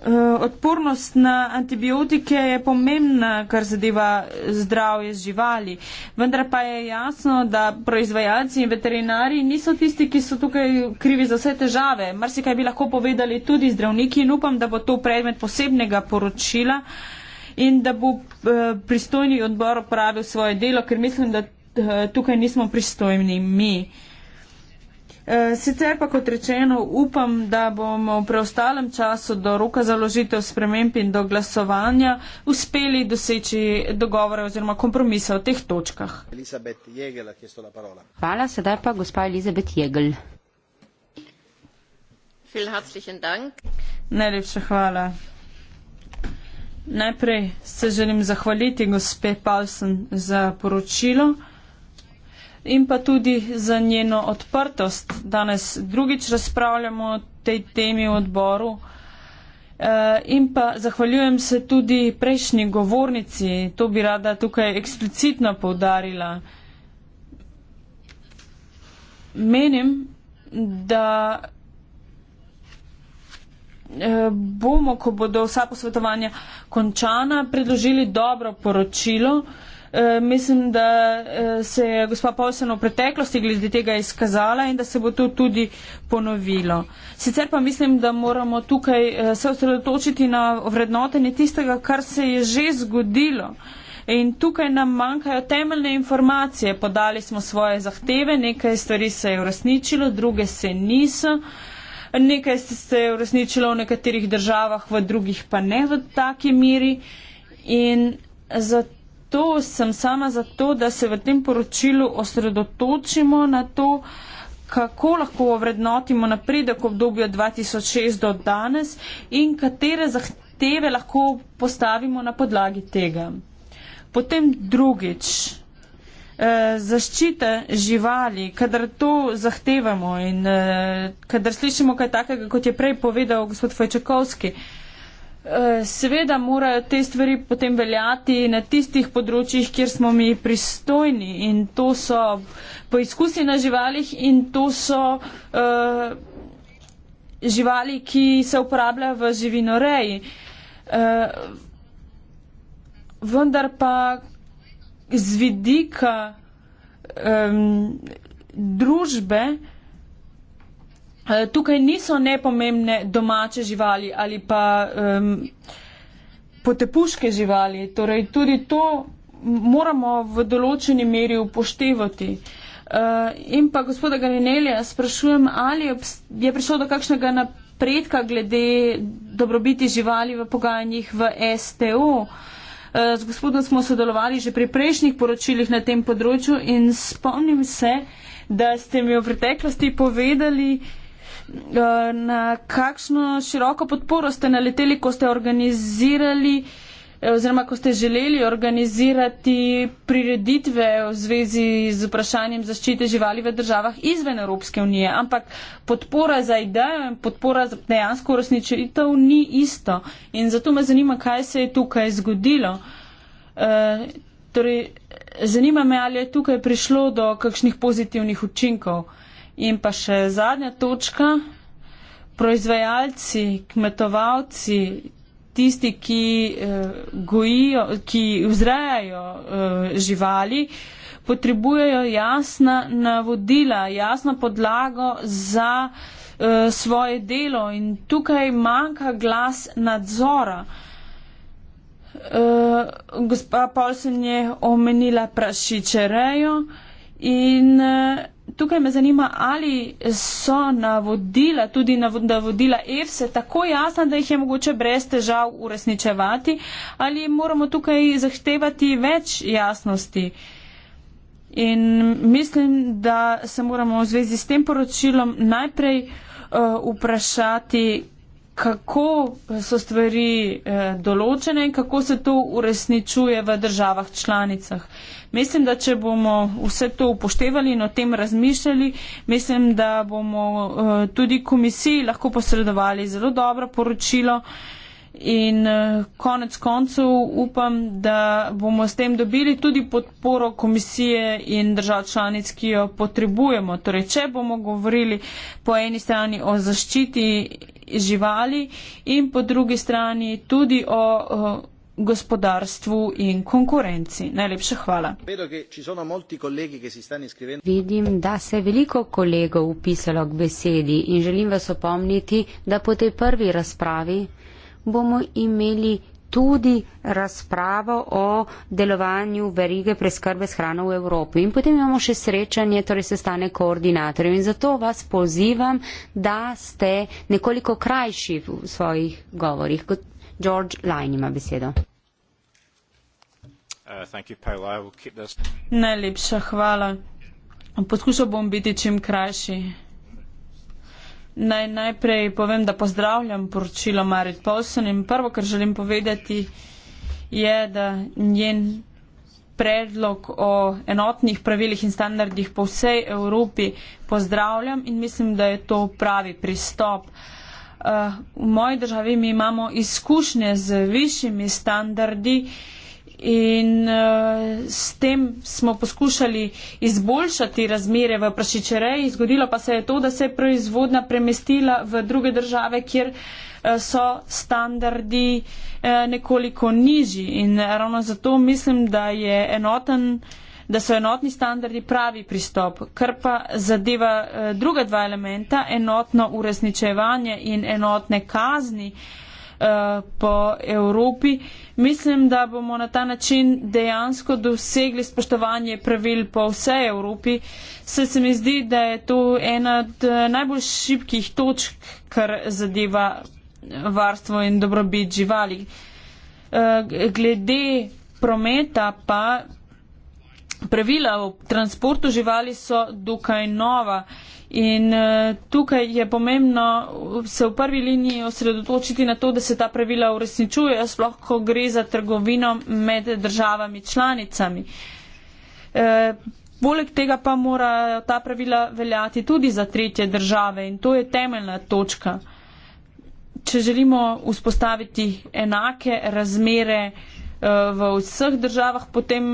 Eh, odpornost na antibiotike je pomembna, kar zadeva zdravje živali. Vendar pa je jasno, da proizvajalci in veterinari niso tisti, ki so tukaj krivi za vse težave. Marsikaj bi lahko povedali tudi zdravniki in upam, da bo to predmet posebnega poročila in da bo eh, pristojni odbor opravil svoje delo, ker mislim, da eh, tukaj nismo pristojni mi. Eh, sicer pa, kot rečeno, upam, da bomo v preostalem času do roka založitev sprememb in do glasovanja uspeli doseči dogovore oziroma kompromise o teh točkah. Hvala, sedaj pa gospa Elizabet Jegel. Najlepša hvala. Najprej se želim zahvaliti gospe Paulsen za poročilo in pa tudi za njeno odprtost. Danes drugič razpravljamo o tej temi v odboru. Eh, in pa zahvaljujem se tudi prejšnji govornici, to bi rada tukaj eksplicitno povdarila. Menim, da eh, bomo, ko bodo vsa posvetovanja končana, predložili dobro poročilo, Eh, mislim, da eh, se je gospa Polsen v preteklosti glede tega izkazala in da se bo to tudi ponovilo. Sicer pa mislim, da moramo tukaj eh, se osredotočiti na vrednotenje tistega, kar se je že zgodilo. In tukaj nam manjkajo temeljne informacije. Podali smo svoje zahteve, nekaj stvari se je uresničilo, druge se niso. Nekaj se je uresničilo v nekaterih državah, v drugih pa ne v taki miri. In zato zato sem sama zato, da se v tem poročilu osredotočimo na to, kako lahko vrednotimo napredek obdobja 2006 do danes in katere zahteve lahko postavimo na podlagi tega. Potem drugič, eh, zaščita živali, kadar to zahtevamo in eh, kadar slišimo kaj takega, kot je prej povedal gospod Fajčakovski, Eh, seveda morajo te stvari potem veljati na tistih področjih, kjer smo mi pristojni in to so poizkusi na živalih in to so uh, živali, ki se uporabljajo v živinoreji. Uh, vendar pa z vidika um, družbe uh, Eh, tukaj niso nepomembne domače živali ali pa um, potepuške živali. Torej, tudi to moramo v določeni meri upoštevati. Uh, in pa gospoda Galinelija sprašujem, ali je prišlo do kakšnega napredka glede dobrobiti živali v pogajanjih v STO. Eh, z gospodom smo sodelovali že pri prejšnjih poročilih na tem področju in spomnim se, da ste mi v preteklosti povedali, uh, Eh, na kakšno široko podporo ste naleteli, ko ste organizirali eh, oziroma ko ste želeli organizirati prireditve v zvezi z vprašanjem zaščite živali v državah izven Evropske unije. Ampak podpora za idejo in podpora za dejansko uresničitev ni isto. In zato me zanima, kaj se je tukaj zgodilo. E, torej, zanima me, ali je tukaj prišlo do kakšnih pozitivnih učinkov. E, In pa še zadnja točka, proizvajalci, kmetovalci, tisti, ki eh, gojijo, ki vzrejajo eh, živali, potrebujejo jasna navodila, jasno podlago za eh, svoje delo in tukaj manjka glas nadzora. Uh, gospa Polsen je omenila prašičerejo, uh, In eh, tukaj me zanima, ali so navodila, tudi navodila EFSE, tako jasna, da jih je mogoče brez težav uresničevati, ali moramo tukaj zahtevati več jasnosti. In mislim, da se moramo v zvezi s tem poročilom najprej uh, vprašati, kako so stvari eh, določene in kako se to uresničuje v državah članicah. Mislim, da če bomo vse to upoštevali in o tem razmišljali, mislim, da bomo eh, tudi komisiji lahko posredovali zelo dobro poročilo. Eh, In eh, konec koncev upam, da bomo s tem dobili tudi podporo komisije in držav članic, ki jo potrebujemo. Torej, če bomo govorili po eni strani o zaščiti živali in po drugi strani tudi o, o eh, gospodarstvu in konkurenci. Najlepša hvala. Vidim, da se je veliko kolegov upisalo k besedi in želim vas opomniti, da po tej prvi razpravi bomo imeli tudi razpravo o delovanju verige preskrbe s hrano v Evropi. In potem imamo še srečanje, torej sestane koordinatorjev. In zato vas pozivam, da ste nekoliko krajši v svojih govorih. Kot George Line ima besedo. Uh, Najlepša hvala. Poskušal bom biti čim krajši. Naj najprej povem, da pozdravljam poročilo Marit Paulson in prvo, kar želim povedati, je, da njen predlog o enotnih pravilih in standardih po vsej Evropi pozdravljam in mislim, da je to pravi pristop. Eh, v moji državi mi imamo izkušnje z višjimi standardi in uh, s tem smo poskušali izboljšati razmere v prašičereji. Zgodilo pa se je to, da se je proizvodna premestila v druge države, kjer uh, so standardi uh, nekoliko nižji. In ravno zato mislim, da, je enoten, da so enotni standardi pravi pristop, kar pa zadeva uh, druga dva elementa, enotno uresničevanje in enotne kazni. Uh, Eh, po Evropi. Mislim, da bomo na ta način dejansko dosegli spoštovanje pravil po vsej Evropi. Se, se mi zdi, da je to ena od eh, najbolj šibkih točk, kar zadeva eh, varstvo in dobrobit živali. Glede prometa pa pravila o transportu živali so dokaj nova. In eh, tukaj je pomembno se v prvi liniji osredotočiti na to, da se ta pravila uresničuje, sploh ko gre za trgovino med državami članicami. Eh, poleg tega pa morajo ta pravila veljati tudi za tretje države in to je temeljna točka. Če želimo vzpostaviti enake razmere eh, v vseh državah, potem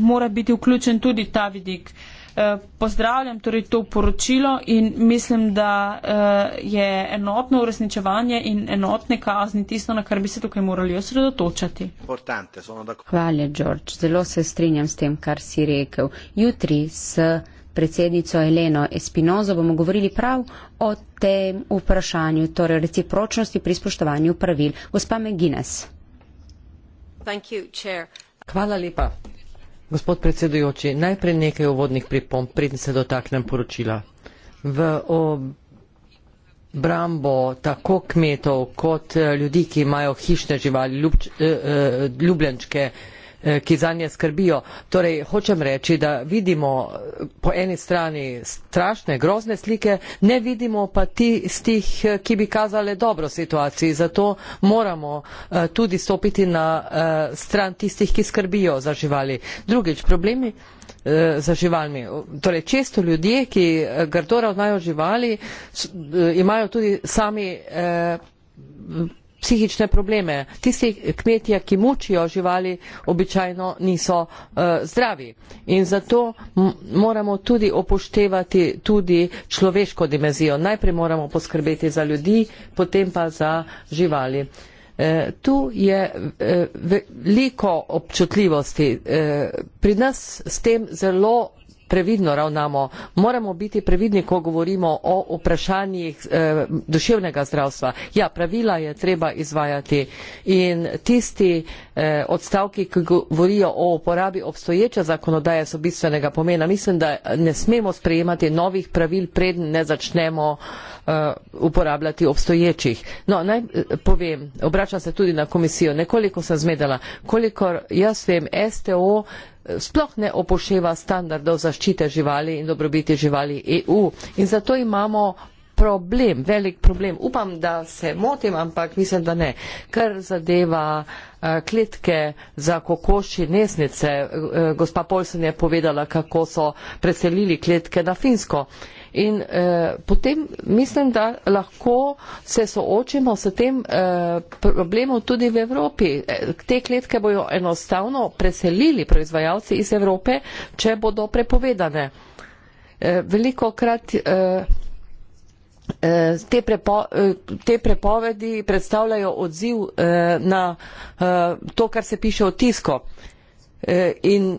mora biti vključen tudi ta vidik. Eh, pozdravljam torej to poročilo in mislim, da eh, je enotno uresničevanje in enotne kazni tisto, na kar bi se tukaj morali osredotočati. Hvala, George. Zelo se strinjam s tem, kar si rekel. Jutri s predsednico Eleno Espinozo bomo govorili prav o tem vprašanju, torej recipročnosti pri spoštovanju pravil. Gospa McGuinness. Hvala lepa. Gospod predsedujoči, najprej nekaj uvodnih pripomp, preden se dotaknem poročila. V obrambo tako kmetov kot eh, ljudi, ki imajo hišne živali, ljubč, eh, eh, ljubljenčke, Eh, ki za nje skrbijo. Torej, hočem reči, da vidimo eh, po eni strani strašne, grozne slike, ne vidimo pa tistih, eh, ki bi kazale dobro situaciji. Zato moramo tudi stopiti na stran tistih, ki skrbijo za živali. Drugič, problemi za živalmi. Torej, često ljudje, ki grdo ravnajo živali, imajo tudi sami psihične probleme. Tisti kmetje, ki mučijo živali, običajno niso uh, zdravi. In zato moramo tudi upoštevati tudi človeško dimenzijo. Najprej moramo poskrbeti za ljudi, potem pa za živali. Uh, tu je uh, veliko občutljivosti. Uh, pri nas s tem zelo previdno ravnamo. Moramo biti previdni, ko govorimo o vprašanjih e, duševnega zdravstva. Ja, pravila je treba izvajati in tisti e, odstavki, ki govorijo o uporabi obstoječe zakonodaje, so bistvenega pomena. Mislim, da ne smemo sprejemati novih pravil, predn ne začnemo e, uporabljati obstoječih. No, naj povem, obračam se tudi na komisijo, nekoliko sem zmedala, kolikor jaz vem, STO sploh ne upošteva standardov zaščite živali in dobrobiti živali EU. In zato imamo problem, velik problem. Upam, da se motim, ampak mislim, da ne. Kar zadeva eh, kletke za kokoši nesnice. Eh, gospa Polsen je povedala, kako so preselili kletke na Finsko. In eh, potem mislim, da lahko se soočimo s tem eh, problemom tudi v Evropi. Eh, te kletke bojo enostavno preselili proizvajalci iz Evrope, če bodo prepovedane. Eh, veliko krat eh, eh, Te, prepo, eh, te prepovedi predstavljajo odziv na to, kar se piše o tisko. In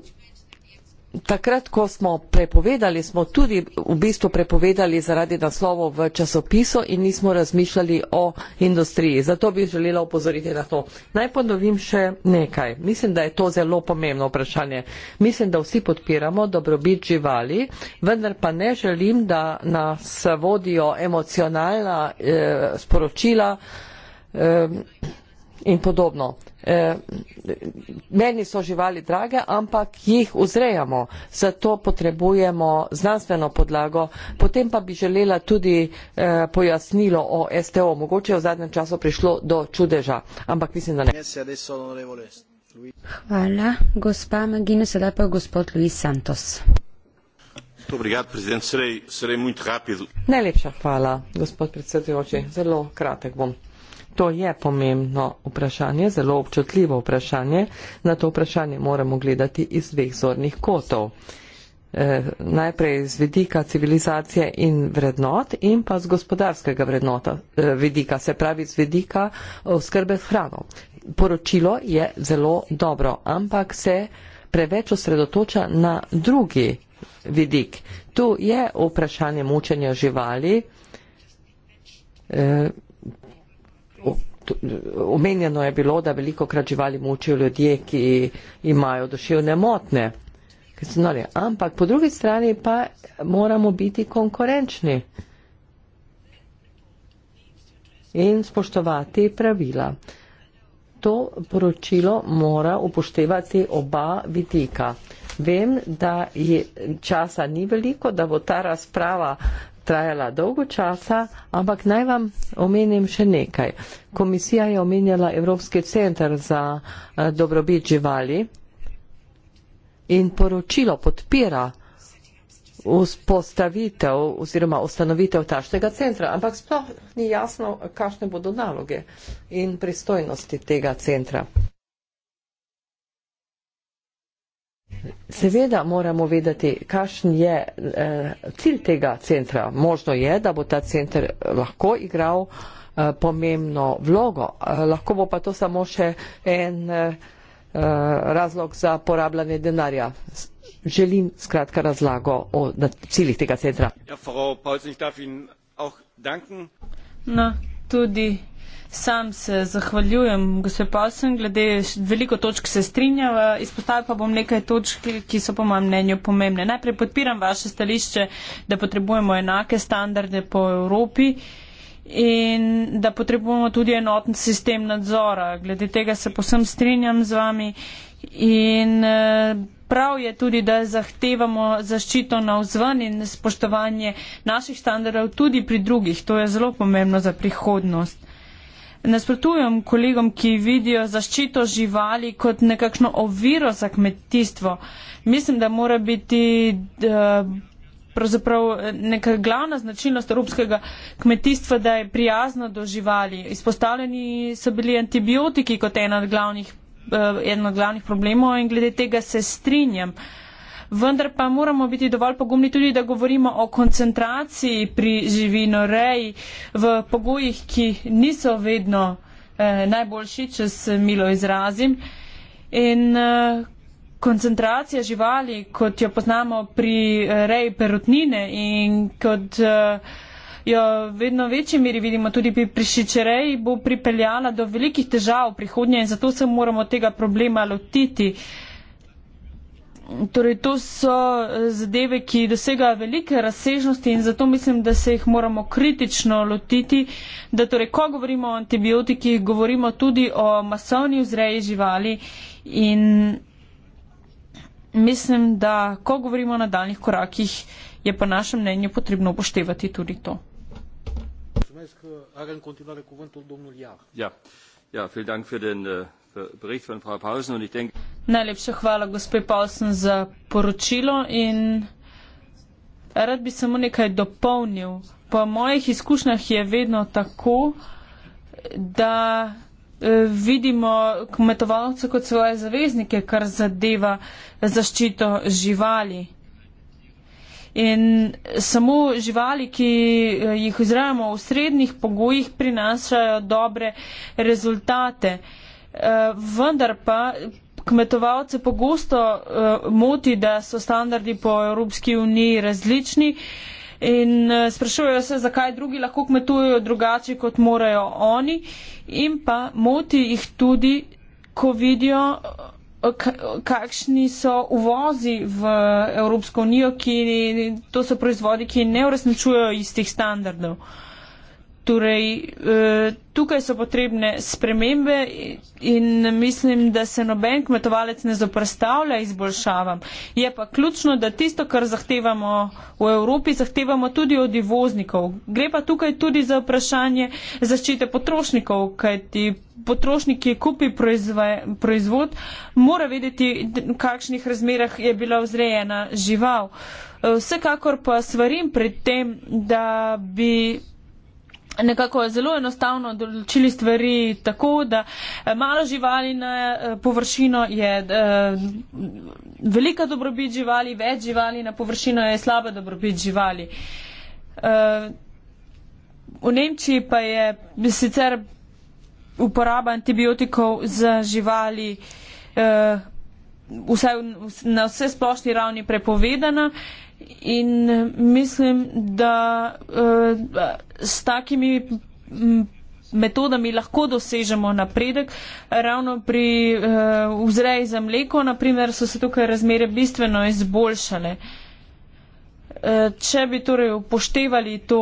takrat, ko smo prepovedali, smo tudi v bistvu prepovedali zaradi naslovov v časopisu in nismo razmišljali o industriji. Zato bi želela upozoriti na to. Naj ponovim še nekaj. Mislim, da je to zelo pomembno vprašanje. Mislim, da vsi podpiramo dobrobit živali, vendar pa ne želim, da nas vodijo emocionalna eh, sporočila eh, in podobno. E, meni so živali drage, ampak jih uzrejamo. Zato potrebujemo znanstveno podlago. Potem pa bi želela tudi eh, pojasnilo o STO. Mogoče je v zadnjem času prišlo do čudeža, ampak mislim, da ne. Hvala, gospa Magina, sedaj pa gospod Luis Santos. Najlepša hvala, gospod predsedujoči. Zelo kratek bom. To je pomembno vprašanje, zelo občutljivo vprašanje. Na to vprašanje moramo gledati iz dveh zornih kotov. E, najprej z vidika civilizacije in vrednot in pa z gospodarskega vrednota, e, vidika, se pravi z vidika oskrbe s hrano. Poročilo je zelo dobro, ampak se preveč osredotoča na drugi vidik. Tu je vprašanje mučenja živali. E, omenjeno je bilo, da veliko krat živali mučijo ljudje, ki imajo duševne motne. Ampak po drugi strani pa moramo biti konkurenčni in spoštovati pravila. To poročilo mora upoštevati oba vidika. Vem, da je časa ni veliko, da bo ta razprava uh, trajala dolgo časa, ampak naj vam omenim še nekaj. Komisija je omenjala Evropski centr za eh, dobrobit živali in poročilo podpira vzpostavitev oziroma ustanovitev tašnega centra, ampak sploh ni jasno, kakšne bodo naloge in pristojnosti tega centra. Seveda moramo vedeti, kakšen je eh, cilj tega centra. Možno je, da bo ta center lahko igral eh, pomembno vlogo. Eh, lahko bo pa to samo še en razlog za porabljanje denarja. Želim skratka razlago o ciljih tega centra. Ja, no, tudi Sam se zahvaljujem, gospod Posen, glede veliko točk se strinjava, izpostavil pa bom nekaj točk, ki so po mojem mnenju pomembne. Najprej podpiram vaše stališče, da potrebujemo enake standarde po Evropi in da potrebujemo tudi enoten sistem nadzora. Glede tega se posem strinjam z vami in eh, prav je tudi, da zahtevamo zaščito na vzven in spoštovanje naših standardov tudi pri drugih. To je zelo pomembno za prihodnost nasprotujem kolegom, ki vidijo zaščito živali kot nekakšno oviro za kmetijstvo. Mislim, da mora biti eh, pravzaprav eh, neka glavna značilnost evropskega kmetijstva, da je prijazno do živali. Izpostavljeni so bili antibiotiki kot eh, eden od glavnih, glavnih problemov in glede tega se strinjam. Uh, vendar pa moramo biti dovolj pogumni tudi, da govorimo o koncentraciji pri živinoreji v pogojih, ki niso vedno eh, najboljši, če se milo izrazim. In eh, koncentracija živali, kot jo poznamo pri eh, reji perutnine in kot. Eh, Jo vedno večji meri vidimo tudi pri šičereji, bo pripeljala do velikih težav v prihodnje in zato se moramo tega problema lotiti. Uh, Torej, to so eh, zadeve, ki dosegajo velike razsežnosti in zato mislim, da se jih moramo kritično lotiti, da torej, ko govorimo o antibiotikih, govorimo tudi o masovni vzreji živali in mislim, da ko govorimo o nadaljnih korakih, je po našem mnenju potrebno upoštevati tudi to. Ja, ja, bericht van mevrouw Paulsen. Ik denk... Najlepša hvala, gospe Paulsen, za poročilo in rad bi samo nekaj dopolnil. Po mojih izkušnjah je vedno tako, da eh, vidimo kmetovalce kot svoje zaveznike, kar zadeva zaščito živali. In samo živali, ki eh, jih vzrajamo v srednjih pogojih, prinašajo dobre rezultate. Uh, Eh, vendar pa kmetovalce pogosto eh, moti, da so standardi po Evropski uniji različni. In eh, sprašujejo se, zakaj drugi lahko kmetujejo drugače, kot morajo oni. In pa moti jih tudi, ko vidijo, kakšni so uvozi v Evropsko unijo, ki to so proizvodi, ki ne uresničujejo istih standardov. Uh, Torej, eh, tukaj so potrebne spremembe in mislim, da se noben kmetovalec ne zoprstavlja izboljšavam. Je pa ključno, da tisto, kar zahtevamo v Evropi, zahtevamo tudi od divoznikov. Gre pa tukaj tudi za vprašanje zaščite potrošnikov, kajti potrošnik, ki kupi proizve, proizvod, mora vedeti, v kakšnih razmerah je bila vzrejena žival. Eh, vsekakor pa svarim pred tem, da bi Nekako je zelo enostavno določili stvari tako, da eh, malo živali na eh, površino je eh, velika dobrobit živali, več živali na površino je slaba dobrobit živali. Eh, v Nemčiji pa je sicer uporaba antibiotikov za živali eh, vse, na vse splošni ravni prepovedana. Eh, In eh, mislim, da eh, s takimi metodami lahko dosežemo napredek. Ravno pri eh, vzreji za mleko, naprimer, so se tukaj razmere bistveno izboljšale. Če bi torej upoštevali to,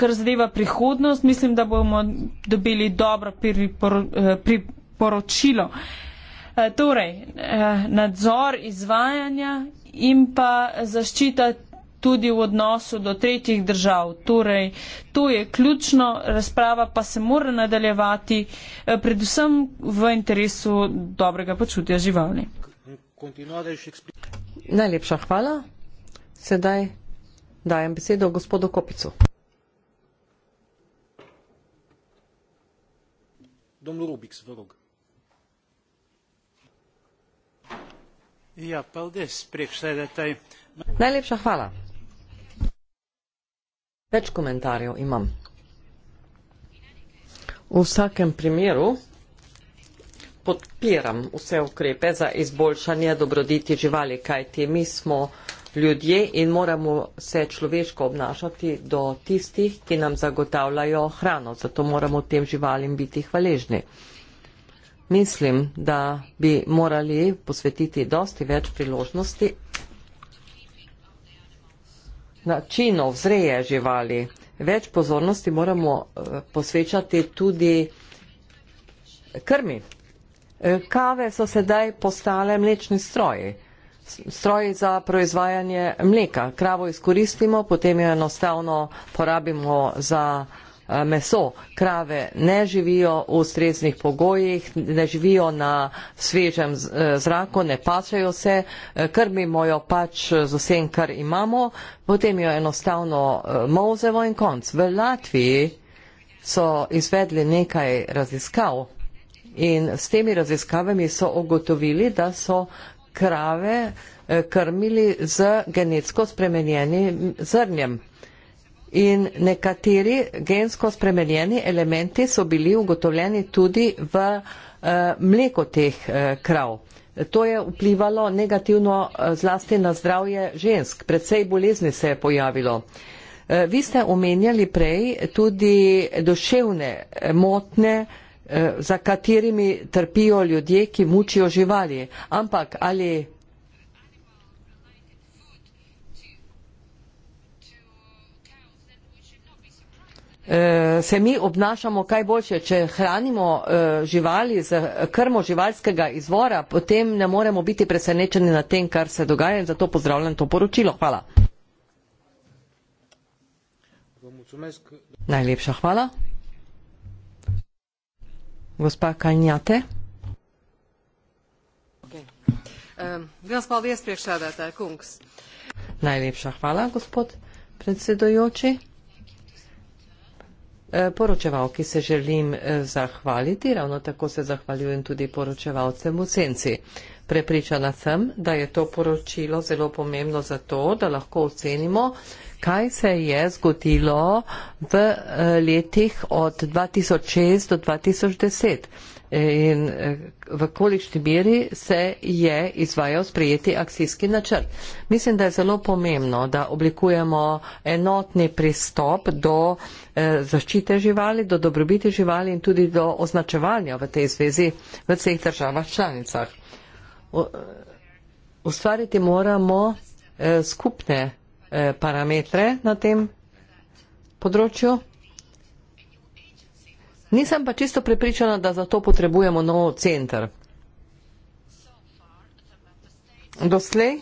kar zadeva prihodnost, mislim, da bomo dobili dobro priporočilo. Pri, pri, Eh, torej, eh, nadzor izvajanja in pa zaščita tudi v odnosu do tretjih držav. Torej, to je ključno, razprava pa se mora nadaljevati eh, predvsem v interesu dobrega počutja živali. Najlepša hvala. Sedaj dajem besedo gospodu Kopicu. Domnul Rubik, svarog. Ja, Najlepša hvala. Več komentarjev imam. V vsakem primeru podpiram vse ukrepe za izboljšanje dobroditi živali, kajti mi smo ljudje in moramo se človeško obnašati do tistih, ki nam zagotavljajo hrano. Zato moramo tem živalim biti hvaležni mislim, da bi morali posvetiti dosti več priložnosti načinov zreje živali. Več pozornosti moramo eh, posvečati tudi eh, krmi. Eh, kave so sedaj postale mlečni stroji, stroji za proizvajanje mleka. Kravo izkoristimo, potem jo enostavno porabimo za mleko Eh, meso, krave ne živijo v stresnih pogojih, ne živijo na svežem eh, zraku, ne pačajo se, eh, krmimo jo pač z vsem, kar imamo, potem jo enostavno mozevo in konc. V Latviji so izvedli nekaj raziskav in s temi raziskavami so ugotovili, da so krave krmili z genetsko spremenjenim zrnjem in nekateri gensko spremenjeni elementi so bili ugotovljeni tudi v eh, mleko teh eh, krav. To je vplivalo negativno eh, zlasti na zdravje žensk, predvsej bolezni se je pojavilo. Vi ste omenjali prej tudi duševne motne, za katerimi trpijo ljudje, ki mučijo živali. Ampak ali Eh, se mi obnašamo kaj boljše, če hranimo eh, živali z krmo živalskega izvora, potem ne moremo biti presenečeni na tem, kar se dogaja in zato pozdravljam to poročilo. Hvala. Najlepša hvala. Gospa Kanjate. Um, Najlepša hvala, gospod predsedojoči. Eh, poročevalki se želim eh, zahvaliti, ravno tako se zahvaljujem tudi poročevalcem v senci. Prepričana sem, da je to poročilo zelo pomembno zato, da lahko ocenimo, kaj se je zgodilo v eh, letih od 2006 do 2010 in eh, v kolikšni meri se je izvajal sprejeti akcijski načrt. Mislim, da je zelo pomembno, da oblikujemo enotni pristop do eh, zaščite živali, do dobrobiti živali in tudi do označevanja v tej zvezi v vseh državah članicah. Eh, ustvariti moramo skupne parametre na tem področju. Nisem pa čisto prepričana, da za to potrebujemo nov centr. Doslej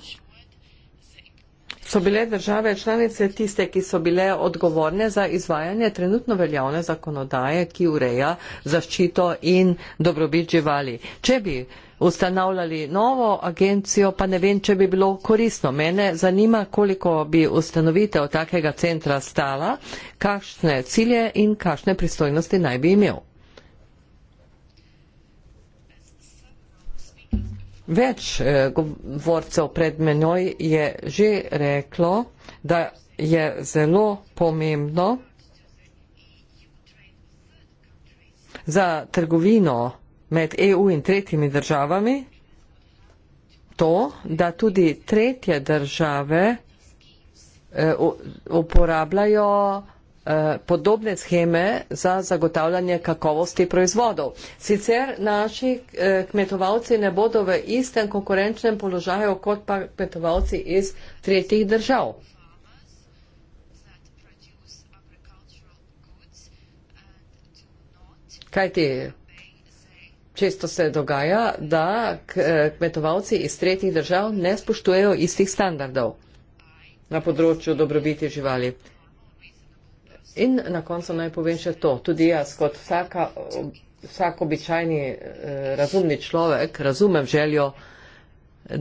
so bile države članice tiste, ki so bile odgovorne za izvajanje trenutno veljavne zakonodaje, ki ureja zaščito in dobrobit živali. Če bi ustanavljali novo agencijo, pa ne vem, če bi bilo korisno. Mene zanima, koliko bi ustanovitev takega centra stala, kakšne cilje in kakšne pristojnosti naj bi imel. Več eh, govorcev pred menoj je že reklo, da je zelo pomembno za trgovino, da je zelo pomembno, med EU in tretjimi državami to, da tudi tretje države eh, uporabljajo eh, podobne scheme za zagotavljanje kakovosti proizvodov. Sicer naši eh, kmetovalci ne bodo v istem konkurenčnem položaju kot pa kmetovalci iz tretjih držav. Kaj ti je? Često se dogaja, da eh, kmetovalci iz tretjih držav ne spoštujejo istih standardov na področju dobrobiti živali. In na koncu naj povem še to. Tudi jaz, kot vsaka, vsak običajni eh, razumni človek, razumem željo,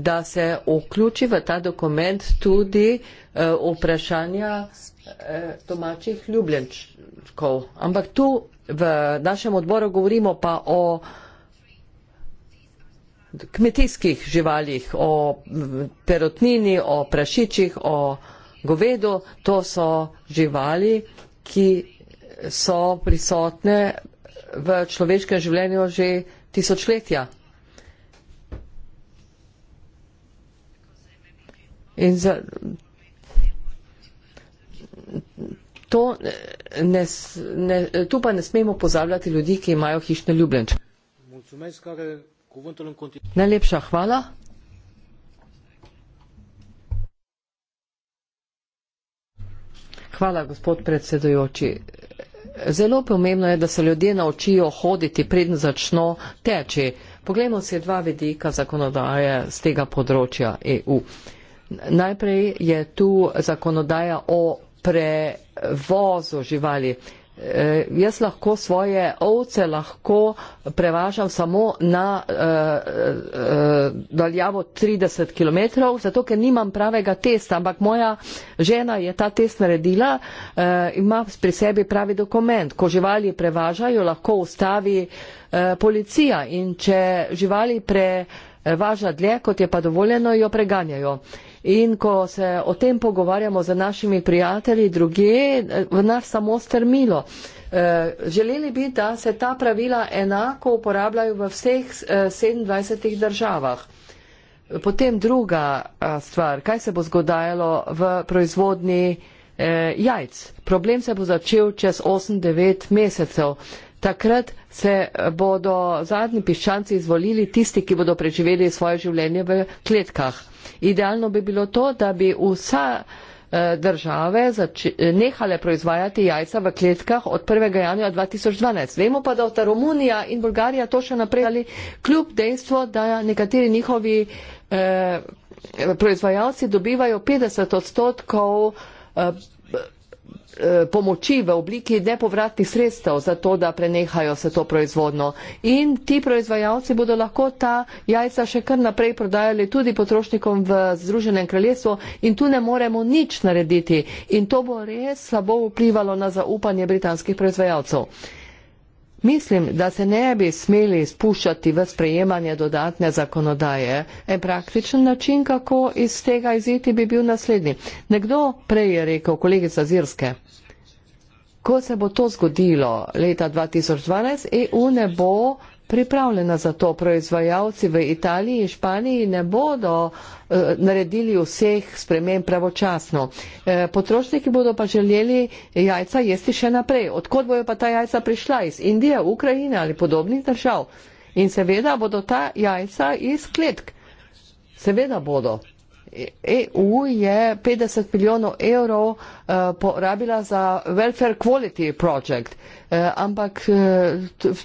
da se vključi v ta dokument tudi eh, vprašanja domačih ljubljenčkov. Ampak tu v našem odboru govorimo pa o kmetijskih živalih, o perotnini, o prašičih, o govedu, to so živali, ki so prisotne v človeškem življenju že tisočletja. In za, to ne, ne, tu pa ne smemo pozabljati ljudi, ki imajo hišne ljubljenče. Najlepša hvala. Hvala, gospod predsedujoči. Zelo pomembno je, da se ljudje naučijo hoditi, predn začno teči. Poglejmo si dva vidika zakonodaje z tega področja EU. Najprej je tu zakonodaja o prevozu živali eh, jaz lahko svoje ovce lahko prevažam samo na eh, eh, daljavo 30 km, zato ker nimam pravega testa, ampak moja žena je ta test naredila, eh, ima pri sebi pravi dokument. Ko živali prevažajo, lahko ustavi eh, policija in če živali prevaža dlje, kot je pa dovoljeno, jo preganjajo. Eh, In ko se o tem pogovarjamo z našimi prijatelji druge, v nas samo strmilo. Eh, želeli bi, da se ta pravila enako uporabljajo v vseh 27 eh, državah. Potem druga eh, stvar, kaj se bo zgodajalo v proizvodni jajc. Problem se bo začel čez 8-9 mesecev takrat se bodo zadnji piščanci izvolili tisti, ki bodo preživeli svoje življenje v kletkah. Idealno bi bilo to, da bi vsa eh, države nehale proizvajati jajca v kletkah od 1. januarja 2012. Vemo pa, da ta Romunija in Bolgarija to še naprej ali kljub dejstvo, da nekateri njihovi eh, proizvajalci dobivajo 50 odstotkov eh, Eh, pomoči v obliki nepovratnih sredstev za to, da prenehajo se to proizvodno. In ti proizvajalci bodo lahko ta jajca še kar naprej prodajali tudi potrošnikom v Združenem kraljestvu in tu ne moremo nič narediti. In to bo res slabo vplivalo na zaupanje britanskih proizvajalcev. Mislim, da se ne bi smeli spuščati v sprejemanje dodatne zakonodaje. En praktičen način, kako iz tega iziti, bi bil naslednji. Nekdo prej je rekel, kolegica Zirske, ko se bo to zgodilo leta 2012, EU ne bo pripravljena za to. Proizvajalci v Italiji in Španiji ne bodo e, naredili vseh sprememb pravočasno. E, potrošniki bodo pa želeli jajca jesti še naprej. Odkot bojo pa ta jajca prišla iz Indije, Ukrajine ali podobnih držav? In seveda bodo ta jajca iz kletk. Seveda bodo. EU e je 50 milijonov evrov uh, porabila za welfare quality project, uh, ampak uh,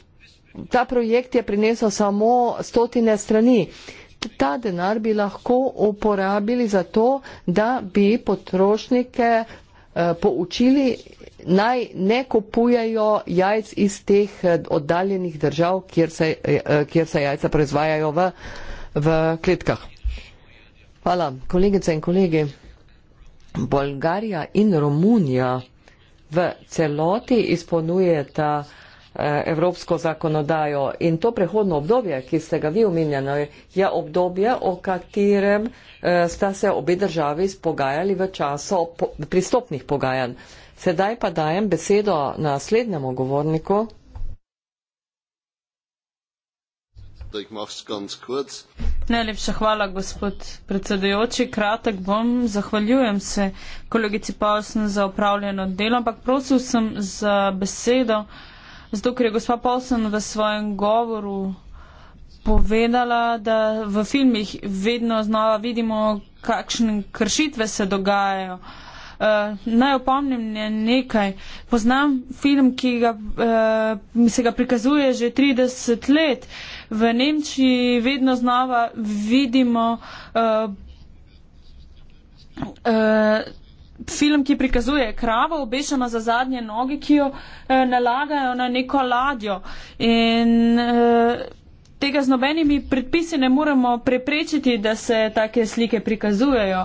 ta projekt je prinesel samo stotine strani. Ta denar bi lahko uporabili za to, da bi potrošnike eh, poučili naj ne kupujajo jajc iz teh eh, oddaljenih držav, kjer se, eh, kjer se jajca proizvajajo v, v kletkah. Hvala, kolegice in kolegi. Bolgarija in Romunija v celoti izpolnjujeta Eh, evropsko zakonodajo in to prehodno obdobje, ki ste ga vi omenjali, je obdobje, o katerem eh, sta se obe državi spogajali v času pristopnih pogajanj. Sedaj pa dajem besedo naslednjemu govorniku. Najlepša hvala, gospod predsedujoči. Kratek bom. Zahvaljujem se kolegici Pavsen za upravljeno delo, ampak prosil sem za besedo zato ker je gospa Paulsen v svojem govoru povedala, da v filmih vedno znova vidimo, kakšne kršitve se dogajajo. Uh, naj opomnim nekaj. Poznam film, ki ga, uh, se ga prikazuje že 30 let. V Nemčiji vedno znova vidimo uh, uh, film, ki prikazuje kravo, obešeno za zadnje noge, ki jo eh, nalagajo na neko ladjo. In, eh, tega z nobenimi predpisi ne moremo preprečiti, da se take slike prikazujejo.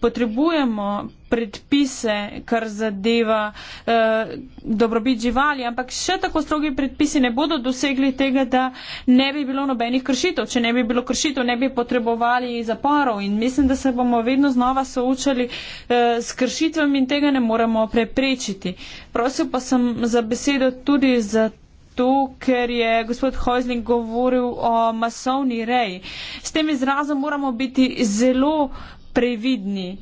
Potrebujemo predpise, kar zadeva eh, dobrobit živali, ampak še tako strogi predpisi ne bodo dosegli tega, da ne bi bilo nobenih kršitev. Če ne bi bilo kršitev, ne bi potrebovali zaporov in mislim, da se bomo vedno znova soočali eh, s kršitvami in tega ne moremo preprečiti. Prosil pa sem za besedo tudi za zato, ker je gospod Hojzling govoril o masovni reji. S tem izrazom moramo biti zelo previdni.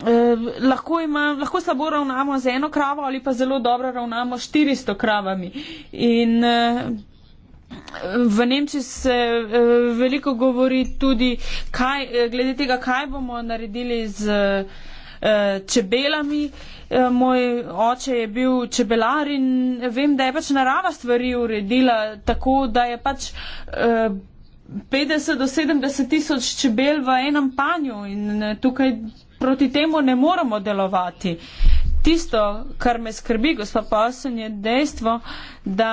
Eh, lahko, ima, lahko slabo ravnamo z eno kravo ali pa zelo dobro ravnamo s 400 kravami. In eh, v Nemčiji se eh, veliko govori tudi kaj, eh, glede tega, kaj bomo naredili z. Eh, Eh, čebelami. Eh, moj oče je bil čebelar in vem, da je pač narava stvari uredila tako, da je pač 50 eh, do 70 tisoč čebel v enem panju in tukaj proti temu ne moramo delovati. Tisto, kar me skrbi, gospod Pavsen, je dejstvo, da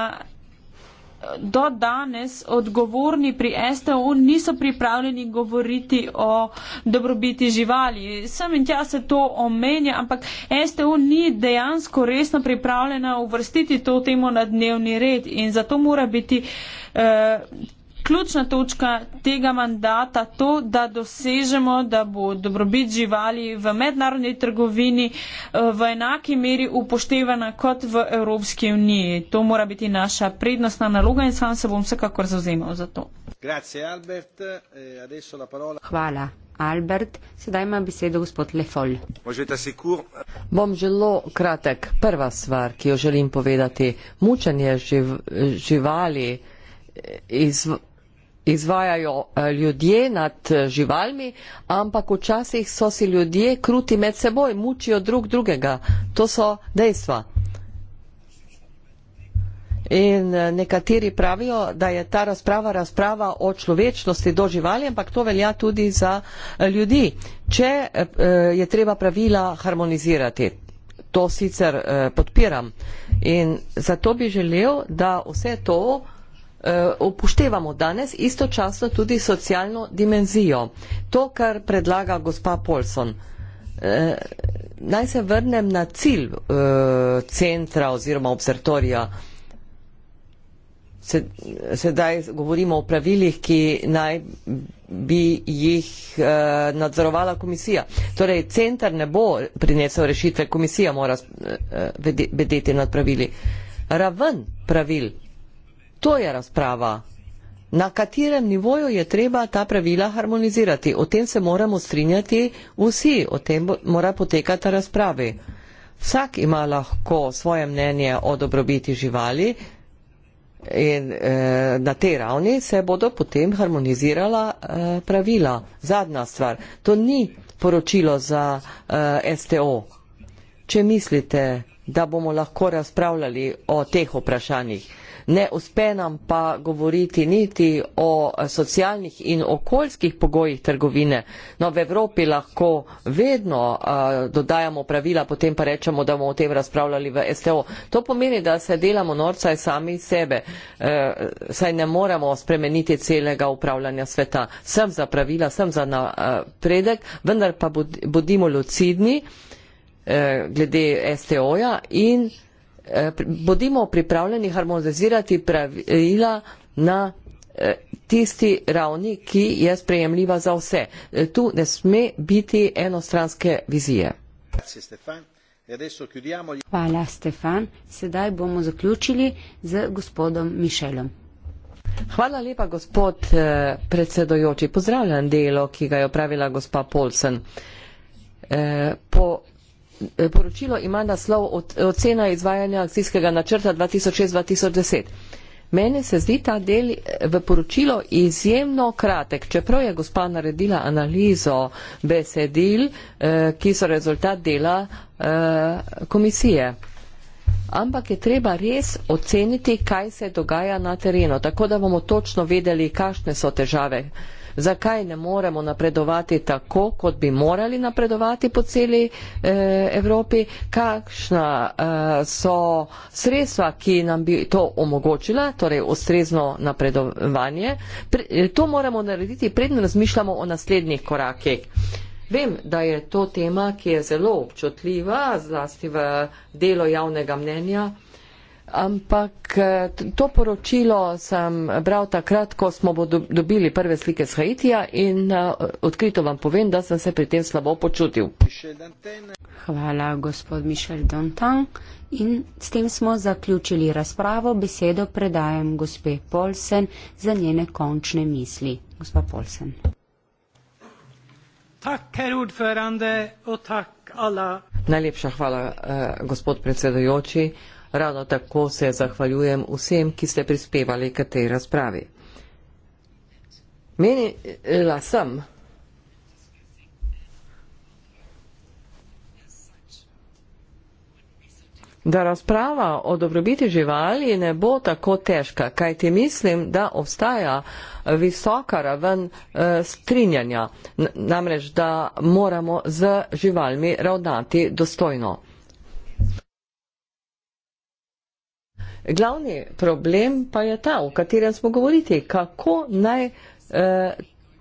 do danes odgovorni pri STO niso pripravljeni govoriti o dobrobiti živali. Sem in tja se to omenja, ampak STO ni dejansko resno pripravljena uvrstiti to temo na dnevni red in zato mora biti. Uh, ključna točka tega mandata to, da dosežemo, da bo dobrobit živali v mednarodni trgovini eh, v enaki meri upoštevana kot v Evropski uniji. To mora biti naša prednostna naloga in sam se bom vsekakor zauzemal za to. Eh, Hvala. Albert, sedaj ima besedo gospod Lefol. Bom zelo kratek. Prva stvar, ki jo želim povedati, mučanje živ živali iz izvajajo eh, ljudje nad eh, živalmi, ampak včasih so si ljudje kruti med seboj, mučijo drug drugega. To so dejstva. In eh, nekateri pravijo, da je ta razprava razprava o človečnosti do živali, ampak to velja tudi za ljudi. Če je treba pravila harmonizirati, to sicer podpiram. In zato bi želel, da vse to Eh, upoštevamo danes istočasno tudi socialno dimenzijo. To, kar predlaga gospa Polson. Eh, naj se vrnem na cilj eh, centra oziroma observatorija. Sedaj govorimo o pravilih, ki naj bi jih nadzorovala komisija. Torej, centr ne bo prinesel rešitve, komisija mora bedeti nad pravili. Raven pravil To je razprava. Na katerem nivoju je treba ta pravila harmonizirati? O tem se moramo strinjati vsi, o tem mora potekati razprava. Vsak ima lahko svoje mnenje o dobrobiti živali in eh, na tej ravni se bodo potem harmonizirala eh, pravila. Zadnja stvar, to ni poročilo za eh, STO. Če mislite, da bomo lahko razpravljali o teh vprašanjih, ne uspe nam pa govoriti niti o socialnih in okoljskih pogojih trgovine. No, v Evropi lahko vedno uh, dodajamo pravila, potem pa rečemo, da bomo o tem razpravljali v STO. To pomeni, da se delamo norca in sami sebe, uh, saj ne moramo spremeniti celega upravljanja sveta. Sem za pravila, sem za napredek, vendar pa bodimo lucidni e, glede STO-ja in Eh, bodimo pripravljeni harmonizirati pravila na eh, tisti ravni, ki je sprejemljiva za vse. Eh, tu ne sme biti enostranske vizije. E Hvala, Stefan. Sedaj bomo zaključili z gospodom Mišelom. Hvala lepa, gospod predsedojoči. Pozdravljam delo, ki ga je opravila gospa Polsen. Po Eh, poročilo ima naslov ocena izvajanja akcijskega načrta 2006-2010. Mene se zdi ta del eh, v poročilo izjemno kratek, čeprav je gospa naredila analizo besedil, eh, ki so rezultat dela komisije. Ampak je treba res oceniti, kaj se dogaja na terenu, tako da bomo točno vedeli, kakšne so težave zakaj ne moremo napredovati tako, kot bi morali napredovati po celi eh, Evropi, kakšna eh, so sredstva, ki nam bi to omogočila, torej ustrezno napredovanje. Pre, eh, to moramo narediti, predn razmišljamo o naslednjih korakih. Vem, da je to tema, ki je zelo občutljiva, zlasti v delo javnega mnenja ampak eh, to poročilo sem bral takrat, ko smo dobili prve slike z Haitija in eh, odkrito vam povem, da sem se pri tem slabo počutil. Hvala, gospod Mišel Dantan. In s tem smo zaključili razpravo. Besedo predajem gospe Polsen za njene končne misli. Gospa Polsen. Tak, odferande, otak, Najlepša hvala, eh, gospod predsedujoči. Ravno tako se zahvaljujem vsem, ki ste prispevali k tej razpravi. Menila sem, da razprava o dobrobiti živali ne bo tako težka, kaj ti mislim, da obstaja visoka raven eh, strinjanja, namreč da moramo z živalmi ravnati dostojno. Glavni problem pa je ta, o katerem smo govorili, kako naj eh,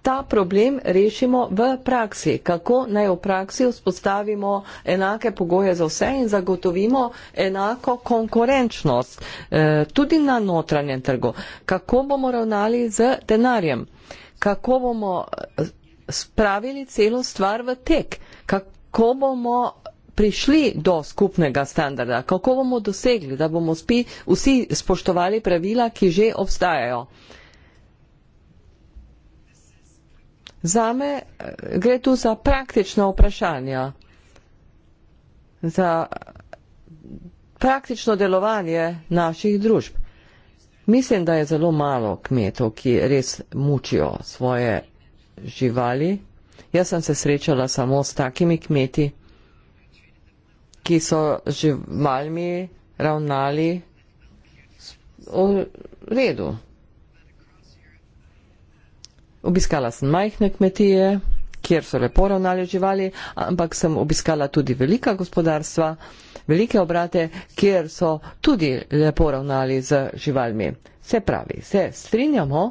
ta problem rešimo v praksi, kako naj v praksi vzpostavimo enake pogoje za vse in zagotovimo enako konkurenčnost eh, tudi na notranjem trgu, kako bomo ravnali z denarjem, kako bomo eh, spravili celo stvar v tek, kako bomo prišli do skupnega standarda, kako bomo dosegli, da bomo spi, vsi spoštovali pravila, ki že obstajajo. Zame eh, gre tu za praktična vprašanja, za praktično delovanje naših družb. Mislim, da je zelo malo kmetov, ki res mučijo svoje živali. Jaz sem se srečala samo s takimi kmeti ki so že malmi ravnali v redu. Obiskala sem majhne kmetije, kjer so lepo ravnali živali, ampak sem obiskala tudi velika gospodarstva, velike obrate, kjer so tudi lepo ravnali z živalmi. Se pravi, se strinjamo,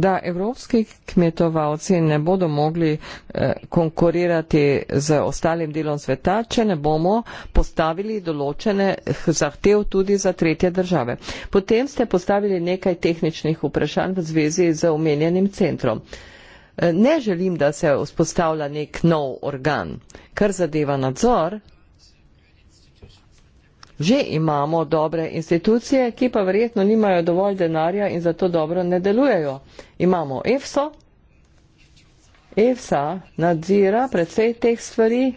da evropski kmetovalci ne bodo mogli eh, konkurirati z ostalim delom sveta, če ne bomo postavili določene zahtev tudi za tretje države. Potem ste postavili nekaj tehničnih vprašanj v zvezi z omenjenim centrom. Eh, ne želim, da se vzpostavlja nek nov organ, kar zadeva nadzor, že imamo dobre institucije, ki pa verjetno nimajo dovolj denarja in zato dobro ne delujejo. Imamo EFSO, EFSA nadzira predvsej teh stvari,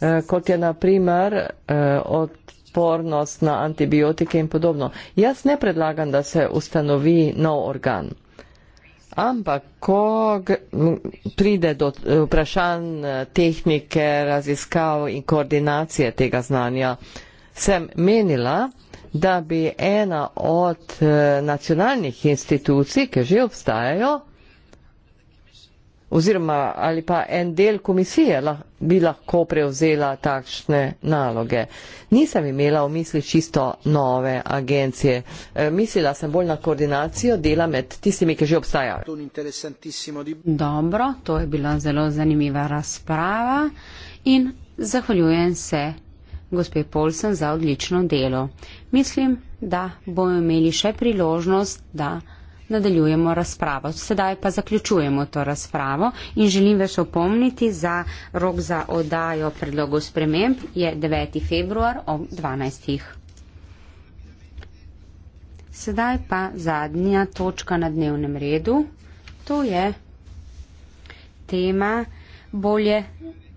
eh, kot je naprimer eh, od spornost na antibiotike in podobno. Jaz ne predlagam, da se ustanovi nov organ. Ampak, ko pride do eh, vprašanj eh, tehnike, raziskav in koordinacije tega znanja, eh, sem menila, da bi ena od eh, nacionalnih institucij, ki že obstajajo, oziroma ali pa en del komisije bi lahko prevzela takšne naloge. Nisem imela v misli čisto nove agencije. Eh, mislila sem bolj na koordinacijo dela med tistimi, ki že obstajajo. Dobro, to je bila zelo zanimiva razprava in zahvaljujem se gospe Polsen za odlično delo. Mislim, da bomo imeli še priložnost, da nadaljujemo razpravo. Sedaj pa zaključujemo to razpravo in želim vas opomniti, za rok za oddajo predlogov sprememb je 9. februar ob 12. Sedaj pa zadnja točka na dnevnem redu. To je tema bolje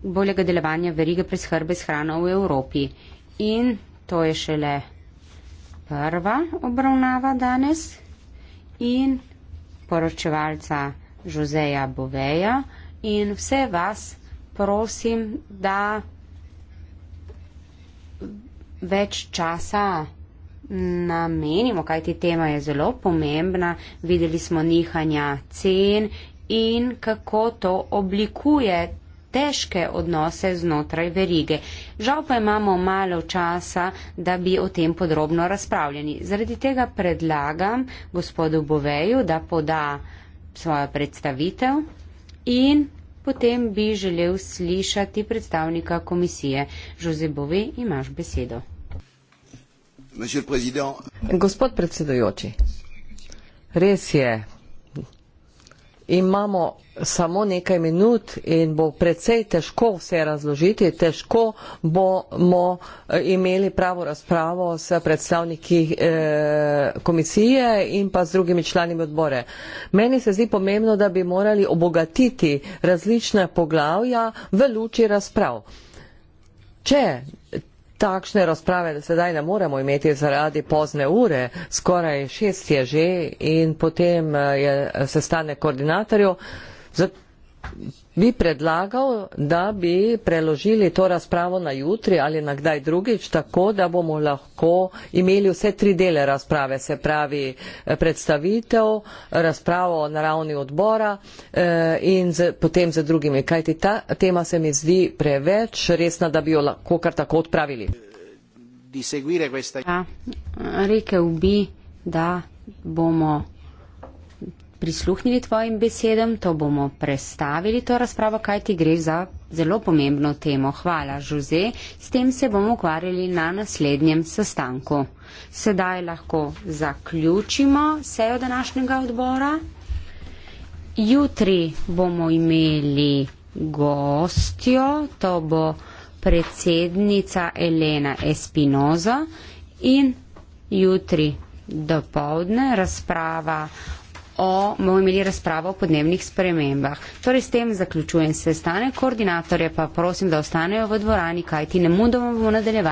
boljega delovanja verige preskrbe s hrano v Evropi. In to je šele prva obravnava danes in poročevalca Žozeja Boveja in vse vas prosim, da več časa namenimo, kajti tema je zelo pomembna. Videli smo nihanja cen in kako to oblikuje težke odnose znotraj verige. Žal pa imamo malo časa, da bi o tem podrobno razpravljali. Zaradi tega predlagam gospodu Boveju, da poda svojo predstavitev in potem bi želel slišati predstavnika komisije. Žoze Bove, imaš besedo. Gospod predsedujoči, res je, imamo samo nekaj minut in bo precej težko vse razložiti, težko bomo eh, imeli pravo razpravo s predstavniki eh, komisije in pa z drugimi člani odbore. Meni se zdi pomembno, da bi morali obogatiti različne poglavja v luči razprav. Če Takšne razprave sedaj ne moremo imeti zaradi pozne ure, skoraj šest je že in potem eh, je sestanek koordinatorjev. Zato bi predlagal, da bi preložili to razpravo na jutri ali na kdaj drugič, tako da bomo lahko imeli vse tri dele razprave, se pravi eh, predstavitev, razpravo na ravni odbora eh, in z, potem z drugimi. Kajti ta tema se mi zdi preveč resna, da bi jo lahko kar tako odpravili. Ja, rekel bi, da bomo prisluhnili tvojim besedam, to bomo predstavili, to razpravo, kaj ti gre za zelo pomembno temo. Hvala, Žuze, s tem se bomo ukvarjali na naslednjem sestanku. Sedaj lahko zaključimo sejo današnjega odbora. Jutri bomo imeli gostjo, to bo predsednica Elena Espinoza in jutri do povdne razprava o, bomo imeli razpravo o podnebnih spremembah. Torej s tem zaključujem sestanek, koordinatorje pa prosim, da ostanejo v dvorani, kajti ne mudom bomo nadaljevali.